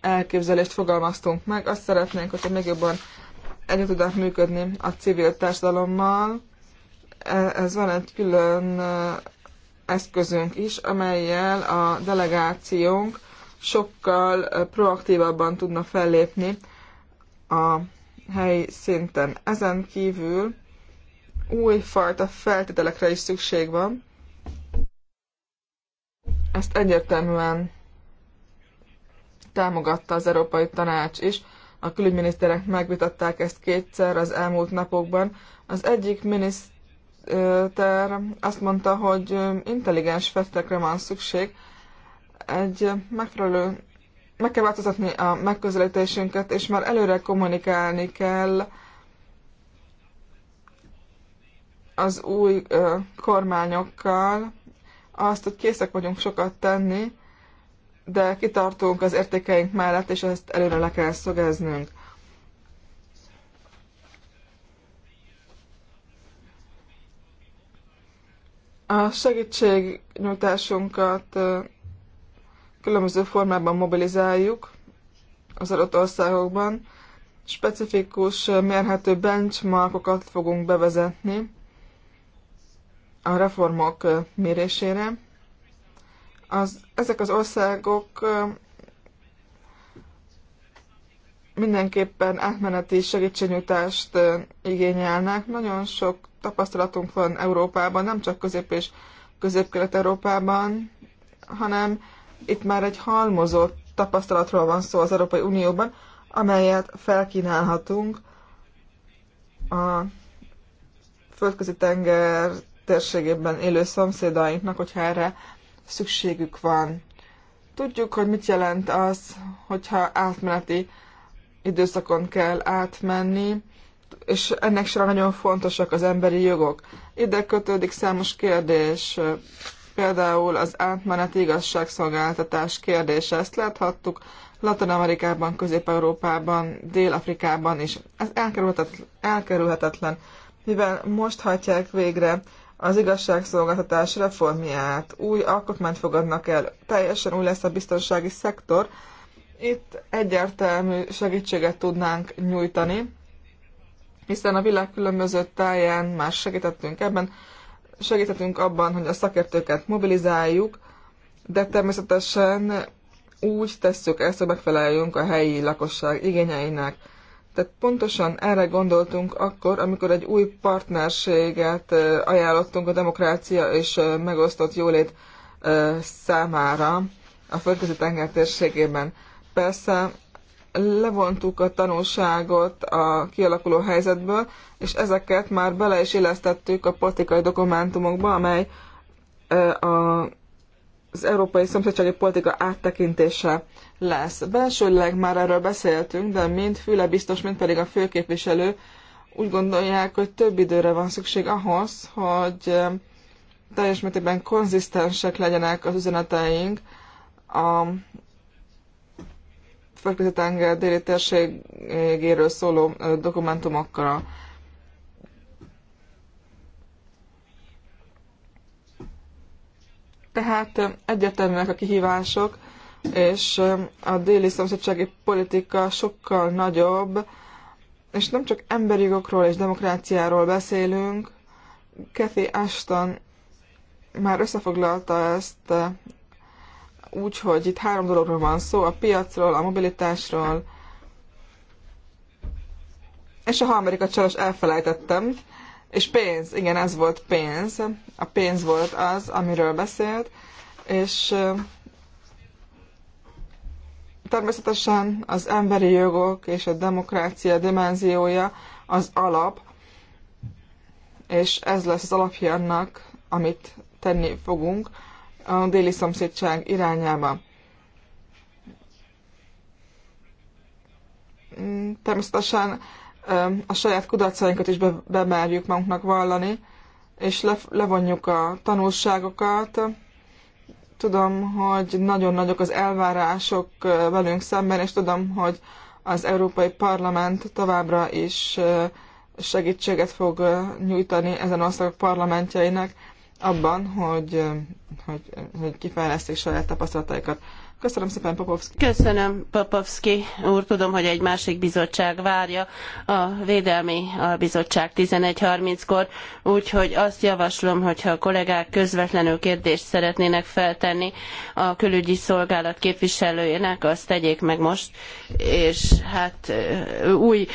elképzelést fogalmaztunk meg. Azt szeretnénk, hogyha még jobban együtt tudnánk működni a civil társadalommal, ez van egy külön eszközünk is, amelyel a delegációnk sokkal proaktívabban tudna fellépni a helyi szinten. Ezen kívül újfajta feltételekre is szükség van. Ezt egyértelműen támogatta az Európai Tanács is. A külügyminiszterek megvitatták ezt kétszer az elmúlt napokban. Az egyik miniszter Ter azt mondta, hogy intelligens fettekre van szükség. Egy megfelelő, meg kell változtatni a megközelítésünket, és már előre kommunikálni kell az új kormányokkal azt, hogy készek vagyunk sokat tenni, de kitartunk az értékeink mellett, és ezt előre le kell szögeznünk. A segítségnyújtásunkat különböző formában mobilizáljuk az adott országokban. Specifikus, mérhető benchmarkokat fogunk bevezetni a reformok mérésére. Az, ezek az országok mindenképpen átmeneti segítségnyújtást igényelnek. Nagyon sok tapasztalatunk van Európában, nem csak Közép- és Közép-Kelet-Európában, hanem itt már egy halmozott tapasztalatról van szó az Európai Unióban, amelyet felkínálhatunk a földközi tenger térségében élő szomszédainknak, hogyha erre szükségük van. Tudjuk, hogy mit jelent az, hogyha átmeneti időszakon kell átmenni, és ennek során nagyon fontosak az emberi jogok. Ide kötődik számos kérdés, például az átmeneti igazságszolgáltatás kérdése. Ezt láthattuk Latin Amerikában, Közép-Európában, Dél-Afrikában is. Ez elkerülhetetlen, mivel most hajtják végre az igazságszolgáltatás reformját, új alkotmányt fogadnak el, teljesen új lesz a biztonsági szektor. Itt egyértelmű segítséget tudnánk nyújtani, hiszen a világ különböző táján már segítettünk ebben, segítettünk abban, hogy a szakértőket mobilizáljuk, de természetesen úgy tesszük ezt, hogy megfeleljünk a helyi lakosság igényeinek. Tehát pontosan erre gondoltunk akkor, amikor egy új partnerséget ajánlottunk a demokrácia és megosztott jólét számára a földközi tenger térségében. Persze levontuk a tanulságot a kialakuló helyzetből, és ezeket már bele is illesztettük a politikai dokumentumokba, amely a az európai szomszédsági politika áttekintése lesz. Belsőleg már erről beszéltünk, de mind Füle biztos, mind pedig a főképviselő úgy gondolják, hogy több időre van szükség ahhoz, hogy teljes mértékben konzisztensek legyenek az üzeneteink a földközi tenger déli térségéről szóló dokumentumokkal. Tehát egyetemnek a kihívások, és a déli szomszédsági politika sokkal nagyobb, és nem csak emberi jogokról és demokráciáról beszélünk, Kathy Ashton már összefoglalta ezt úgyhogy itt három dologról van szó, a piacról, a mobilitásról, és a harmadikat csalás elfelejtettem, és pénz, igen, ez volt pénz, a pénz volt az, amiről beszélt, és természetesen az emberi jogok és a demokrácia dimenziója az alap, és ez lesz az alapja annak, amit tenni fogunk, a déli szomszédság irányába. Mm, természetesen a saját kudarcainkat is be, bemerjük magunknak vallani, és le, levonjuk a tanulságokat. Tudom, hogy nagyon nagyok az elvárások velünk szemben, és tudom, hogy az Európai Parlament továbbra is segítséget fog nyújtani ezen országok parlamentjeinek abban, hogy, hogy, hogy kifejleszték saját tapasztalataikat. Köszönöm szépen, Popovski. Köszönöm, Popovski úr. Tudom, hogy egy másik bizottság várja a Védelmi a Bizottság 11.30-kor, úgyhogy azt javaslom, hogyha a kollégák közvetlenül kérdést szeretnének feltenni a külügyi szolgálat képviselőjének, azt tegyék meg most, és hát új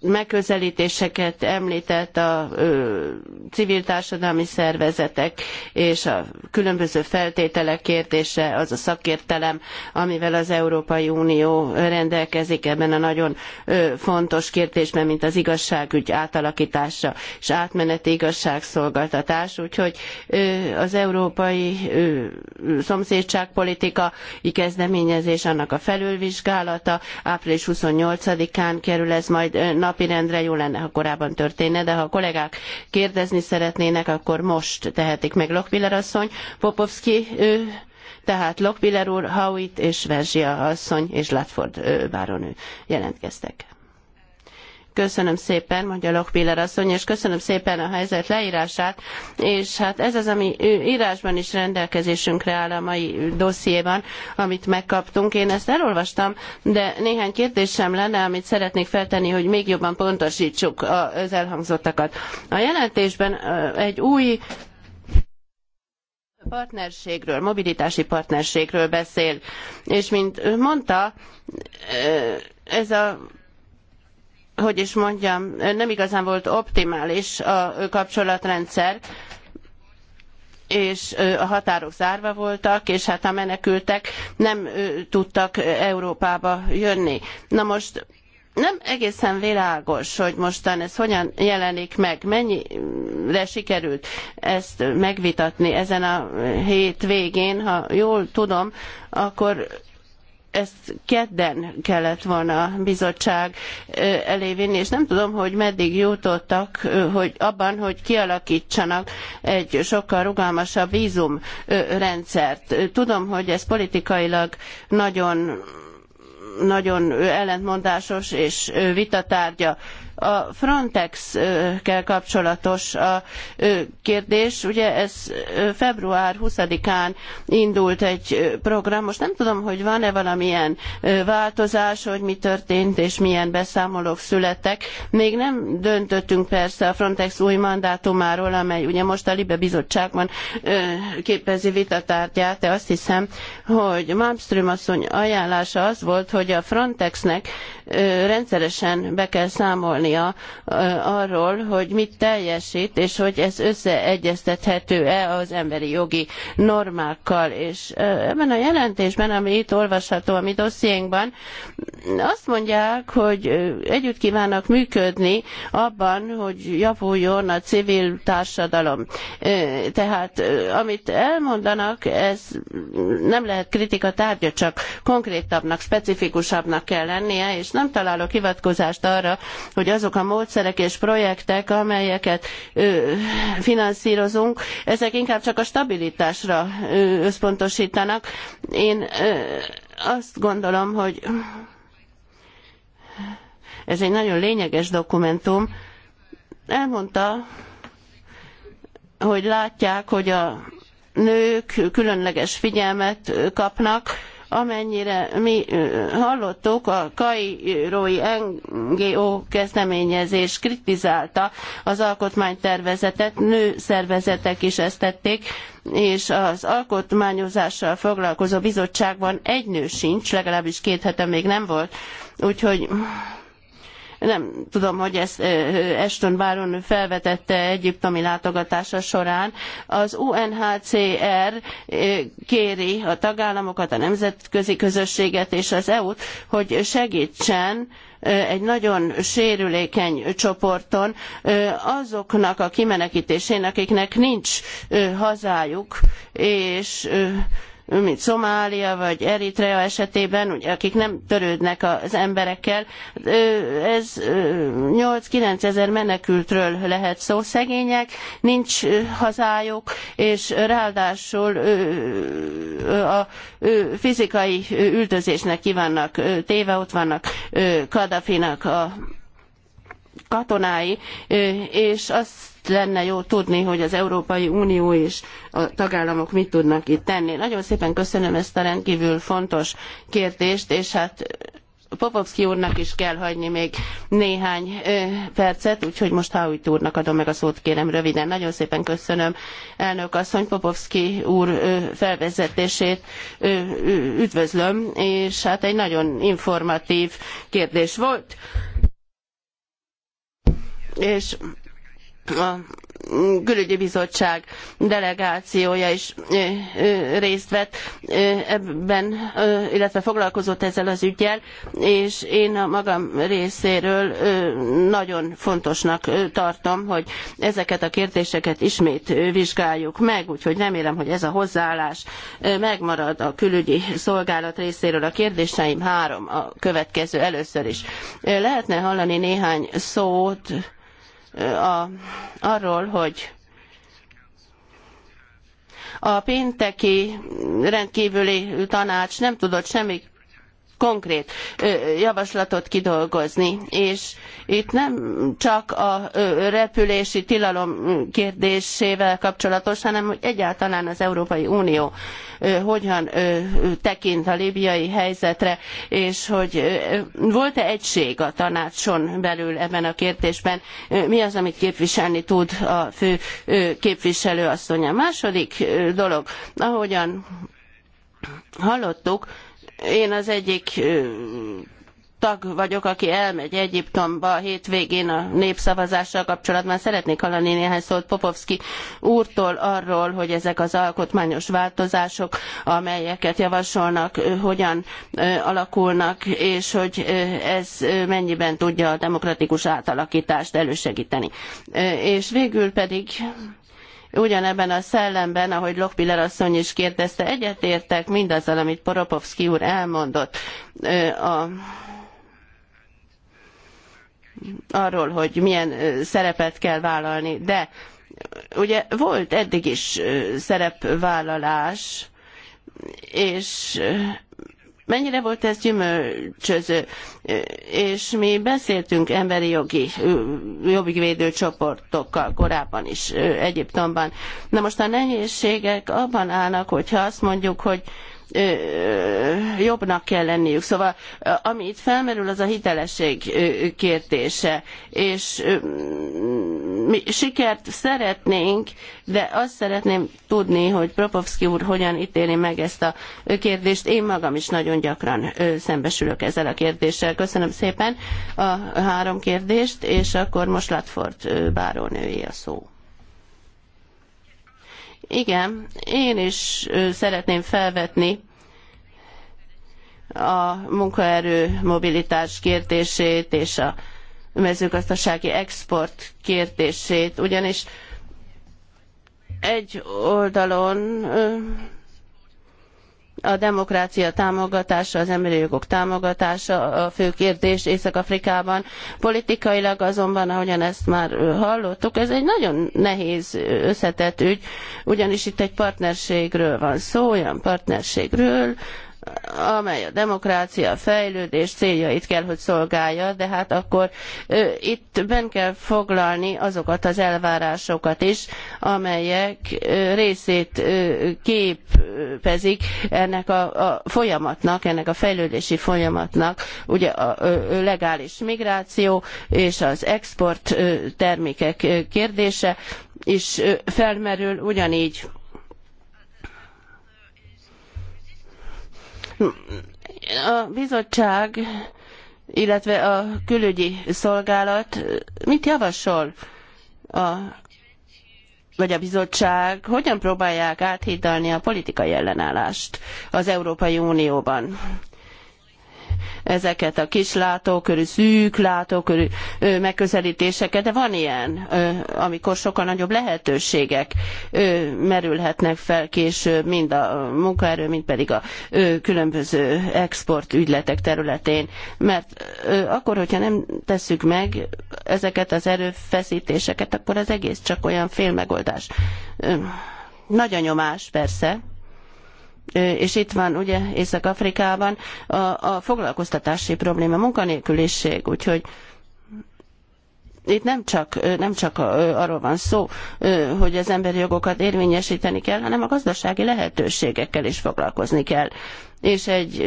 megközelítéseket említett a ö, civil társadalmi szervezetek és a különböző feltételek kérdése, az a szakértelem, amivel az Európai Unió rendelkezik ebben a nagyon ö, fontos kérdésben, mint az igazságügy átalakítása és átmeneti igazságszolgáltatás. Úgyhogy ö, az európai ö, szomszédságpolitika kezdeményezés, annak a felülvizsgálata április 28-án kerül ez majd napirendre, jó lenne, ha korábban történne, de ha a kollégák kérdezni szeretnének, akkor most tehetik meg Lokviller asszony, Popovski ő, tehát Lokviller úr, Howitt és Verzsia asszony és Latford ő, báronő jelentkeztek. Köszönöm szépen, mondja Lochbiller asszony, és köszönöm szépen a helyzet leírását, és hát ez az, ami írásban is rendelkezésünkre áll a mai dossziéban, amit megkaptunk. Én ezt elolvastam, de néhány kérdésem lenne, amit szeretnék feltenni, hogy még jobban pontosítsuk az elhangzottakat. A jelentésben egy új partnerségről, mobilitási partnerségről beszél, és mint mondta, ez a hogy is mondjam, nem igazán volt optimális a kapcsolatrendszer, és a határok zárva voltak, és hát a menekültek nem tudtak Európába jönni. Na most nem egészen világos, hogy mostan ez hogyan jelenik meg, mennyire sikerült ezt megvitatni ezen a hét végén, ha jól tudom, akkor ezt kedden kellett volna a bizottság elé vinni, és nem tudom, hogy meddig jutottak, hogy abban, hogy kialakítsanak egy sokkal rugalmasabb vízumrendszert. Tudom, hogy ez politikailag nagyon nagyon ellentmondásos és vitatárgya a Frontex-kel kapcsolatos a kérdés, ugye ez február 20-án indult egy program, most nem tudom, hogy van-e valamilyen változás, hogy mi történt és milyen beszámolók születtek. Még nem döntöttünk persze a Frontex új mandátumáról, amely ugye most a Libe Bizottságban képezi vitatárgyát, de azt hiszem, hogy Malmström asszony ajánlása az volt, hogy a Frontexnek rendszeresen be kell számolni tudnia arról, hogy mit teljesít, és hogy ez összeegyeztethető-e az emberi jogi normákkal. És ebben a jelentésben, ami itt olvasható a mi dossziénkban, azt mondják, hogy együtt kívánnak működni abban, hogy javuljon a civil társadalom. Tehát amit elmondanak, ez nem lehet kritika tárgya, csak konkrétabbnak, specifikusabbnak kell lennie, és nem találok hivatkozást arra, hogy az azok a módszerek és projektek, amelyeket ö, finanszírozunk, ezek inkább csak a stabilitásra ö, összpontosítanak. Én azt gondolom, hogy ez egy nagyon lényeges dokumentum. Elmondta, hogy látják, hogy a nők különleges figyelmet kapnak, amennyire mi hallottuk, a kairói NGO kezdeményezés kritizálta az alkotmánytervezetet, nőszervezetek is ezt tették, és az alkotmányozással foglalkozó bizottságban egy nő sincs, legalábbis két hete még nem volt, úgyhogy nem tudom, hogy ezt Eston Baron felvetette egyiptomi látogatása során. Az UNHCR kéri a tagállamokat, a nemzetközi közösséget és az EU-t, hogy segítsen egy nagyon sérülékeny csoporton azoknak a kimenekítésén, akiknek nincs hazájuk, és mint Szomália vagy Eritrea esetében, ugye, akik nem törődnek az emberekkel. Ez 8-9 ezer menekültről lehet szó, szegények, nincs hazájuk, és ráadásul a fizikai üldözésnek kívánnak téve, ott vannak Kadafinak a katonái, és azt lenne jó tudni, hogy az Európai Unió és a tagállamok mit tudnak itt tenni. Nagyon szépen köszönöm ezt a rendkívül fontos kérdést, és hát Popovski úrnak is kell hagyni még néhány ö, percet, úgyhogy most Howitt úrnak adom meg a szót, kérem röviden. Nagyon szépen köszönöm elnök asszony Popovski úr ö, felvezetését ö, üdvözlöm, és hát egy nagyon informatív kérdés volt és a külügyi bizottság delegációja is részt vett ebben, illetve foglalkozott ezzel az ügyel, és én a magam részéről nagyon fontosnak tartom, hogy ezeket a kérdéseket ismét vizsgáljuk meg, úgyhogy remélem, hogy ez a hozzáállás megmarad a külügyi szolgálat részéről. A kérdéseim három a következő először is. Lehetne hallani néhány szót, a, arról, hogy a pénteki rendkívüli tanács nem tudott semmit konkrét javaslatot kidolgozni. És itt nem csak a repülési tilalom kérdésével kapcsolatos, hanem hogy egyáltalán az Európai Unió hogyan tekint a líbiai helyzetre, és hogy volt-e egység a tanácson belül ebben a kérdésben, mi az, amit képviselni tud a fő képviselő asszony. A második dolog, ahogyan hallottuk, én az egyik tag vagyok, aki elmegy Egyiptomba a hétvégén a népszavazással kapcsolatban. Szeretnék hallani néhány szót Popovski úrtól arról, hogy ezek az alkotmányos változások, amelyeket javasolnak, hogyan alakulnak, és hogy ez mennyiben tudja a demokratikus átalakítást elősegíteni. És végül pedig ugyanebben a szellemben, ahogy Lokpiller asszony is kérdezte, egyetértek mindazzal, amit Poropovszki úr elmondott a arról, hogy milyen szerepet kell vállalni, de ugye volt eddig is szerepvállalás, és Mennyire volt ez gyümölcsöző? És mi beszéltünk emberi jogi, jobbigvédő csoportokkal korábban is Egyiptomban. Na most a nehézségek abban állnak, hogyha azt mondjuk, hogy jobbnak kell lenniük. Szóval ami itt felmerül, az a hitelesség kérdése. És mi sikert szeretnénk, de azt szeretném tudni, hogy Propovski úr hogyan ítéli meg ezt a kérdést. Én magam is nagyon gyakran szembesülök ezzel a kérdéssel. Köszönöm szépen a három kérdést, és akkor most Latford bárónői a szó. Igen, én is szeretném felvetni a munkaerő mobilitás kérdését és a mezőgazdasági export kérdését, ugyanis egy oldalon a demokrácia támogatása, az emberi jogok támogatása a fő kérdés Észak-Afrikában. Politikailag azonban, ahogyan ezt már hallottuk, ez egy nagyon nehéz összetett ügy, ugyanis itt egy partnerségről van szó, olyan partnerségről, amely a demokrácia, a fejlődés céljait kell, hogy szolgálja, de hát akkor ö, itt ben kell foglalni azokat az elvárásokat is, amelyek ö, részét ö, képezik ennek a, a, folyamatnak, ennek a fejlődési folyamatnak, ugye a ö, legális migráció és az export termékek kérdése is felmerül ugyanígy A bizottság, illetve a külügyi szolgálat mit javasol a vagy a bizottság hogyan próbálják áthidalni a politikai ellenállást az Európai Unióban? ezeket a kis látókörű, szűk látókörű megközelítéseket, de van ilyen, amikor sokkal nagyobb lehetőségek merülhetnek fel később, mind a munkaerő, mind pedig a különböző exportügyletek területén. Mert akkor, hogyha nem tesszük meg ezeket az erőfeszítéseket, akkor az egész csak olyan félmegoldás. Nagy a nyomás, persze, és itt van ugye Észak-Afrikában a, a foglalkoztatási probléma, munkanélküliség, úgyhogy itt nem csak, nem csak arról van szó, hogy az emberi jogokat érvényesíteni kell, hanem a gazdasági lehetőségekkel is foglalkozni kell. És egy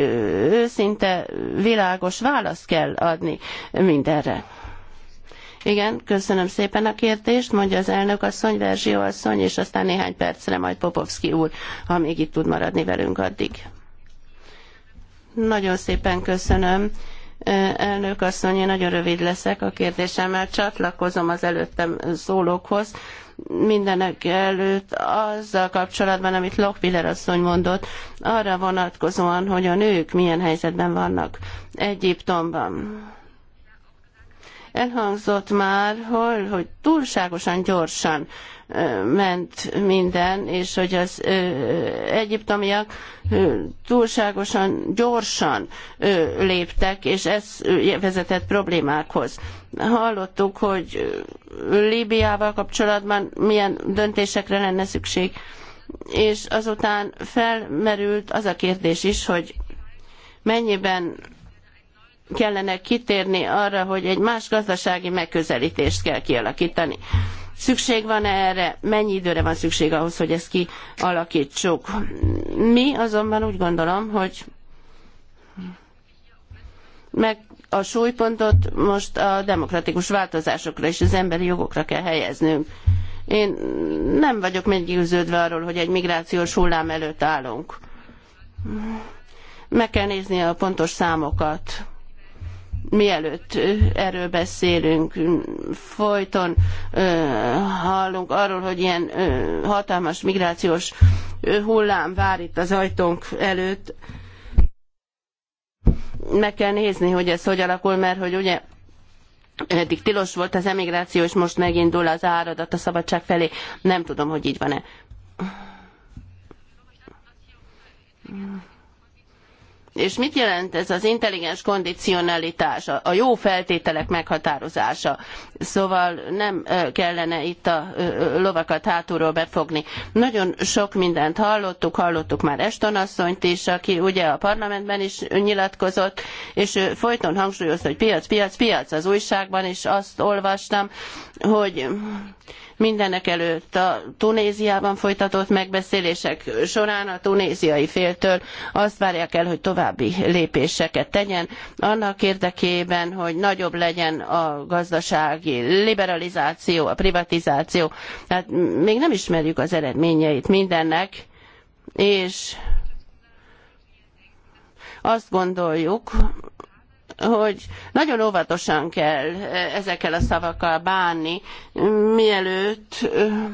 őszinte, világos választ kell adni mindenre. Igen, köszönöm szépen a kérdést, mondja az elnök asszony, Verzsió asszony, és aztán néhány percre majd Popovski úr, ha még itt tud maradni velünk addig. Nagyon szépen köszönöm. Elnök asszony, én nagyon rövid leszek a kérdésemmel, csatlakozom az előttem szólókhoz. Mindenek előtt azzal kapcsolatban, amit Lockpiller asszony mondott, arra vonatkozóan, hogy a nők milyen helyzetben vannak Egyiptomban Elhangzott már, hol, hogy túlságosan gyorsan ment minden, és hogy az egyiptomiak túlságosan gyorsan léptek, és ez vezetett problémákhoz. Hallottuk, hogy Líbiával kapcsolatban milyen döntésekre lenne szükség, és azután felmerült az a kérdés is, hogy mennyiben kellene kitérni arra, hogy egy más gazdasági megközelítést kell kialakítani. Szükség van -e erre? Mennyi időre van szükség ahhoz, hogy ezt kialakítsuk? Mi azonban úgy gondolom, hogy meg a súlypontot most a demokratikus változásokra és az emberi jogokra kell helyeznünk. Én nem vagyok meggyőződve arról, hogy egy migrációs hullám előtt állunk. Meg kell nézni a pontos számokat mielőtt erről beszélünk, folyton ö, hallunk arról, hogy ilyen ö, hatalmas migrációs hullám vár itt az ajtónk előtt. Meg kell nézni, hogy ez hogy alakul, mert hogy ugye eddig tilos volt az emigráció, és most megindul az áradat a szabadság felé. Nem tudom, hogy így van-e. És mit jelent ez az intelligens kondicionalitás, a jó feltételek meghatározása? Szóval nem kellene itt a lovakat hátulról befogni. Nagyon sok mindent hallottuk, hallottuk már Eston asszonyt is, aki ugye a parlamentben is nyilatkozott, és ő folyton hangsúlyozta, hogy piac, piac, piac az újságban, és azt olvastam, hogy Mindenekelőtt a Tunéziában folytatott megbeszélések során a tunéziai féltől azt várják el, hogy további lépéseket tegyen, annak érdekében, hogy nagyobb legyen a gazdasági liberalizáció, a privatizáció. Tehát még nem ismerjük az eredményeit mindennek, és azt gondoljuk, hogy nagyon óvatosan kell eh, ezekkel a szavakkal bánni, mielőtt eh,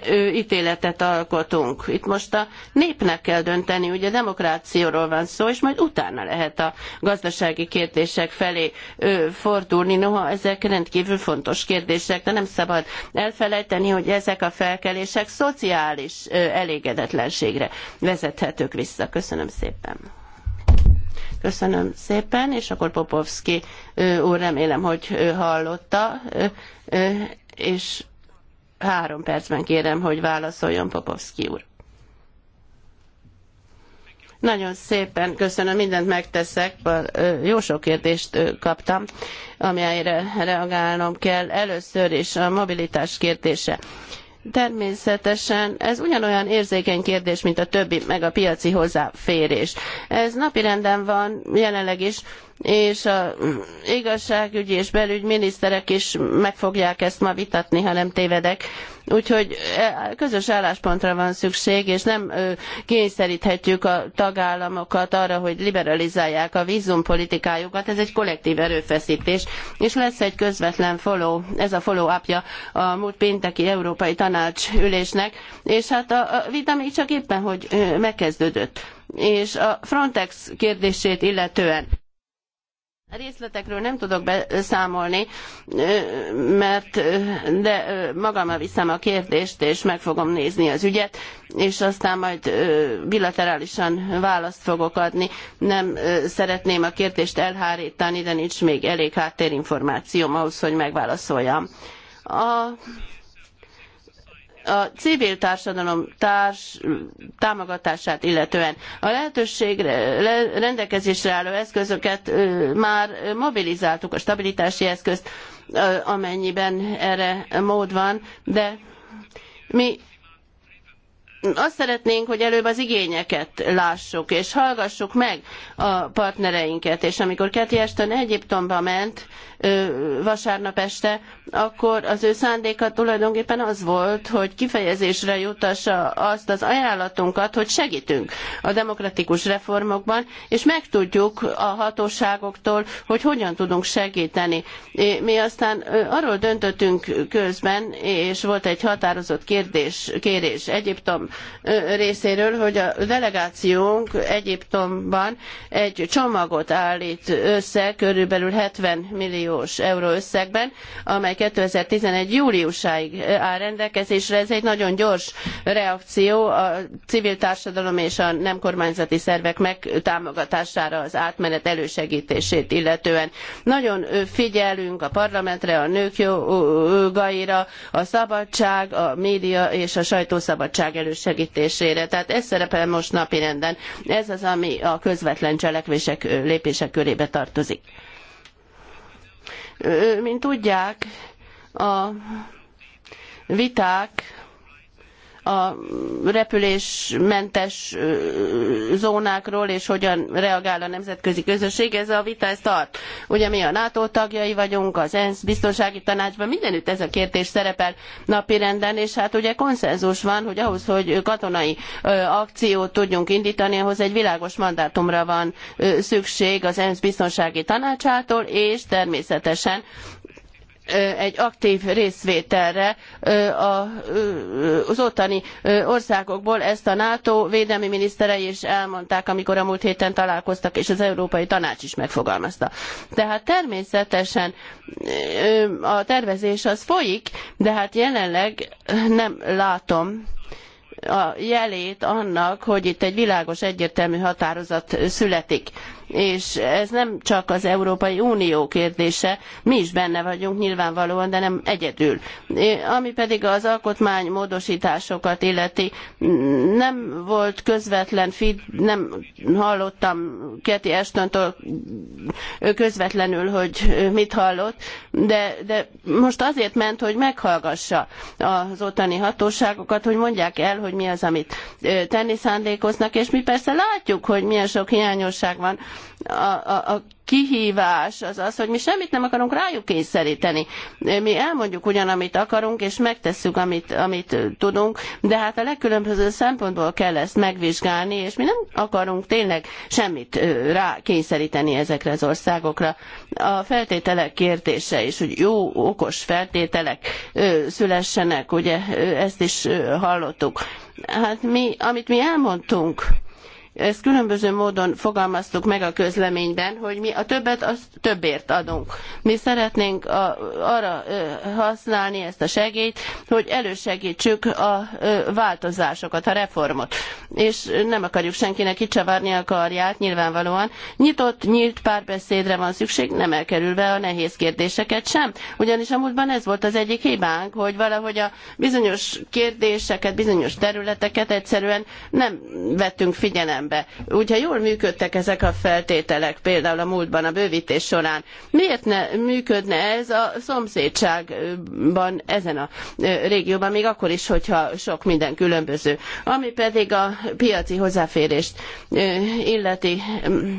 eh, ítéletet alkotunk. Itt most a népnek kell dönteni, ugye demokrációról van szó, és majd utána lehet a gazdasági kérdések felé fordulni, noha ezek rendkívül fontos kérdések, de nem szabad elfelejteni, hogy ezek a felkelések szociális elégedetlenségre vezethetők vissza. Köszönöm szépen. Köszönöm szépen, és akkor Popovski úr remélem, hogy hallotta, és három percben kérem, hogy válaszoljon Popovski úr. Nagyon szépen köszönöm, mindent megteszek. Jó sok kérdést kaptam, amelyre reagálnom kell. Először is a mobilitás kérdése. Természetesen ez ugyanolyan érzékeny kérdés, mint a többi, meg a piaci hozzáférés. Ez napirenden van jelenleg is, és a igazságügyi és belügyminiszterek is meg fogják ezt ma vitatni, ha nem tévedek Úgyhogy e, közös álláspontra van szükség, és nem kényszeríthetjük a tagállamokat arra, hogy liberalizálják a vízumpolitikájukat. Ez egy kollektív erőfeszítés, és lesz egy közvetlen follow, ez a follow apja a múlt pénteki Európai Tanács ülésnek, és hát a vita még csak éppen, hogy megkezdődött. És a Frontex kérdését illetően a részletekről nem tudok beszámolni, mert de magammal viszem a kérdést, és meg fogom nézni az ügyet, és aztán majd bilaterálisan választ fogok adni. Nem szeretném a kérdést elhárítani, de nincs még elég háttérinformációm ahhoz, hogy megválaszoljam. A a civil társadalom társ, támogatását illetően a lehetőségre rendelkezésre álló eszközöket már mobilizáltuk, a stabilitási eszközt, amennyiben erre mód van, de mi azt szeretnénk, hogy előbb az igényeket lássuk, és hallgassuk meg a partnereinket, és amikor Keti Ashton Egyiptomba ment, vasárnap este, akkor az ő szándéka tulajdonképpen az volt, hogy kifejezésre jutassa azt az ajánlatunkat, hogy segítünk a demokratikus reformokban, és megtudjuk a hatóságoktól, hogy hogyan tudunk segíteni. Mi aztán arról döntöttünk közben, és volt egy határozott kérdés, kérés Egyiptom részéről, hogy a delegációnk Egyiptomban egy csomagot állít össze, körülbelül 70 millió milliós euró összegben, amely 2011. júliusáig eh, áll rendelkezésre. Ez egy nagyon gyors reakció a civil társadalom és a nem kormányzati szervek megtámogatására az átmenet elősegítését illetően. Nagyon figyelünk a parlamentre, a nők jogaira, a szabadság, a média és a sajtószabadság elősegítésére. Tehát ez szerepel most napirenden. Ez az, ami a közvetlen cselekvések, lépések körébe tartozik. Mint tudják, a viták a repülésmentes zónákról, és hogyan reagál a nemzetközi közösség. Ez a vita ez tart. Ugye mi a NATO tagjai vagyunk, az ENSZ biztonsági tanácsban, mindenütt ez a kérdés szerepel napirenden, és hát ugye konszenzus van, hogy ahhoz, hogy katonai akciót tudjunk indítani, ahhoz egy világos mandátumra van szükség az ENSZ biztonsági tanácsától, és természetesen egy aktív részvételre az ottani országokból. Ezt a NATO védelmi miniszterei is elmondták, amikor a múlt héten találkoztak, és az Európai Tanács is megfogalmazta. Tehát természetesen a tervezés az folyik, de hát jelenleg nem látom a jelét annak, hogy itt egy világos, egyértelmű határozat születik és ez nem csak az Európai Unió kérdése, mi is benne vagyunk nyilvánvalóan, de nem egyedül. Ami pedig az alkotmány módosításokat illeti, nem volt közvetlen, feed, nem hallottam Keti Estontól közvetlenül, hogy mit hallott, de, de most azért ment, hogy meghallgassa az ottani hatóságokat, hogy mondják el, hogy mi az, amit tenni szándékoznak, és mi persze látjuk, hogy milyen sok hiányosság van a, a, a kihívás az az, hogy mi semmit nem akarunk rájuk kényszeríteni. Mi elmondjuk ugyan, amit akarunk, és megtesszük, amit, amit tudunk, de hát a legkülönböző szempontból kell ezt megvizsgálni, és mi nem akarunk tényleg semmit rá kényszeríteni ezekre az országokra. A feltételek kérdése is, hogy jó, okos feltételek szülessenek, ugye ezt is hallottuk. Hát mi, amit mi elmondtunk, ezt különböző módon fogalmaztuk meg a közleményben, hogy mi a többet, azt többért adunk. Mi szeretnénk a, arra használni ezt a segélyt, hogy elősegítsük a változásokat, a reformot. És nem akarjuk senkinek itt csavarni a karját, nyilvánvalóan. Nyitott, nyílt párbeszédre van szükség, nem elkerülve a nehéz kérdéseket sem. Ugyanis a múltban ez volt az egyik hibánk, hogy valahogy a bizonyos kérdéseket, bizonyos területeket egyszerűen nem vettünk figyelembe figyelembe. Ugye jól működtek ezek a feltételek például a múltban a bővítés során. Miért ne működne ez a szomszédságban, ezen a régióban, még akkor is, hogyha sok minden különböző. Ami pedig a piaci hozzáférést illeti mm,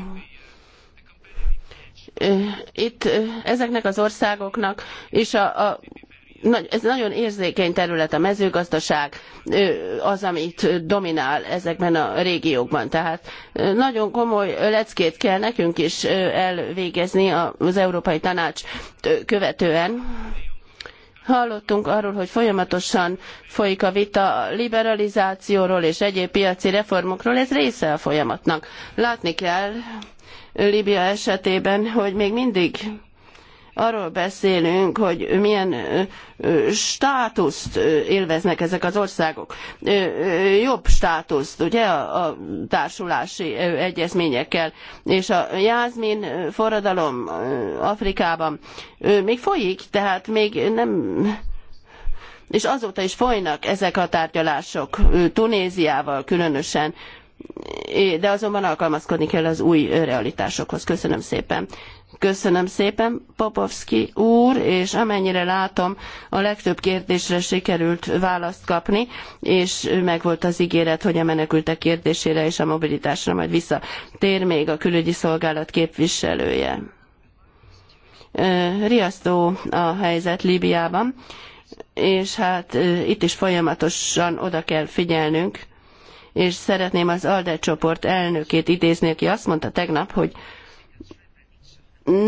itt ezeknek az országoknak és a, a ez nagyon érzékeny terület a mezőgazdaság, az, amit dominál ezekben a régiókban. Tehát nagyon komoly leckét kell nekünk is elvégezni az Európai Tanács követően. Hallottunk arról, hogy folyamatosan folyik a vita liberalizációról és egyéb piaci reformokról, ez része a folyamatnak. Látni kell Líbia esetében, hogy még mindig arról beszélünk, hogy milyen státuszt élveznek ezek az országok. Jobb státuszt, ugye, a társulási egyezményekkel. És a Jászmin forradalom Afrikában még folyik, tehát még nem és azóta is folynak ezek a tárgyalások Tunéziával különösen de azonban alkalmazkodni kell az új realitásokhoz. Köszönöm szépen. Köszönöm szépen, Popovski úr, és amennyire látom, a legtöbb kérdésre sikerült választ kapni, és megvolt az ígéret, hogy a menekültek kérdésére és a mobilitásra majd visszatér még a külügyi szolgálat képviselője. Riasztó a helyzet Líbiában, és hát itt is folyamatosan oda kell figyelnünk és szeretném az ALDE csoport elnökét idézni, aki azt mondta tegnap, hogy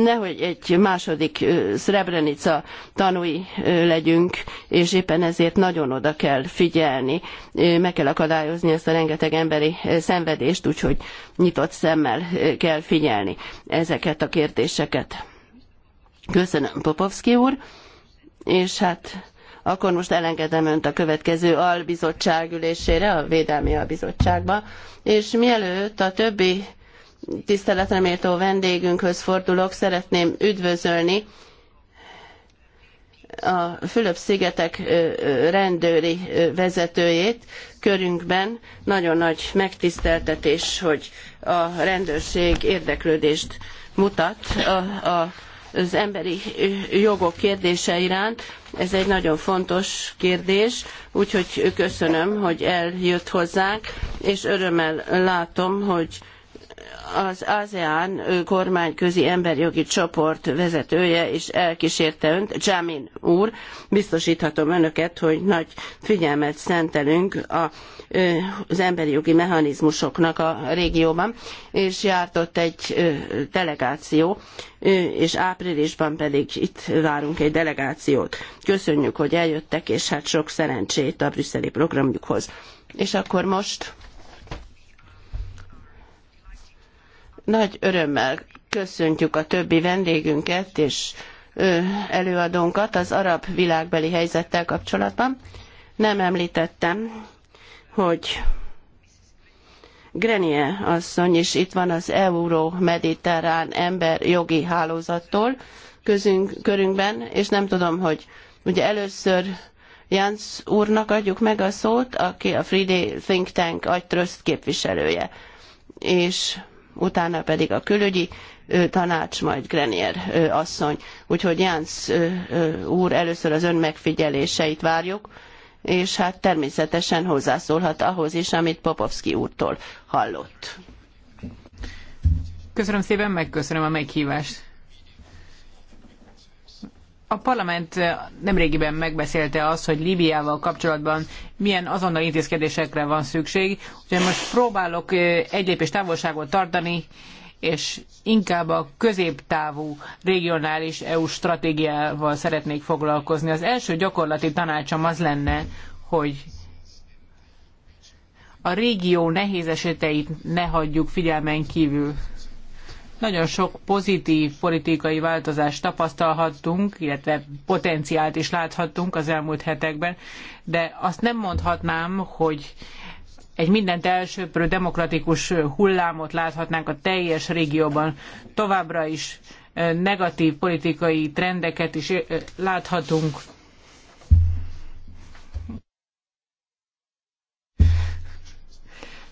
nehogy egy második Srebrenica tanúi legyünk, és éppen ezért nagyon oda kell figyelni. Meg kell akadályozni ezt a rengeteg emberi szenvedést, úgyhogy nyitott szemmel kell figyelni ezeket a kérdéseket. Köszönöm, Popovski úr, és hát akkor most elengedem önt a következő albizottság ülésére, a Védelmi Albizottságba, és mielőtt a többi tiszteletre méltó vendégünkhöz fordulok, szeretném üdvözölni a Fülöp-szigetek rendőri vezetőjét körünkben. Nagyon nagy megtiszteltetés, hogy a rendőrség érdeklődést mutat a, a az emberi jogok kérdése iránt. Ez egy nagyon fontos kérdés, úgyhogy köszönöm, hogy eljött hozzánk, és örömmel látom, hogy az ASEAN kormányközi emberjogi csoport vezetője is elkísérte önt, Jamin úr. Biztosíthatom önöket, hogy nagy figyelmet szentelünk a, az emberi jogi mechanizmusoknak a régióban, és járt ott egy delegáció, és áprilisban pedig itt várunk egy delegációt. Köszönjük, hogy eljöttek, és hát sok szerencsét a brüsszeli programjukhoz. És akkor most Nagy örömmel köszöntjük a többi vendégünket és előadónkat az arab világbeli helyzettel kapcsolatban. Nem említettem, hogy Grenie asszony is itt van az Euró-Mediterrán jogi hálózattól közünk, körünkben, és nem tudom, hogy ugye először Jánz úrnak adjuk meg a szót, aki a Friday Think Tank agytrözt képviselője. És utána pedig a külügyi tanács, majd Grenier asszony. Úgyhogy Jánz úr, először az ön megfigyeléseit várjuk, és hát természetesen hozzászólhat ahhoz is, amit Popovski úrtól hallott. Köszönöm szépen, megköszönöm a meghívást. A parlament eh, nemrégiben megbeszélte azt, hogy Líbiával kapcsolatban milyen azonnal intézkedésekre van szükség, úgyhogy most próbálok eh, egy lépés távolságot tartani, és inkább a középtávú regionális EU stratégiával szeretnék foglalkozni. Az első gyakorlati tanácsom az lenne, hogy a régió nehéz eseteit ne hagyjuk figyelmen kívül. Nagyon sok pozitív politikai változást tapasztalhattunk, illetve potenciált is láthattunk az elmúlt hetekben, de azt nem mondhatnám, hogy egy mindent elsőprő demokratikus hullámot láthatnánk a teljes régióban. Továbbra is eh, negatív politikai trendeket is eh, láthatunk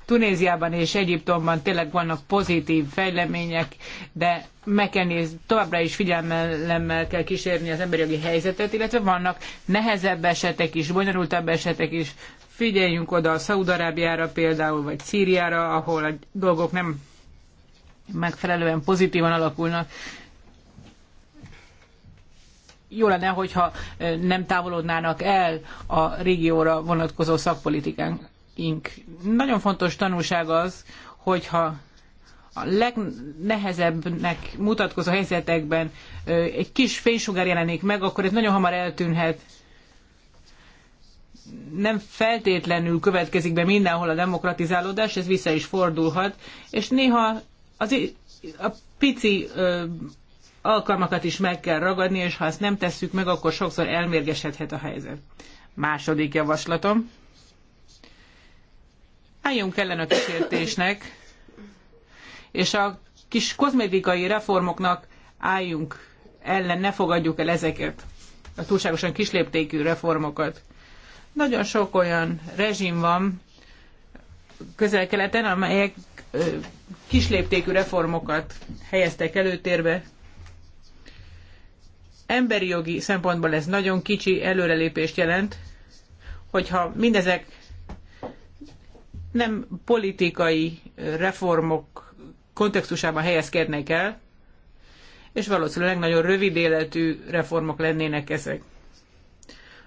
Tunéziában és Egyiptomban tényleg vannak pozitív fejlemények, de meg kell nézni, továbbra is figyelmelemmel kell kísérni az emberi jogi helyzetet, illetve vannak nehezebb esetek is, bonyolultabb esetek is. Figyeljünk oda a Szaudarábiára például, vagy Szíriára, ahol a dolgok nem megfelelően pozitívan alakulnak jó lenne, hogyha nem távolodnának el a régióra vonatkozó szakpolitikánk. Nagyon fontos tanulság az, hogyha a legnehezebbnek mutatkozó helyzetekben egy kis fénysugár jelenik meg, akkor ez nagyon hamar eltűnhet. Nem feltétlenül következik be mindenhol a demokratizálódás, ez vissza is fordulhat, és néha az, a pici ö, alkalmakat is meg kell ragadni, és ha ezt nem tesszük meg, akkor sokszor elmérgesedhet a helyzet. Második javaslatom. Álljunk ellen a kísértésnek, és a kis kozmetikai reformoknak álljunk ellen, ne fogadjuk el ezeket, a túlságosan kisléptékű reformokat. Nagyon sok olyan rezsim van közel-keleten, amelyek kisléptékű reformokat helyeztek előtérbe. Emberi jogi szempontból ez nagyon kicsi előrelépést jelent, hogyha mindezek nem politikai reformok kontextusában helyezkednek el, és valószínűleg nagyon rövid életű reformok lennének ezek.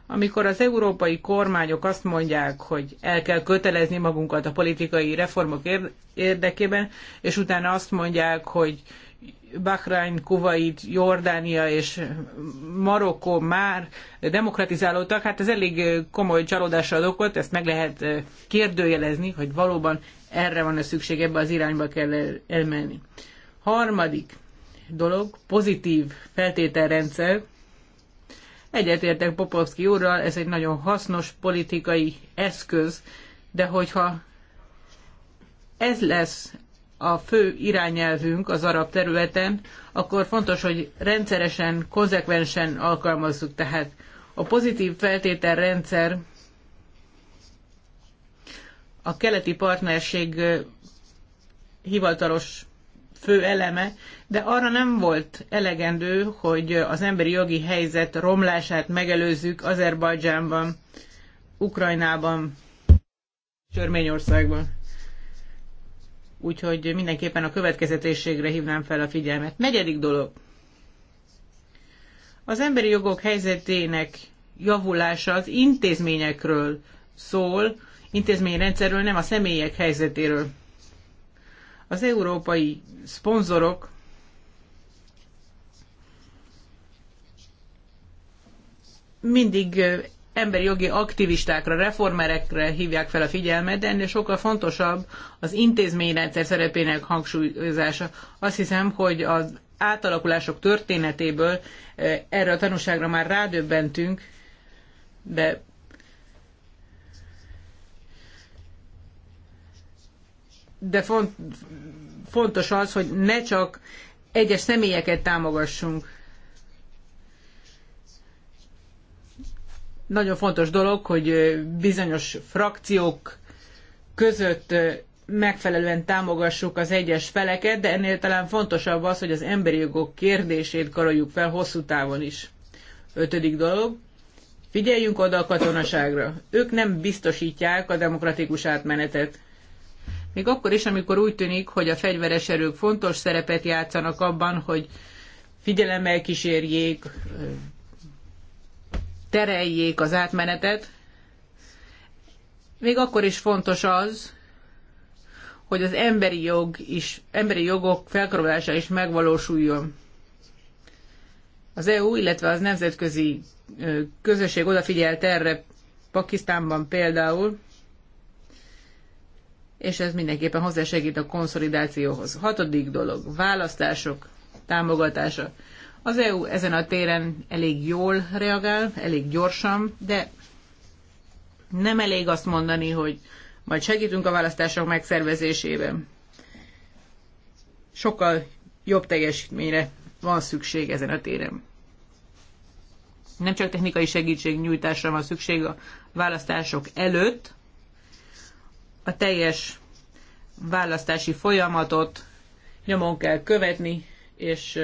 Amikor az európai kormányok azt mondják, hogy el kell kötelezni magunkat a politikai reformok érdekében, és utána azt mondják, hogy Bahrain, Kuwait, Jordánia és Marokkó már demokratizálódtak, hát ez elég komoly csalódásra ad okot, ezt meg lehet kérdőjelezni, hogy valóban erre van a szükség, ebbe az irányba kell elmenni. Harmadik dolog, pozitív feltételrendszer. Egyetértek Popovski úrral, ez egy nagyon hasznos politikai eszköz, de hogyha ez lesz a fő irányelvünk az arab területen, akkor fontos, hogy rendszeresen, konzekvensen alkalmazzuk. Tehát a pozitív feltételrendszer a keleti partnerség hivatalos fő eleme, de arra nem volt elegendő, hogy az emberi jogi helyzet romlását megelőzzük Azerbajdzsánban, Ukrajnában, Sörményországban. Úgyhogy mindenképpen a következetességre hívnám fel a figyelmet. Negyedik dolog. Az emberi jogok helyzetének javulása az intézményekről szól, intézményrendszerről, nem a személyek helyzetéről. Az európai szponzorok mindig emberi jogi aktivistákra, reformerekre hívják fel a figyelmet, de ennél sokkal fontosabb az intézményrendszer szerepének hangsúlyozása. Azt hiszem, hogy az átalakulások történetéből e, erre a tanúságra már rádöbbentünk, de de font, fontos az, hogy ne csak egyes személyeket támogassunk. Nagyon fontos dolog, hogy bizonyos frakciók között megfelelően támogassuk az egyes feleket, de ennél talán fontosabb az, hogy az emberi jogok kérdését karoljuk fel hosszú távon is. Ötödik dolog, figyeljünk oda a katonaságra. Ők nem biztosítják a demokratikus átmenetet. Még akkor is, amikor úgy tűnik, hogy a fegyveres erők fontos szerepet játszanak abban, hogy figyelemmel kísérjék, tereljék az átmenetet, még akkor is fontos az, hogy az emberi, jog is, emberi jogok felkarolása is megvalósuljon. Az EU, illetve az nemzetközi közösség odafigyelt erre Pakisztánban például, és ez mindenképpen hozzásegít a konszolidációhoz. Hatodik dolog, választások támogatása. Az EU ezen a téren elég jól reagál, elég gyorsan, de nem elég azt mondani, hogy majd segítünk a választások megszervezésében. Sokkal jobb teljesítményre van szükség ezen a téren. Nem csak technikai segítség nyújtásra van szükség a választások előtt, a teljes választási folyamatot nyomon kell követni, és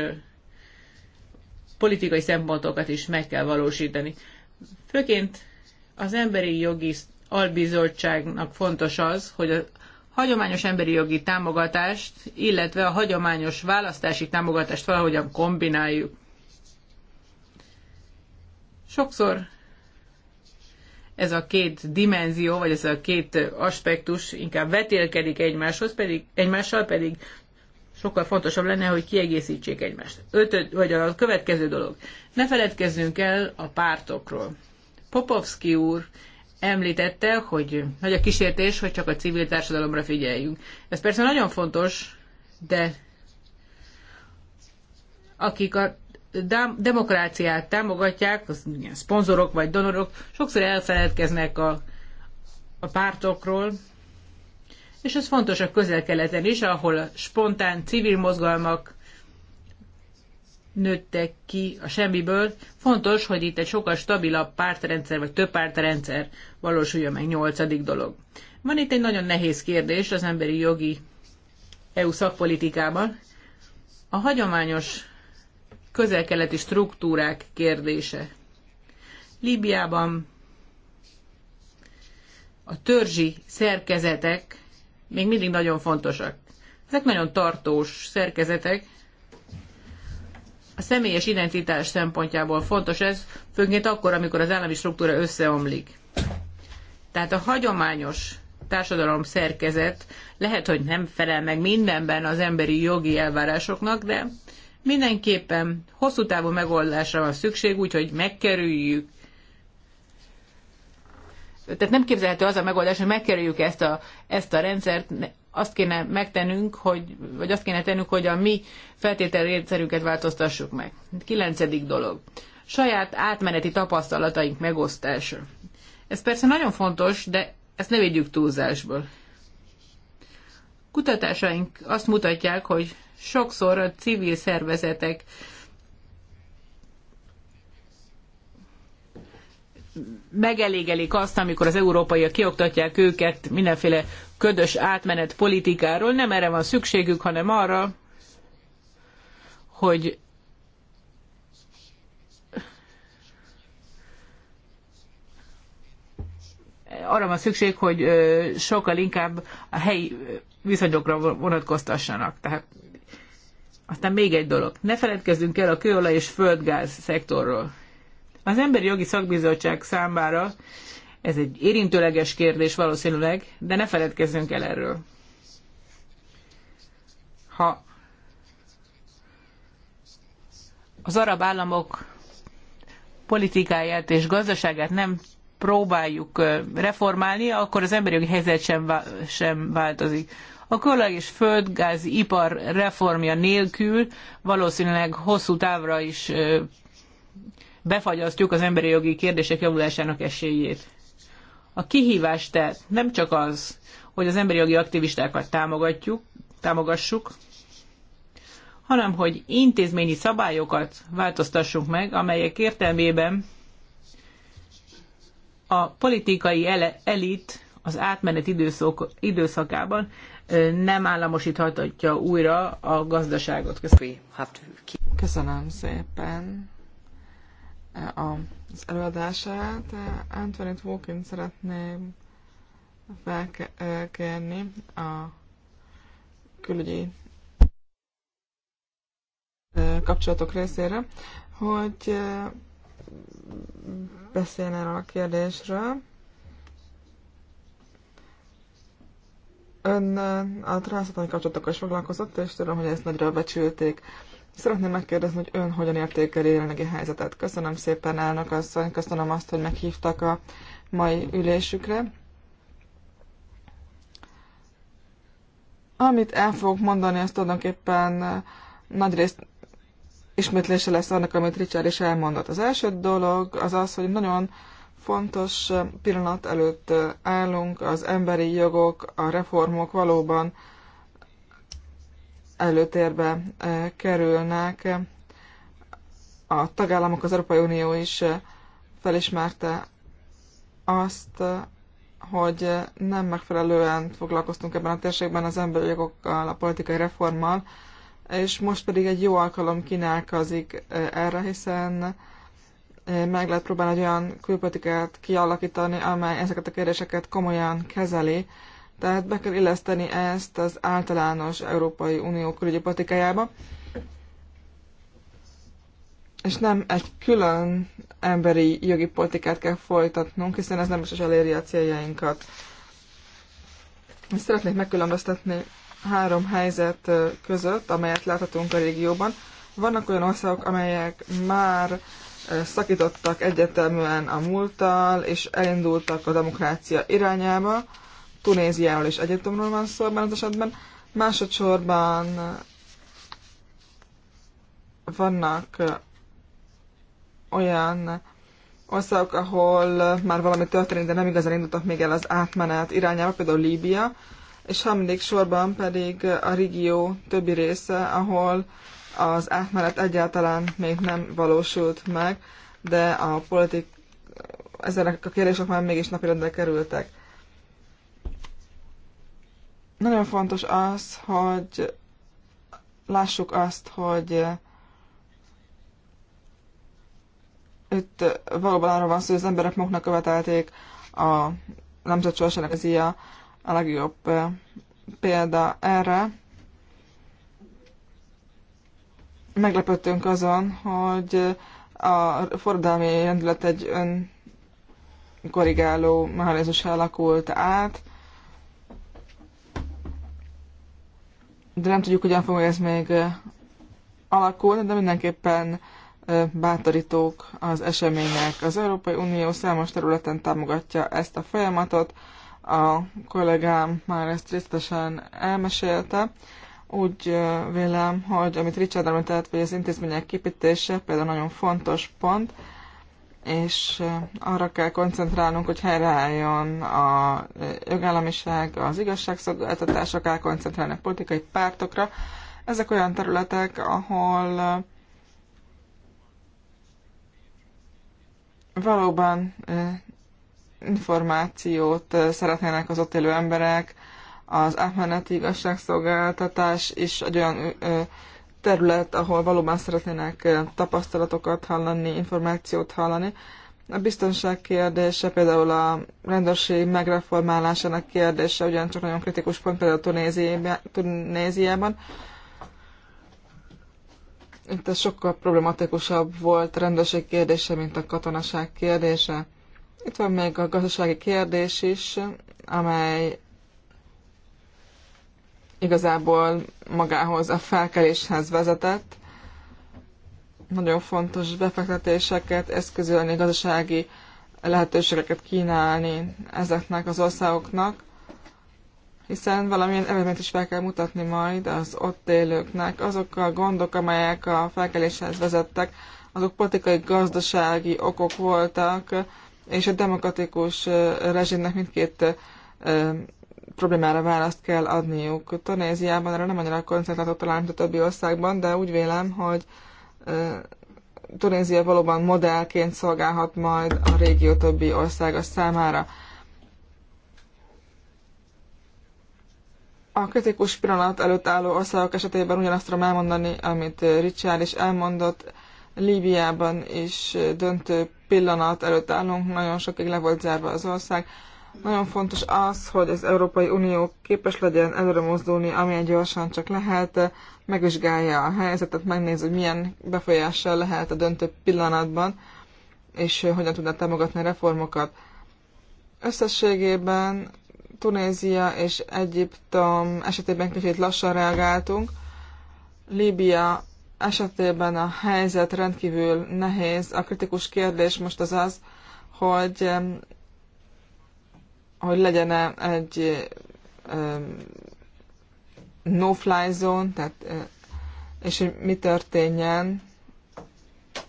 politikai szempontokat is meg kell valósítani. Főként az Emberi Jogi Albizottságnak fontos az, hogy a hagyományos emberi jogi támogatást, illetve a hagyományos választási támogatást valahogyan kombináljuk. Sokszor ez a két dimenzió, vagy ez a két aspektus inkább vetélkedik egymáshoz, pedig, egymással pedig sokkal fontosabb lenne, hogy kiegészítsék egymást. Ötöd, vagy a következő dolog. Ne feledkezzünk el a pártokról. Popovski úr említette, hogy nagy a kísértés, hogy csak a civil társadalomra figyeljünk. Ez persze nagyon fontos, de akik a demokráciát támogatják, az ilyen szponzorok vagy donorok, sokszor elfeledkeznek a, a pártokról, és ez fontos a közel-keleten is, ahol a spontán civil mozgalmak nőttek ki a semmiből. Fontos, hogy itt egy sokkal stabilabb pártrendszer, vagy több pártrendszer valósulja meg nyolcadik dolog. Van itt egy nagyon nehéz kérdés az emberi jogi EU szakpolitikában. A hagyományos közel-keleti struktúrák kérdése. Líbiában a törzsi szerkezetek még mindig nagyon fontosak. Ezek nagyon tartós szerkezetek. A személyes identitás szempontjából fontos ez, főként akkor, amikor az állami struktúra összeomlik. Tehát a hagyományos társadalom szerkezet lehet, hogy nem felel meg mindenben az emberi jogi elvárásoknak, de mindenképpen hosszú távú megoldásra van szükség, úgyhogy megkerüljük tehát nem képzelhető az a megoldás, hogy megkerüljük ezt a, ezt a rendszert, azt kéne megtennünk, hogy, vagy azt kéne tennünk, hogy a mi feltételrendszerünket változtassuk meg. Kilencedik dolog. Saját átmeneti tapasztalataink megosztása. Ez persze nagyon fontos, de ezt ne védjük túlzásból. Kutatásaink azt mutatják, hogy sokszor a civil szervezetek megelégelik azt, amikor az európaiak kioktatják őket mindenféle ködös átmenet politikáról. Nem erre van szükségük, hanem arra, hogy arra van szükség, hogy sokkal inkább a helyi viszonyokra vonatkoztassanak. Tehát aztán még egy dolog. Ne feledkezzünk el a kőolaj és földgáz szektorról. Az Emberi Jogi Szakbizottság számára ez egy érintőleges kérdés valószínűleg, de ne feledkezzünk el erről. Ha az arab államok politikáját és gazdaságát nem próbáljuk reformálni, akkor az emberi jogi helyzet sem, változik. A kőolaj és földgázi ipar reformja nélkül valószínűleg hosszú távra is befagyasztjuk az emberi jogi kérdések javulásának esélyét. A kihívás tehát nem csak az, hogy az emberi jogi aktivistákat támogatjuk, támogassuk, hanem hogy intézményi szabályokat változtassunk meg, amelyek értelmében a politikai ele, elit az átmenet időszok- időszakában nem államosíthatja újra a gazdaságot. Köszönöm. Köszönöm szépen az előadását. Anthony Walkin szeretném felkérni a külügyi kapcsolatok részére, hogy beszéljen erről a kérdésről. Ön a transzatlanti kapcsolatokkal is foglalkozott, és tudom, hogy ezt nagyra becsülték. Szeretném megkérdezni, hogy ön hogyan értékeli jelenlegi helyzetet. Köszönöm szépen, elnök asszony, köszönöm azt, hogy meghívtak a mai ülésükre. Amit el fogok mondani, az tulajdonképpen nagyrészt ismétlése lesz annak, amit Richard is elmondott. Az első dolog az az, hogy nagyon fontos pillanat előtt állunk, az emberi jogok, a reformok valóban előtérbe eh, kerülnek. A tagállamok, az Európai Unió is eh, felismerte azt, hogy nem megfelelően foglalkoztunk ebben a térségben az emberi jogokkal, a politikai reformmal, és most pedig egy jó alkalom kínálkozik eh, erre, hiszen meg lehet próbálni egy olyan külpolitikát kialakítani, amely ezeket a kérdéseket komolyan kezeli, tehát be kell illeszteni ezt az általános Európai Unió külügyi politikájába, és nem egy külön emberi jogi politikát kell folytatnunk, hiszen ez nem is eléri a céljainkat. És szeretnék megkülönböztetni három helyzet között, amelyet láthatunk a régióban. Vannak olyan országok, amelyek már szakítottak egyeteműen a múlttal, és elindultak a demokrácia irányába, Tunéziáról és Egyiptomról van szó ebben az esetben. Másodszorban vannak olyan országok, ahol már valami történik, de nem igazán indultak még el az átmenet irányába, például Líbia, és harmadik sorban pedig a régió többi része, ahol az átmenet egyáltalán még nem valósult meg, de a politik, ezek a kérdések már mégis napirendre kerültek. Nagyon fontos az, hogy lássuk azt, hogy itt valóban arra van szó, hogy az emberek maguknak követelték a nemzet sorsának ez a, legjobb példa erre. Meglepődtünk azon, hogy a forradalmi rendület egy korrigáló mechanizmus alakult át, de nem tudjuk, hogyan fog ez még alakulni, de mindenképpen bátorítók az események. Az Európai Unió számos területen támogatja ezt a folyamatot, a kollégám már ezt részletesen elmesélte. Úgy vélem, hogy amit Richard említett, vagy az intézmények képítése például nagyon fontos pont, és arra kell koncentrálnunk, hogy helyreálljon a jogállamiság, az igazságszolgáltatások, kell koncentrálni a politikai pártokra. Ezek olyan területek, ahol valóban információt szeretnének az ott élő emberek, az átmeneti igazságszolgáltatás is egy olyan terület, ahol valóban szeretnének eh, tapasztalatokat hallani, információt hallani. A biztonság kérdése, például a rendőrség megreformálásának kérdése ugyancsak nagyon kritikus pont például Tunéziában. Itt ez sokkal problematikusabb volt a rendőrség kérdése, mint a katonaság kérdése. Itt van még a gazdasági kérdés is, amely igazából magához a felkeléshez vezetett. Nagyon fontos befektetéseket, eszközölni, gazdasági lehetőségeket kínálni ezeknek az országoknak, hiszen valamilyen eredményt is fel kell mutatni majd az ott élőknek. Azok a gondok, amelyek a felkeléshez vezettek, azok politikai, gazdasági okok voltak, és a demokratikus eh, rezsimnek mindkét eh, problémára választ kell adniuk. Tunéziában erre nem annyira koncentráltak talán, mint a többi országban, de úgy vélem, hogy Tunézia valóban modellként szolgálhat majd a régió többi országa számára. A kritikus pillanat előtt álló országok esetében ugyanazt tudom elmondani, amit Richard is elmondott. Líbiában is döntő pillanat előtt állunk, nagyon sokig le volt zárva az ország nagyon fontos az, hogy az Európai Unió képes legyen előre mozdulni, amilyen gyorsan csak lehet, megvizsgálja a helyzetet, megnéz, hogy milyen befolyással lehet a döntő pillanatban, és hogyan tudna támogatni a reformokat. Összességében Tunézia és Egyiptom esetében kicsit lassan reagáltunk. Líbia esetében a helyzet rendkívül nehéz. A kritikus kérdés most az az, hogy hogy legyen -e egy no-fly zone, tehát, és hogy mi történjen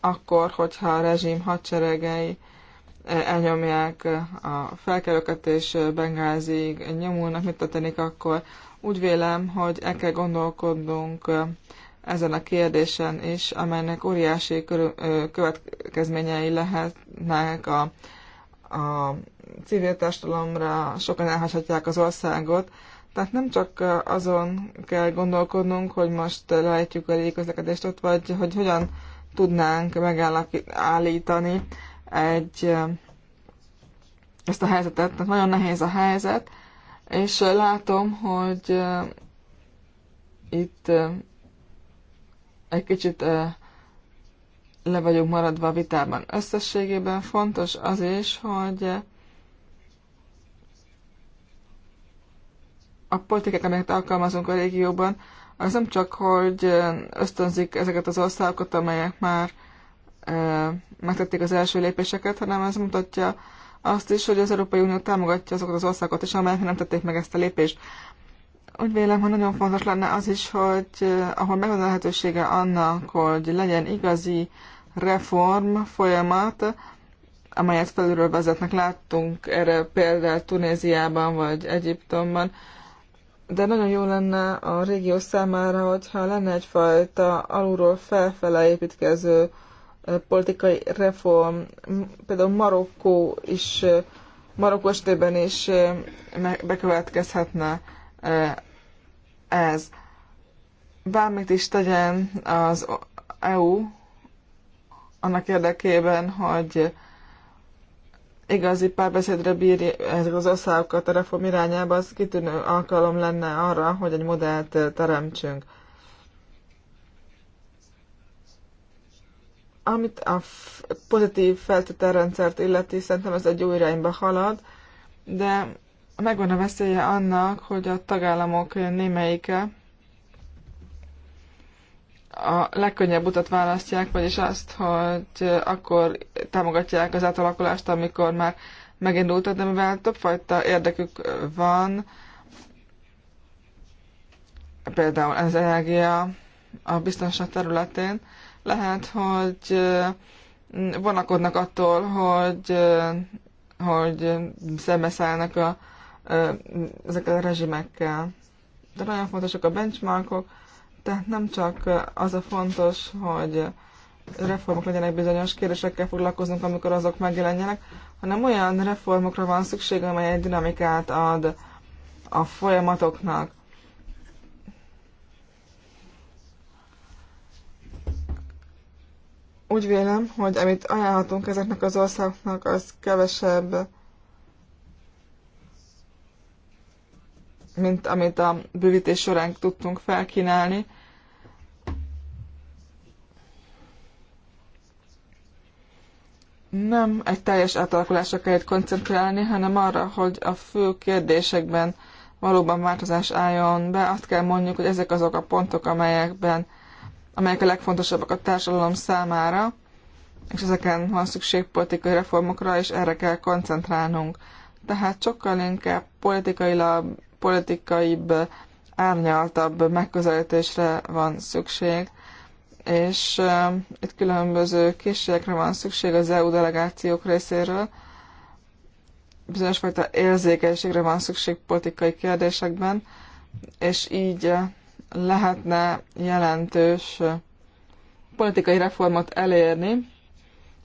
akkor, hogyha a rezsim hadseregei elnyomják a felkelőket és Bengázig nyomulnak, mit történik akkor. Úgy vélem, hogy el kell gondolkodnunk ezen a kérdésen is, amelynek óriási következményei lehetnek a a civil társadalomra, sokan elhagyhatják az országot. Tehát nem csak azon kell gondolkodnunk, hogy most lehetjük a légközlekedést ott, vagy hogy hogyan tudnánk megállítani egy, ezt a helyzetet. Tehát nagyon nehéz a helyzet, és látom, hogy itt egy kicsit le vagyunk maradva a vitában. Összességében fontos az is, hogy a politikák, amelyeket alkalmazunk a régióban, az nem csak, hogy ösztönzik ezeket az országokat, amelyek már e, megtették az első lépéseket, hanem ez mutatja azt is, hogy az Európai Unió támogatja azokat az országokat is, amelyek nem tették meg ezt a lépést. Úgy vélem, hogy nagyon fontos lenne az is, hogy eh, ahol megvan a lehetősége annak, hogy legyen igazi reform folyamat, amelyet felülről vezetnek. Láttunk erre például Tunéziában vagy Egyiptomban, de nagyon jó lenne a régió számára, hogyha lenne egyfajta alulról felfele építkező politikai reform. Például Marokkó is, Marokkó esetében is bekövetkezhetne ez. Bármit is tegyen az EU, annak érdekében, hogy igazi párbeszédre bírja ezek az országokat a reform irányába, az kitűnő alkalom lenne arra, hogy egy modellt teremtsünk. Amit a pozitív feltételrendszert illeti, szerintem ez egy jó irányba halad, de megvan a veszélye annak, hogy a tagállamok némelyike a legkönnyebb utat választják, vagyis azt, hogy akkor támogatják az átalakulást, amikor már megindult, de mivel többfajta érdekük van, például az energia a biztonság területén, lehet, hogy vonakodnak attól, hogy, hogy szembeszállnak a, ezek a rezsimekkel. De nagyon fontosak a benchmarkok, -ok, tehát nem csak az a fontos, hogy reformok legyenek bizonyos kérdésekkel foglalkozunk, amikor azok megjelenjenek, hanem olyan reformokra van szükség, amely egy dinamikát ad a folyamatoknak. Úgy vélem, hogy amit ajánlhatunk ezeknek az országoknak, az kevesebb mint amit a bővítés során tudtunk felkínálni. Nem egy teljes átalakulásra kell itt koncentrálni, hanem arra, hogy a fő kérdésekben valóban változás álljon be. Azt kell mondjuk, hogy ezek azok a pontok, amelyekben, amelyek a legfontosabbak a társadalom számára, és ezeken van szükség politikai reformokra, és erre kell koncentrálnunk. Tehát sokkal inkább politikailag politikaibb, árnyaltabb megközelítésre van szükség, és itt különböző készségekre van szükség az EU delegációk részéről, bizonyos fajta érzékenységre van szükség politikai kérdésekben, és így lehetne jelentős politikai reformot elérni,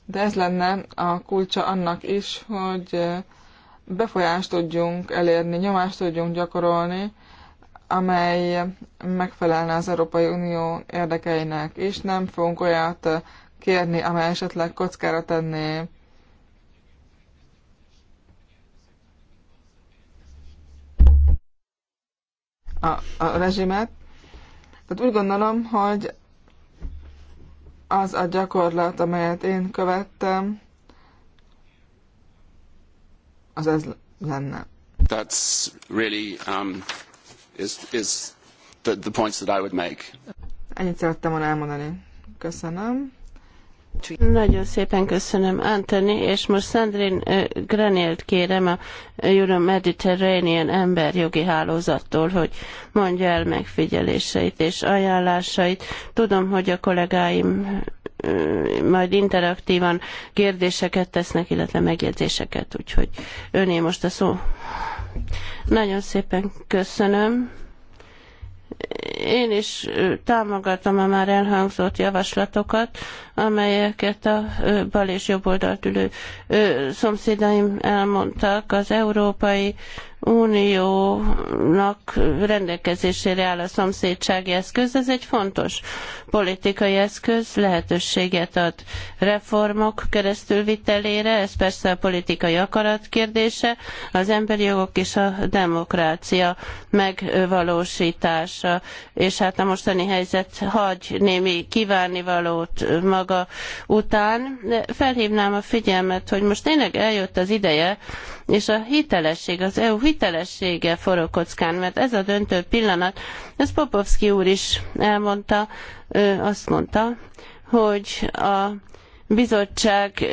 de ez lenne a kulcsa annak is, hogy befolyást tudjunk elérni, nyomást tudjunk gyakorolni, amely megfelelne az Európai Unió érdekeinek, és nem fogunk olyat kérni, amely esetleg kockára tenné a, a rezsimet. Tehát úgy gondolom, hogy az a gyakorlat, amelyet én követtem, az ez lenne. That's really um, is, is the, the points that I would make. Ennyit szerettem volna elmondani. Köszönöm. Nagyon szépen köszönöm, Anthony, és most Sandrine uh, Granélt kérem a Euro Mediterranean emberjogi hálózattól, hogy mondja el megfigyeléseit és ajánlásait. Tudom, hogy a kollégáim majd interaktívan kérdéseket tesznek, illetve megjegyzéseket, úgyhogy öné most a szó. Nagyon szépen köszönöm. Én is támogatom a már elhangzott javaslatokat amelyeket a bal és jobb oldalt ülő szomszédaim elmondtak. Az Európai Uniónak rendelkezésére áll a szomszédsági eszköz, ez egy fontos politikai eszköz, lehetőséget ad reformok keresztülvitelére, ez persze a politikai akarat kérdése, az emberi jogok és a demokrácia megvalósítása, és hát a mostani helyzet hagy némi kívánivalót maga maga után. Felhívnám a figyelmet, hogy most tényleg eljött az ideje, és a hitelesség, az EU hitelessége forog kockán, mert ez a döntő pillanat. Ezt Popovski úr is elmondta, ő azt mondta, hogy a bizottság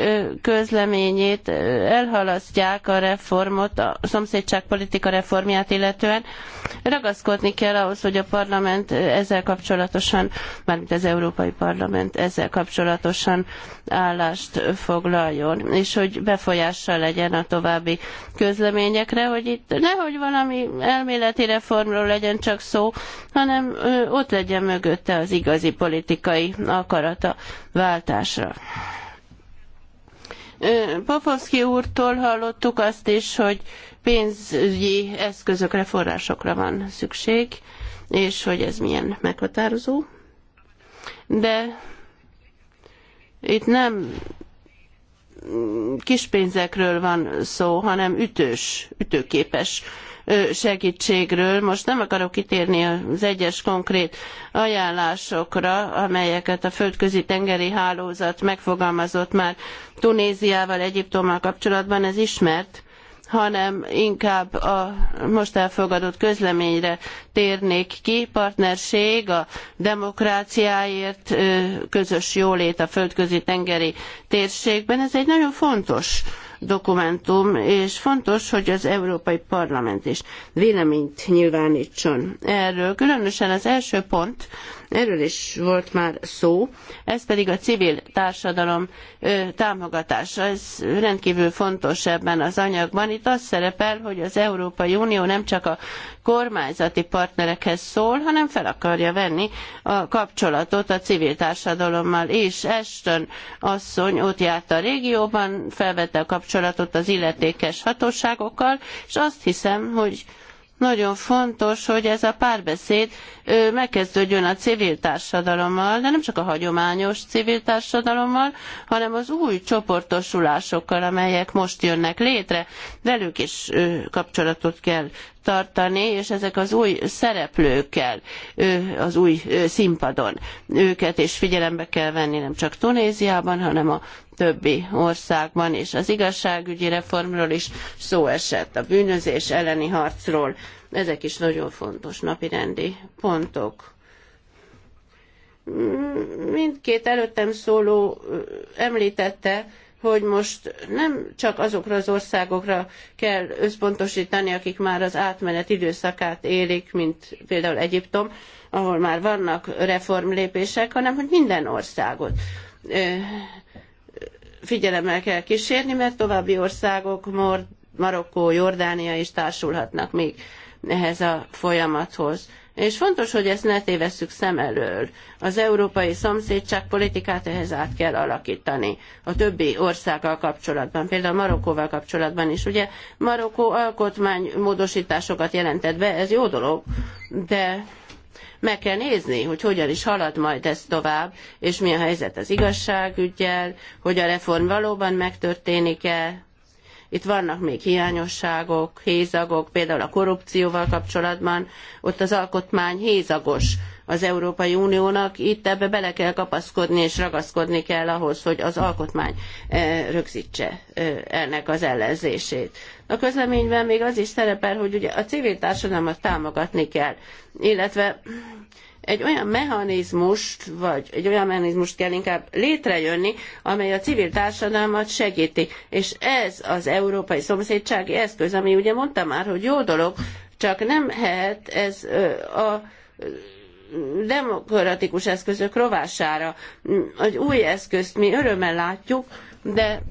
közleményét elhalasztják a reformot, a szomszédságpolitika reformját illetően. Ragaszkodni kell ahhoz, hogy a parlament ezzel kapcsolatosan, mármint az Európai Parlament ezzel kapcsolatosan állást foglaljon, és hogy befolyással legyen a további közleményekre, hogy itt nehogy valami elméleti reformról legyen csak szó, hanem ott legyen mögötte az igazi politikai akarata váltásra. Popovszki úrtól hallottuk azt is, hogy pénzügyi eszközökre, forrásokra van szükség, és hogy ez milyen meghatározó. De itt nem kispénzekről van szó, hanem ütős, ütőképes segítségről. Most nem akarok kitérni az egyes konkrét ajánlásokra, amelyeket a földközi tengeri hálózat megfogalmazott már Tunéziával, Egyiptommal kapcsolatban, ez ismert hanem inkább a most elfogadott közleményre térnék ki. Partnerség a demokráciáért, közös jólét a földközi tengeri térségben. Ez egy nagyon fontos dokumentum, és fontos, hogy az Európai Parlament is véleményt nyilvánítson erről. Különösen az első pont, Erről is volt már szó. Ez pedig a civil társadalom támogatása. Ez rendkívül fontos ebben az anyagban. Itt az szerepel, hogy az Európai Unió nem csak a kormányzati partnerekhez szól, hanem fel akarja venni a kapcsolatot a civil társadalommal is. Ashton asszony ott járt a régióban, felvette a kapcsolatot az illetékes hatóságokkal, és azt hiszem, hogy nagyon fontos, hogy ez a párbeszéd megkezdődjön a civil társadalommal, de nem csak a hagyományos civil társadalommal, hanem az új csoportosulásokkal, amelyek most jönnek létre. Velük is kapcsolatot kell tartani, és ezek az új szereplőkkel az új színpadon őket is figyelembe kell venni, nem csak Tunéziában, hanem a többi országban, és az igazságügyi reformról is szó esett, a bűnözés elleni harcról. Ezek is nagyon fontos napirendi pontok. Mindkét előttem szóló említette, hogy most nem csak azokra az országokra kell összpontosítani, akik már az átmenet időszakát élik, mint például Egyiptom, ahol már vannak reformlépések, hanem hogy minden országot figyelemmel kell kísérni, mert további országok, Marokkó, Jordánia is társulhatnak még ehhez a folyamathoz. És fontos, hogy ezt ne tévesszük szem elől. Az európai szomszédság politikát ehhez át kell alakítani. A többi országgal kapcsolatban, például Marokkóval kapcsolatban is. Ugye Marokkó alkotmánymódosításokat jelentett be, ez jó dolog, de meg kell nézni, hogy hogyan is halad majd ez tovább, és mi a helyzet az igazságügyel, hogy a reform valóban megtörténik-e, itt vannak még hiányosságok, hézagok, például a korrupcióval kapcsolatban, ott az alkotmány hézagos az Európai Uniónak, itt ebbe bele kell kapaszkodni és ragaszkodni kell ahhoz, hogy az alkotmány eh, rögzítse eh, ennek az ellenzését. A közleményben még az is szerepel, hogy ugye a civil társadalmat támogatni kell, illetve egy olyan mechanizmust, vagy egy olyan mechanizmust kell inkább létrejönni, amely a civil társadalmat segíti. És ez az európai szomszédsági eszköz, ami ugye mondtam már, hogy jó dolog, csak nem lehet ez a demokratikus eszközök rovására. Egy új eszközt mi örömmel látjuk, de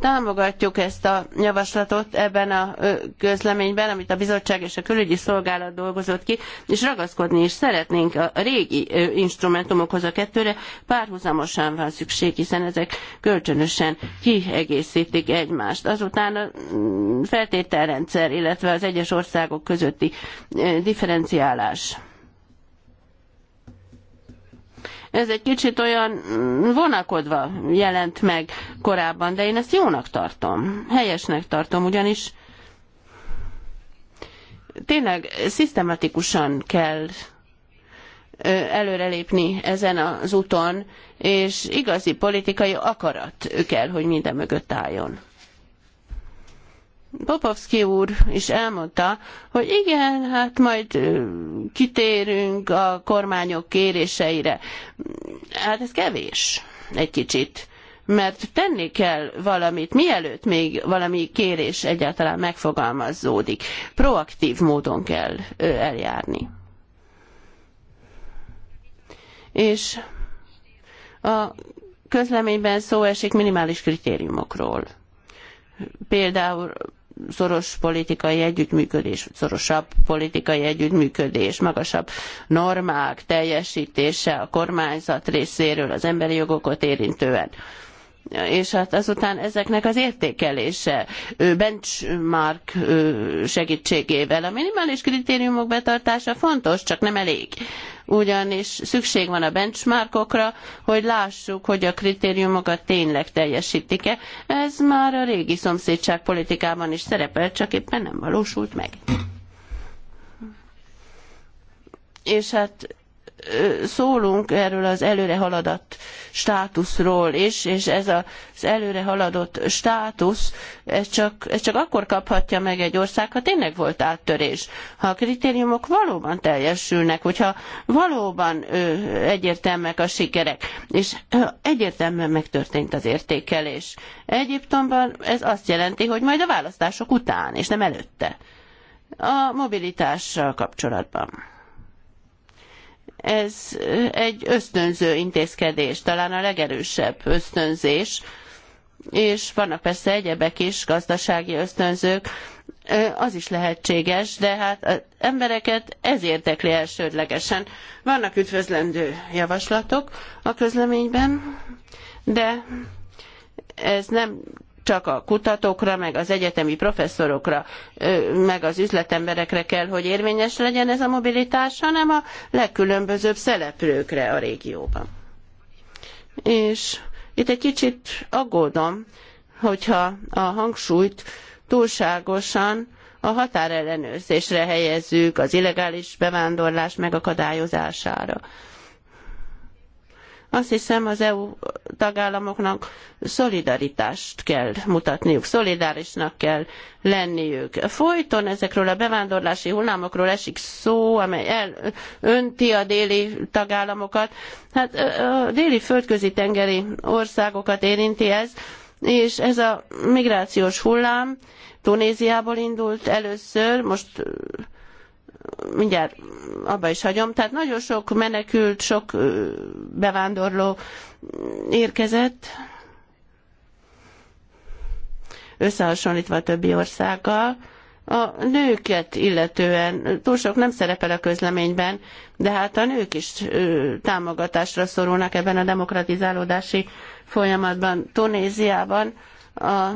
Támogatjuk ezt a javaslatot ebben a közleményben, amit a bizottság és a külügyi szolgálat dolgozott ki, és ragaszkodni is szeretnénk a régi instrumentumokhoz a kettőre, párhuzamosan van szükség, hiszen ezek kölcsönösen kiegészítik egymást. Azután a mm, feltételrendszer, illetve az egyes országok közötti differenciálás ez egy kicsit olyan vonakodva jelent meg korábban, de én ezt jónak tartom, helyesnek tartom, ugyanis tényleg szisztematikusan kell előrelépni ezen az úton, és igazi politikai akarat kell, hogy minden mögött álljon. Popovski úr is elmondta, hogy igen, hát majd kitérünk a kormányok kéréseire. Hát ez kevés egy kicsit, mert tenni kell valamit, mielőtt még valami kérés egyáltalán megfogalmazódik. Proaktív módon kell eljárni. És a közleményben szó esik minimális kritériumokról például szoros politikai együttműködés, szorosabb politikai együttműködés, magasabb normák teljesítése a kormányzat részéről az emberi jogokat érintően és hát azután ezeknek az értékelése benchmark segítségével. A minimális kritériumok betartása fontos, csak nem elég. Ugyanis szükség van a benchmarkokra, hogy lássuk, hogy a kritériumokat tényleg teljesítik-e. Ez már a régi szomszédság politikában is szerepel, csak éppen nem valósult meg. És hát szólunk erről az előrehaladott státuszról is, és ez az előrehaladott státusz, ez csak, ez csak akkor kaphatja meg egy ország, ha tényleg volt áttörés. Ha a kritériumok valóban teljesülnek, hogyha valóban egyértelműek a sikerek, és egyértelműen megtörtént az értékelés. Egyiptomban ez azt jelenti, hogy majd a választások után, és nem előtte. A mobilitással kapcsolatban ez egy ösztönző intézkedés, talán a legerősebb ösztönzés, és vannak persze egyebek is, gazdasági ösztönzők, az is lehetséges, de hát az embereket ez érdekli elsődlegesen. Vannak üdvözlendő javaslatok a közleményben, de ez nem csak a kutatókra, meg az egyetemi professzorokra, meg az üzletemberekre kell, hogy érvényes legyen ez a mobilitás, hanem a legkülönbözőbb szereplőkre a régióban. És itt egy kicsit aggódom, hogyha a hangsúlyt túlságosan a határellenőrzésre helyezzük, az illegális bevándorlás megakadályozására. Azt hiszem az EU tagállamoknak szolidaritást kell mutatniuk, szolidárisnak kell lenniük. Folyton ezekről a bevándorlási hullámokról esik szó, amely elönti a déli tagállamokat. Hát a déli földközi tengeri országokat érinti ez, és ez a migrációs hullám Tunéziából indult először, most mindjárt abba is hagyom. Tehát nagyon sok menekült, sok bevándorló érkezett, összehasonlítva a többi országgal. A nőket illetően túl sok nem szerepel a közleményben, de hát a nők is támogatásra szorulnak ebben a demokratizálódási folyamatban. Tunéziában a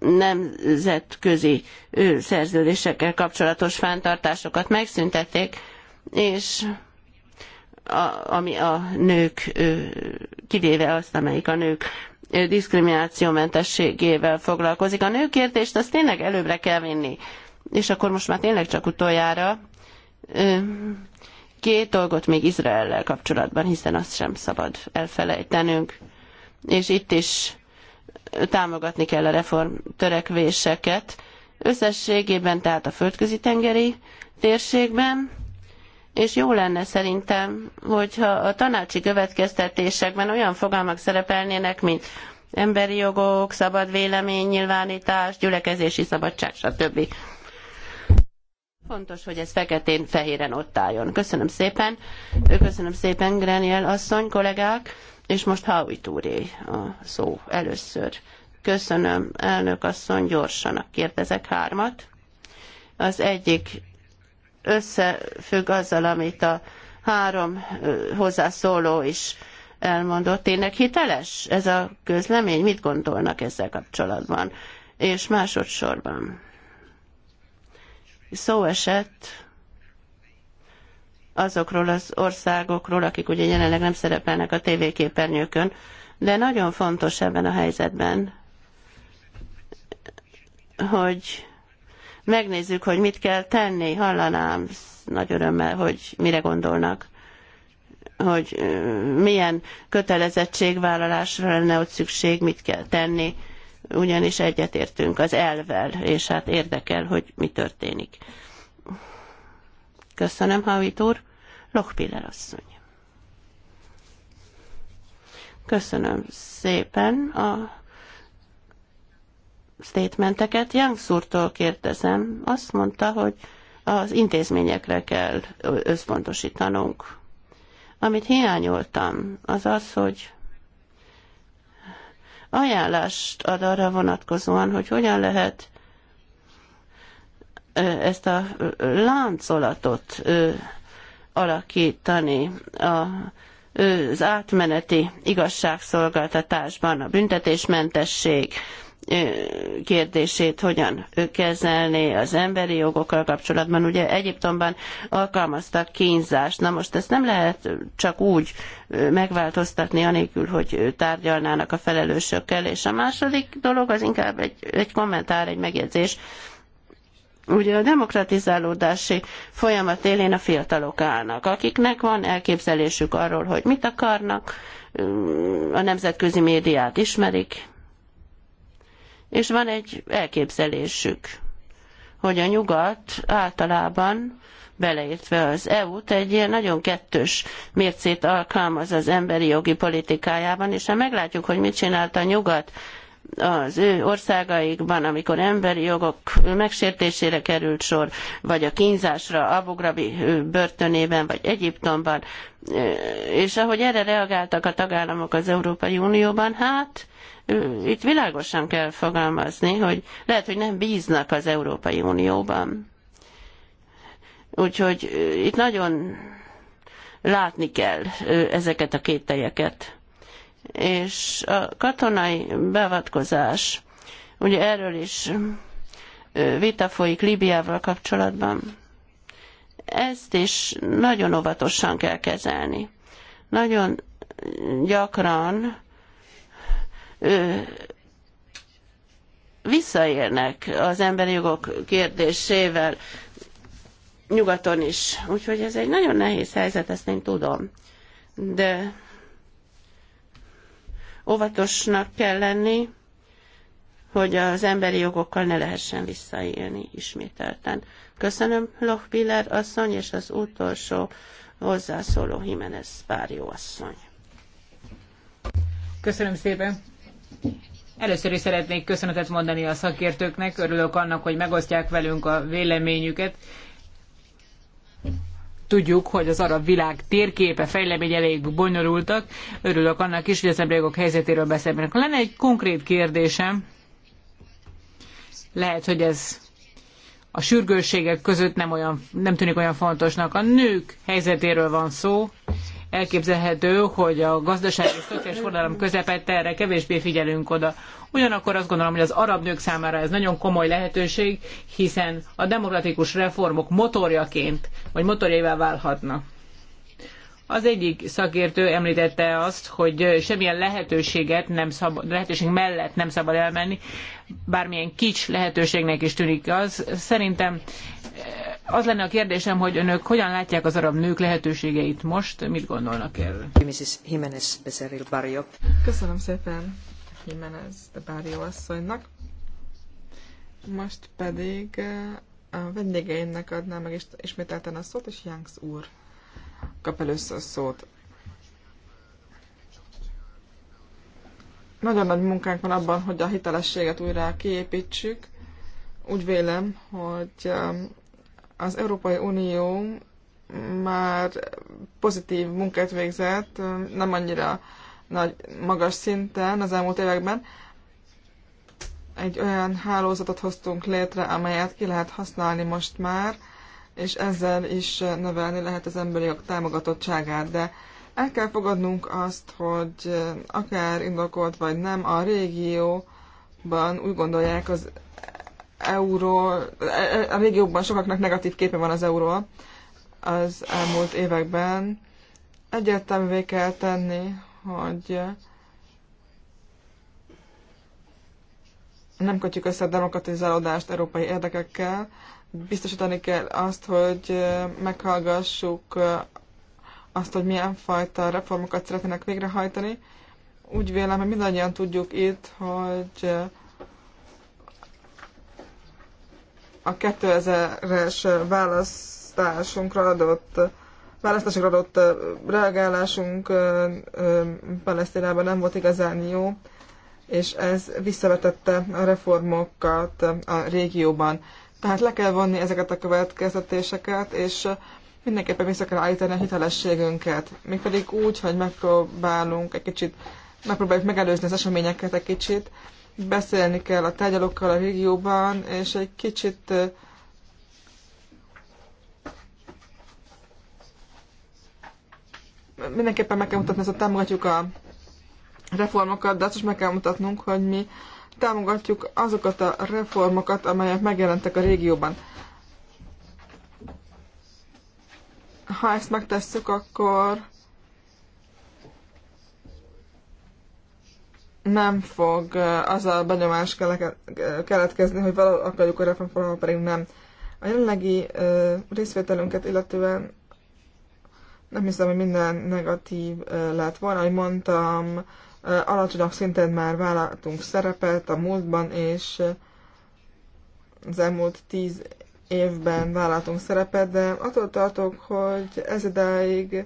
nemzetközi szerződésekkel kapcsolatos fenntartásokat megszüntették, és a, ami a nők, kivéve azt, amelyik a nők diszkriminációmentességével foglalkozik. A nőkértést azt tényleg előbbre kell vinni. És akkor most már tényleg csak utoljára két dolgot még Izraellel kapcsolatban, hiszen azt sem szabad elfelejtenünk. És itt is támogatni kell a reform törekvéseket. Összességében tehát a földközi tengeri térségben, és jó lenne szerintem, hogyha a tanácsi következtetésekben olyan fogalmak szerepelnének, mint emberi jogok, szabad nyilvánítás, gyülekezési szabadság, stb. Fontos, hogy ez feketén-fehéren ott álljon. Köszönöm szépen. Köszönöm szépen, Greniel asszony, kollégák. És most Haui Túré a szó először. Köszönöm, elnök asszony, gyorsan kérdezek hármat. Az egyik összefügg azzal, amit a három hozzászóló is elmondott. Tényleg hiteles ez a közlemény? Mit gondolnak ezzel kapcsolatban? És másodszorban szó esett azokról az országokról, akik ugye jelenleg nem szerepelnek a tévéképernyőkön, de nagyon fontos ebben a helyzetben, hogy megnézzük, hogy mit kell tenni, hallanám nagy örömmel, hogy mire gondolnak hogy milyen kötelezettségvállalásra lenne ott szükség, mit kell tenni, ugyanis egyetértünk az elvel, és hát érdekel, hogy mi történik. Köszönöm, Havit úr. Lochpiller asszony. Köszönöm szépen a statementeket. Youngs úrtól kérdezem. Azt mondta, hogy az intézményekre kell összpontosítanunk. Amit hiányoltam, az az, hogy ajánlást ad arra vonatkozóan, hogy hogyan lehet ezt a láncolatot alakítani a az átmeneti igazságszolgáltatásban a büntetésmentesség kérdését hogyan kezelni az emberi jogokkal kapcsolatban. Ugye Egyiptomban alkalmaztak kínzást, na most ezt nem lehet csak úgy megváltoztatni, anélkül, hogy tárgyalnának a felelősökkel. És a második dolog az inkább egy, egy kommentár, egy megjegyzés Ugye a demokratizálódási folyamat élén a fiatalok állnak, akiknek van elképzelésük arról, hogy mit akarnak, mm, a nemzetközi médiát ismerik, és van egy elképzelésük, hogy a nyugat általában beleértve az EU-t, egy ilyen nagyon kettős mércét alkalmaz az emberi jogi politikájában, és ha meglátjuk, hogy mit csinált a nyugat az ő országaikban, amikor emberi jogok megsértésére került sor, vagy a kínzásra Abu Ghrabi börtönében, vagy Egyiptomban, és ahogy erre reagáltak a tagállamok az Európai Unióban, hát itt világosan kell fogalmazni, hogy lehet, hogy nem bíznak az Európai Unióban. Úgyhogy itt nagyon látni kell ezeket a kételyeket. És a katonai beavatkozás, ugye erről is vita folyik Líbiával kapcsolatban, ezt is nagyon óvatosan kell kezelni. Nagyon gyakran visszaérnek az emberi jogok kérdésével nyugaton is. Úgyhogy ez egy nagyon nehéz helyzet, ezt én tudom. De óvatosnak kell lenni, hogy az emberi jogokkal ne lehessen visszaélni ismételten. Köszönöm Lochbiller asszony, és az utolsó hozzászóló Jimenez Párjó asszony. Köszönöm szépen. Először is szeretnék köszönetet mondani a szakértőknek. Örülök annak, hogy megosztják velünk a véleményüket. Tudjuk, hogy az arab világ térképe, fejlemény elég bonyolultak. Örülök annak is, hogy az emberek helyzetéről beszélnek. Lenne egy konkrét kérdésem. Lehet, hogy ez a sürgősségek között nem, olyan, nem tűnik olyan fontosnak. A nők helyzetéről van szó, elképzelhető, hogy a gazdasági és szociális forradalom közepette erre kevésbé figyelünk oda. Ugyanakkor azt gondolom, hogy az arab nők számára ez nagyon komoly lehetőség, hiszen a demokratikus reformok motorjaként, vagy motorjaivá válhatnak. Az egyik szakértő említette azt, hogy semmilyen lehetőséget nem szabad, lehetőség mellett nem szabad elmenni, bármilyen kics lehetőségnek is tűnik az. Szerintem az lenne a kérdésem, hogy önök hogyan látják az arab nők lehetőségeit most, mit gondolnak erről? Mrs. Jimenez Becerril Barrio. Köszönöm szépen Jimenez de Barrio asszonynak. Most pedig eh, a vendégeimnek adnám meg ismételten a szót, és Janks úr kap először a szót. Nagyon nagy munkánk van abban, hogy a hitelességet újra kiépítsük. Úgy vélem, hogy eh, az Európai Unió már pozitív munkát végzett, nem annyira nagy, magas szinten az elmúlt években. Egy olyan hálózatot hoztunk létre, amelyet ki lehet használni most már, és ezzel is növelni lehet az emberi jog támogatottságát, de el kell fogadnunk azt, hogy akár indokolt vagy nem, a régióban úgy gondolják az euró, e, e, a régióban sokaknak negatív képe van az euró az elmúlt években. Egyértelművé kell tenni, hogy nem kötjük össze a demokratizálódást európai érdekekkel, biztosítani kell azt, hogy meghallgassuk azt, hogy milyen fajta reformokat szeretnének végrehajtani. Úgy vélem, hogy mindannyian tudjuk itt, hogy a 2000-es választásunkra adott választásokra adott reagálásunk Palesztinában nem volt igazán jó, és ez visszavetette a reformokat a régióban. Tehát le kell vonni ezeket a következtetéseket, és mindenképpen vissza kell állítani a hitelességünket. Mégpedig úgy, hogy megpróbálunk egy kicsit, megpróbáljuk megelőzni az eseményeket egy kicsit, beszélni kell a tárgyalókkal a régióban, és egy kicsit mindenképpen meg kell mutatni, hogy támogatjuk a reformokat, de azt is meg kell mutatnunk, hogy mi támogatjuk azokat a reformokat, amelyek megjelentek a régióban. Ha ezt megtesszük, akkor nem fog az a benyomás keletkezni, hogy valahol akarjuk a reform, valahol pedig nem. A jelenlegi részvételünket illetően nem hiszem, hogy minden negatív lett volna, ahogy mondtam, alacsonyabb szinten már vállaltunk szerepet a múltban, és az elmúlt tíz évben vállaltunk szerepet, de attól tartok, hogy ez idáig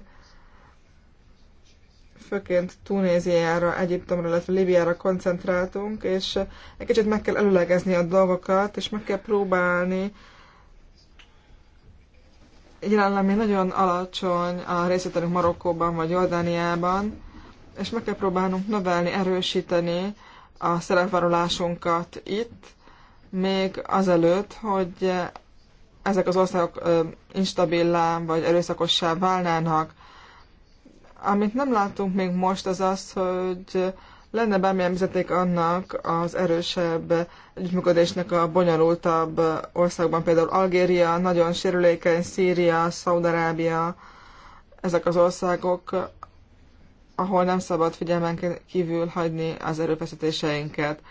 főként Tunéziára, Egyiptomra, illetve Libiára koncentráltunk, és egy kicsit meg kell előlegezni a dolgokat, és meg kell próbálni jelenleg még nagyon alacsony a részvételünk Marokkóban vagy Jordániában, és meg kell próbálnunk növelni, erősíteni a szerepvárulásunkat itt, még azelőtt, hogy ezek az országok instabilá vagy erőszakossá válnának. Amit nem látunk még most, az az, hogy lenne bármilyen bizeték annak az erősebb együttműködésnek a bonyolultabb országban, például Algéria, nagyon sérülékeny, Szíria, Szaudarábia, ezek az országok, ahol nem szabad figyelmen kívül hagyni az erőfeszítéseinket.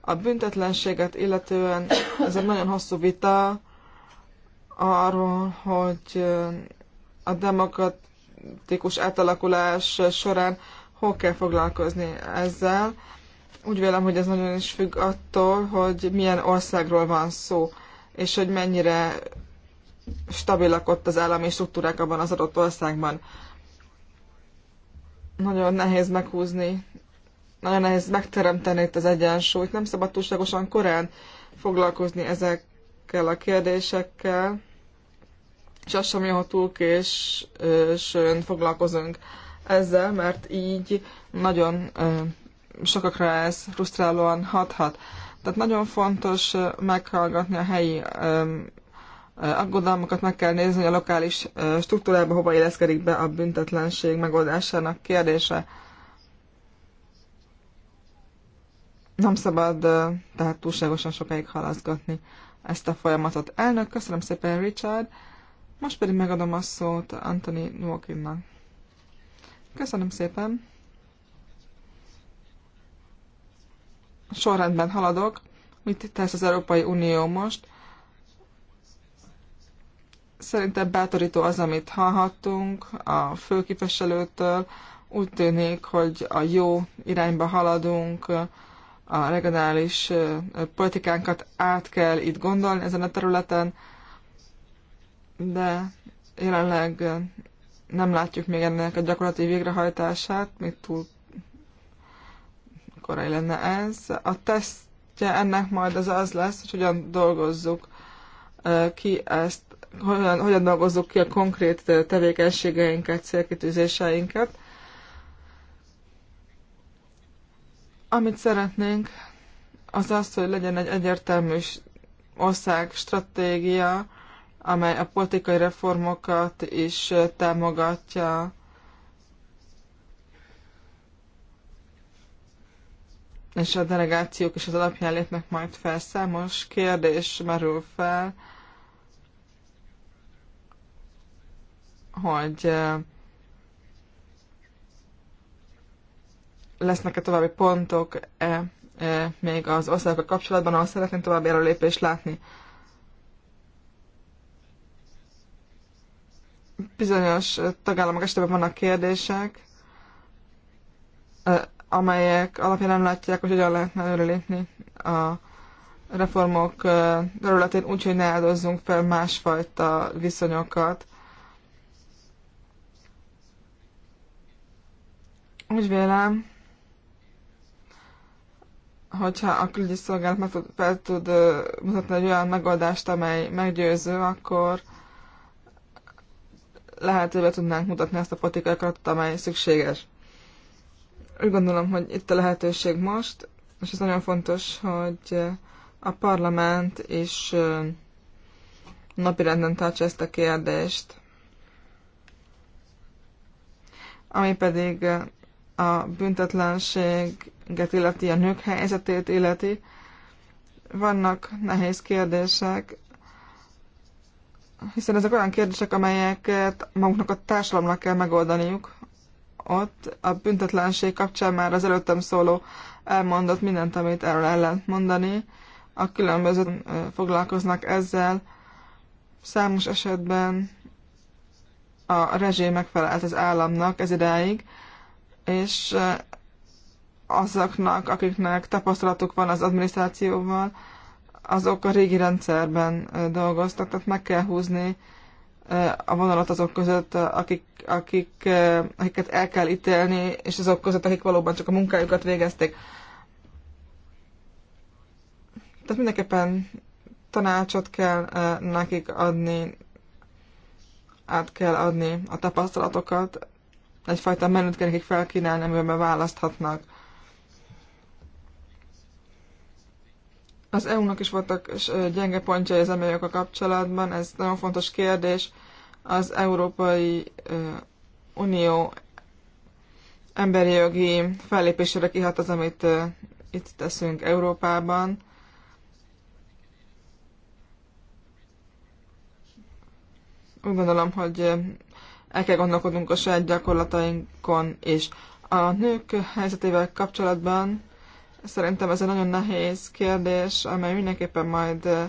A büntetlenséget illetően ez egy nagyon hosszú vita arról, hogy a demokrat demokratikus átalakulás során hol kell foglalkozni ezzel. Úgy vélem, hogy ez nagyon is függ attól, hogy milyen országról van szó, és hogy mennyire stabilak ott az állami struktúrák abban az adott országban. Nagyon nehéz meghúzni, nagyon nehéz megteremteni itt az egyensúlyt. Nem szabad túlságosan korán foglalkozni ezekkel a kérdésekkel és azt sem jó, ha túl foglalkozunk ezzel, mert így nagyon sokakra ez frusztrálóan hathat. Tehát nagyon fontos meghallgatni a helyi aggodalmakat, meg kell nézni, hogy a lokális struktúrába hova éleszkedik be a büntetlenség megoldásának kérdése. Nem szabad tehát túlságosan sokáig halaszgatni ezt a folyamatot. Elnök, köszönöm szépen, Richard. Most pedig megadom a szót Anthony Walkinnak. Köszönöm szépen. Sorrendben haladok. Mit tesz az Európai Unió most? Szerintem bátorító az, amit hallhattunk a főképviselőtől. Úgy tűnik, hogy a jó irányba haladunk, a regionális politikánkat át kell itt gondolni ezen a területen de jelenleg nem látjuk még ennek a gyakorlati végrehajtását, még túl korai lenne ez. A tesztje ennek majd az az lesz, hogy hogyan dolgozzuk ki ezt, hogyan, hogyan dolgozzuk ki a konkrét tevékenységeinket, célkitűzéseinket. Amit szeretnénk, az az, hogy legyen egy egyértelmű ország stratégia, amely a politikai reformokat is támogatja. és a delegációk is az alapján lépnek majd fel. Számos kérdés merül fel, hogy lesznek-e további pontok -e, még az országokkal kapcsolatban, ahol szeretném további erőlépést látni. bizonyos tagállamok esetében vannak kérdések, eh, amelyek alapján nem látják, hogy hogyan lehetne előrelépni a reformok eh, területén, úgyhogy ne áldozzunk fel másfajta viszonyokat. Úgy vélem, hogyha a külügyi szolgálat meg tud, fel tud eh, mutatni egy olyan megoldást, amely meggyőző, akkor lehetővé tudnánk mutatni azt a patikákat, amely szükséges. Úgy gondolom, hogy itt a lehetőség most, és ez nagyon fontos, hogy a parlament is napirenden tartsa ezt a kérdést, ami pedig a büntetlenséget illeti, a nők helyzetét illeti. Vannak nehéz kérdések, hiszen ezek olyan kérdések, amelyeket maguknak a társadalomnak kell megoldaniuk. Ott a büntetlenség kapcsán már az előttem szóló elmondott mindent, amit erről el lehet mondani. A különböző foglalkoznak ezzel. Számos esetben a rezsé megfelelt az államnak ez idáig, és azoknak, akiknek tapasztalatuk van az adminisztrációval, azok a régi rendszerben dolgoztak, tehát meg kell húzni a vonalat azok között, akik, akik, akiket el kell ítélni, és azok között, akik valóban csak a munkájukat végezték. Tehát mindenképpen tanácsot kell nekik adni, át kell adni a tapasztalatokat, egyfajta menüt kell nekik felkínálni, amiben választhatnak. Az EU-nak is voltak gyenge pontjai az emeljük a kapcsolatban, ez nagyon fontos kérdés. Az Európai Unió emberi jogi fellépésére kihat az, amit itt teszünk Európában. Úgy gondolom, hogy el kell gondolkodnunk a saját gyakorlatainkon és A nők helyzetével kapcsolatban Szerintem ez egy nagyon nehéz kérdés, amely mindenképpen majd eh,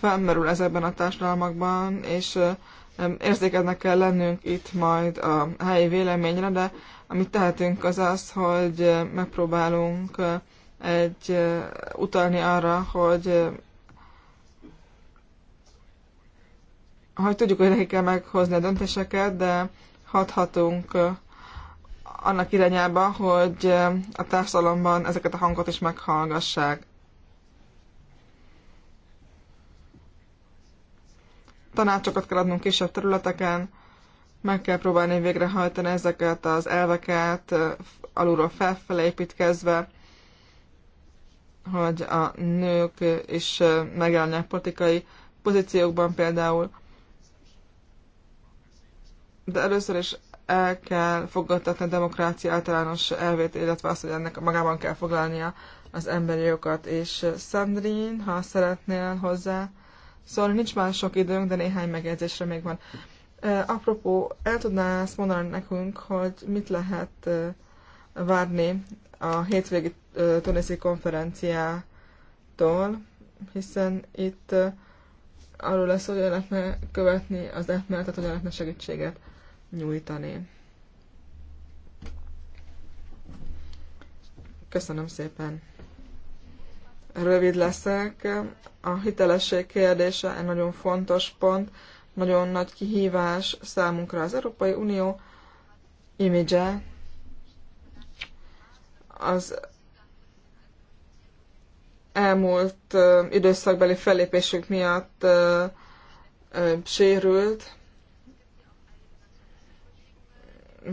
felmerül ezekben a társadalmakban, és eh, érzékeznek kell lennünk itt majd a helyi véleményre, de amit tehetünk az az, hogy eh, megpróbálunk egy utalni arra, hogy hogy tudjuk, hogy nekik kell meghozni a döntéseket, de hathatunk annak irányába, hogy a társadalomban ezeket a hangot is meghallgassák. Tanácsokat kell adnunk kisebb területeken, meg kell próbálni végrehajtani ezeket az elveket alulról felfelé építkezve, hogy a nők is megjelenjenek politikai pozíciókban például. De először is el kell fogadtatni a demokrácia általános elvét, illetve azt, hogy ennek magában kell foglalnia az emberi jogokat. És eh, Sandrine, ha szeretnél hozzá szóval nincs már sok időnk, de néhány megjegyzésre még van. Eh, apropó, el tudná ezt mondani nekünk, hogy mit lehet eh, várni a hétvégi tuniszi konferenciától, hiszen itt arról lesz, hogy lehetne követni az átmenetet, hogy lehetne segítséget nyújtani. Köszönöm szépen. Rövid leszek. A hitelesség kérdése egy nagyon fontos pont, nagyon nagy kihívás számunkra az Európai Unió imidzse. Az elmúlt időszakbeli fellépésük miatt sérült,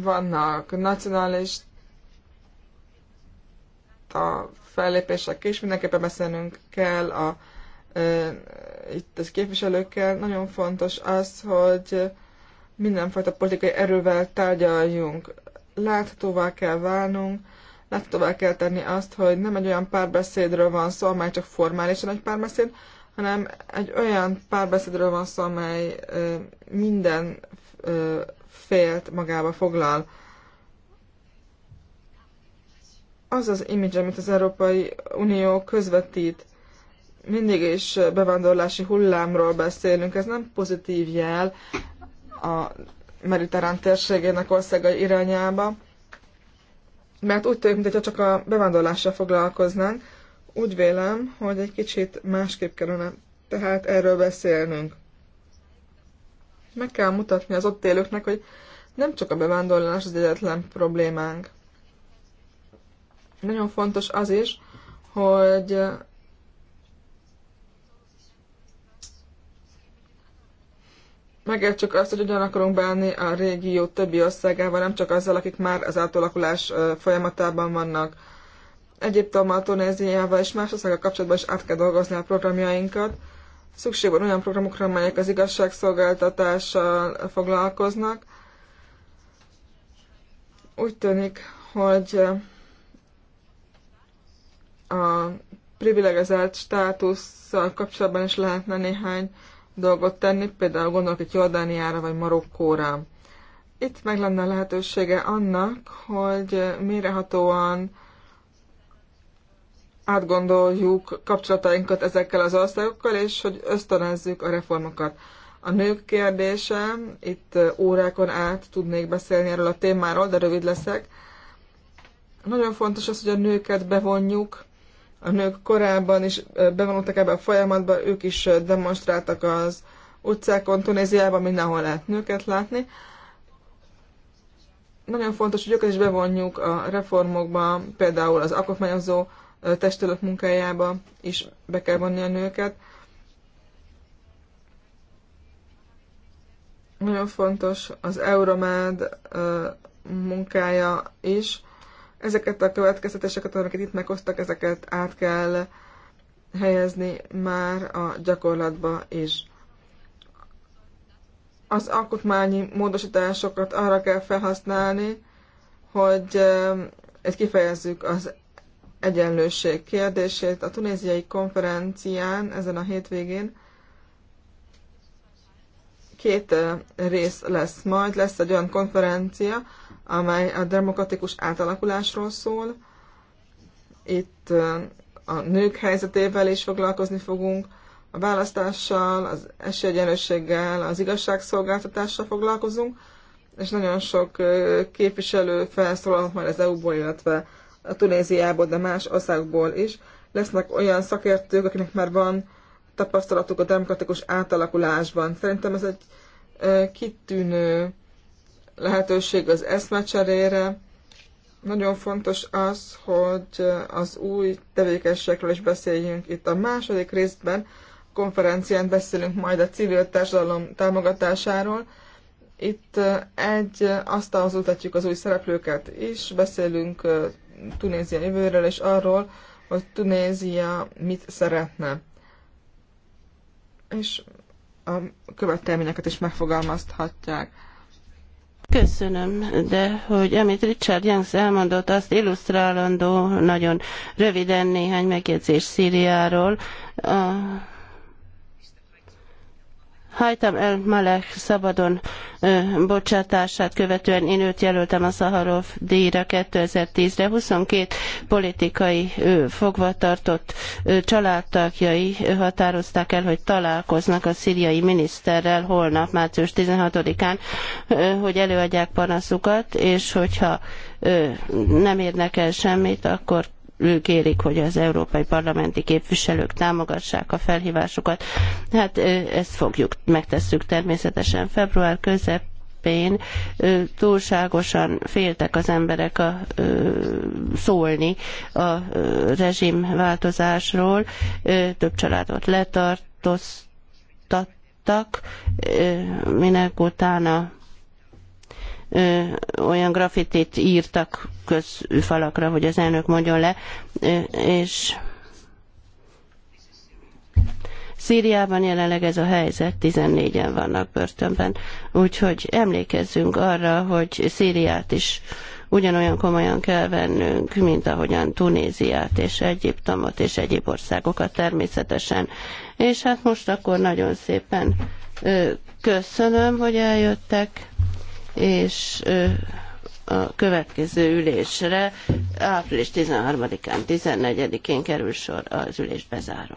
vannak nacionalista fellépések is, mindenképpen beszélnünk kell a, e, itt az képviselőkkel. Nagyon fontos az, hogy mindenfajta politikai erővel tárgyaljunk. Láthatóvá kell válnunk, láthatóvá kell tenni azt, hogy nem egy olyan párbeszédről van szó, amely csak formálisan egy párbeszéd, hanem egy olyan párbeszédről van szó, amely minden félt magába foglal. Az az image, amit az Európai Unió közvetít, mindig is bevándorlási hullámról beszélünk, ez nem pozitív jel a mediterrán térségének országa irányába, mert úgy tűnik, mintha csak a bevándorlással foglalkoznánk, úgy vélem, hogy egy kicsit másképp kellene tehát erről beszélnünk. Meg kell mutatni az ott élőknek, hogy nem csak a bevándorlás az egyetlen problémánk. Nagyon fontos az is, hogy eh, megértsük azt, hogy hogyan akarunk bánni a régió többi országával, nem csak azzal, akik már az átalakulás eh, folyamatában vannak. Egyiptommal, Tunéziával és más országokkal kapcsolatban is át kell dolgozni a programjainkat, Szükség van olyan programokra, amelyek az igazságszolgáltatással foglalkoznak. Úgy tűnik, hogy a privilegizált státusszal kapcsolatban is lehetne néhány dolgot tenni, például gondolok itt Jordániára vagy Marokkóra. Itt meg lenne lehetősége annak, hogy mérehatóan átgondoljuk kapcsolatainkat ezekkel az országokkal, és hogy ösztönözzük a reformokat. A nők kérdése, itt órákon át tudnék beszélni erről a témáról, de rövid leszek. Nagyon fontos az, hogy a nőket bevonjuk. A nők korábban is bevonultak ebbe a folyamatba, ők is demonstráltak az utcákon, Tunéziában mindenhol lehet nőket látni. Nagyon fontos, hogy őket is bevonjuk a reformokba, például az alkotmányozó testőlök munkájába is be kell vonni a nőket. Nagyon fontos az Euromed munkája is. Ezeket a következtetéseket, amiket itt meghoztak, ezeket át kell helyezni már a gyakorlatba is. Az alkotmányi módosításokat arra kell felhasználni, hogy ezt kifejezzük az egyenlőség kérdését a tunéziai konferencián ezen a hétvégén. Két rész lesz majd, lesz egy olyan konferencia, amely a demokratikus átalakulásról szól. Itt a nők helyzetével is foglalkozni fogunk, a választással, az esélyegyenlőséggel, az igazságszolgáltatással foglalkozunk, és nagyon sok képviselő felszólalt majd az EU-ból, illetve a Tunéziából, de más országból is. Lesznek olyan szakértők, akinek már van tapasztalatuk a demokratikus átalakulásban. Szerintem ez egy kitűnő lehetőség az eszmecserére. Nagyon fontos az, hogy az új tevékenységekről is beszéljünk itt a második részben. Konferencián beszélünk majd a civil társadalom támogatásáról. Itt egy asztalhoz utatjuk az új szereplőket is, beszélünk Tunézia jövőről, és arról, hogy Tunézia mit szeretne. És a követelményeket is megfogalmazhatják. Köszönöm, de hogy amit Richard Youngs elmondott, azt illusztrálandó nagyon röviden néhány megjegyzés Szíriáról. A Hajtam el Malek szabadon ö, bocsátását követően én őt jelöltem a Szaharov díjra 2010-re. 22 politikai ö, fogvatartott ö, családtagjai határozták el, hogy találkoznak a szíriai miniszterrel holnap, március 16-án, hogy előadják panaszukat, és hogyha nem érnek el semmit, akkor kérik, hogy az európai parlamenti képviselők támogassák a felhívásukat. Hát ezt fogjuk, megtesszük természetesen február közepén közepén túlságosan féltek az emberek a, szólni a ö, rezsimváltozásról. több családot letartóztattak, minek utána olyan grafitit írtak közfalakra, hogy az elnök mondjon le, és Szíriában jelenleg ez a helyzet, 14-en vannak börtönben, úgyhogy emlékezzünk arra, hogy Szíriát is ugyanolyan komolyan kell vennünk, mint ahogyan Tunéziát és Egyiptomot és egyéb országokat természetesen. És hát most akkor nagyon szépen köszönöm, hogy eljöttek és a következő ülésre április 13-án, 14-én kerül sor az ülés bezáró.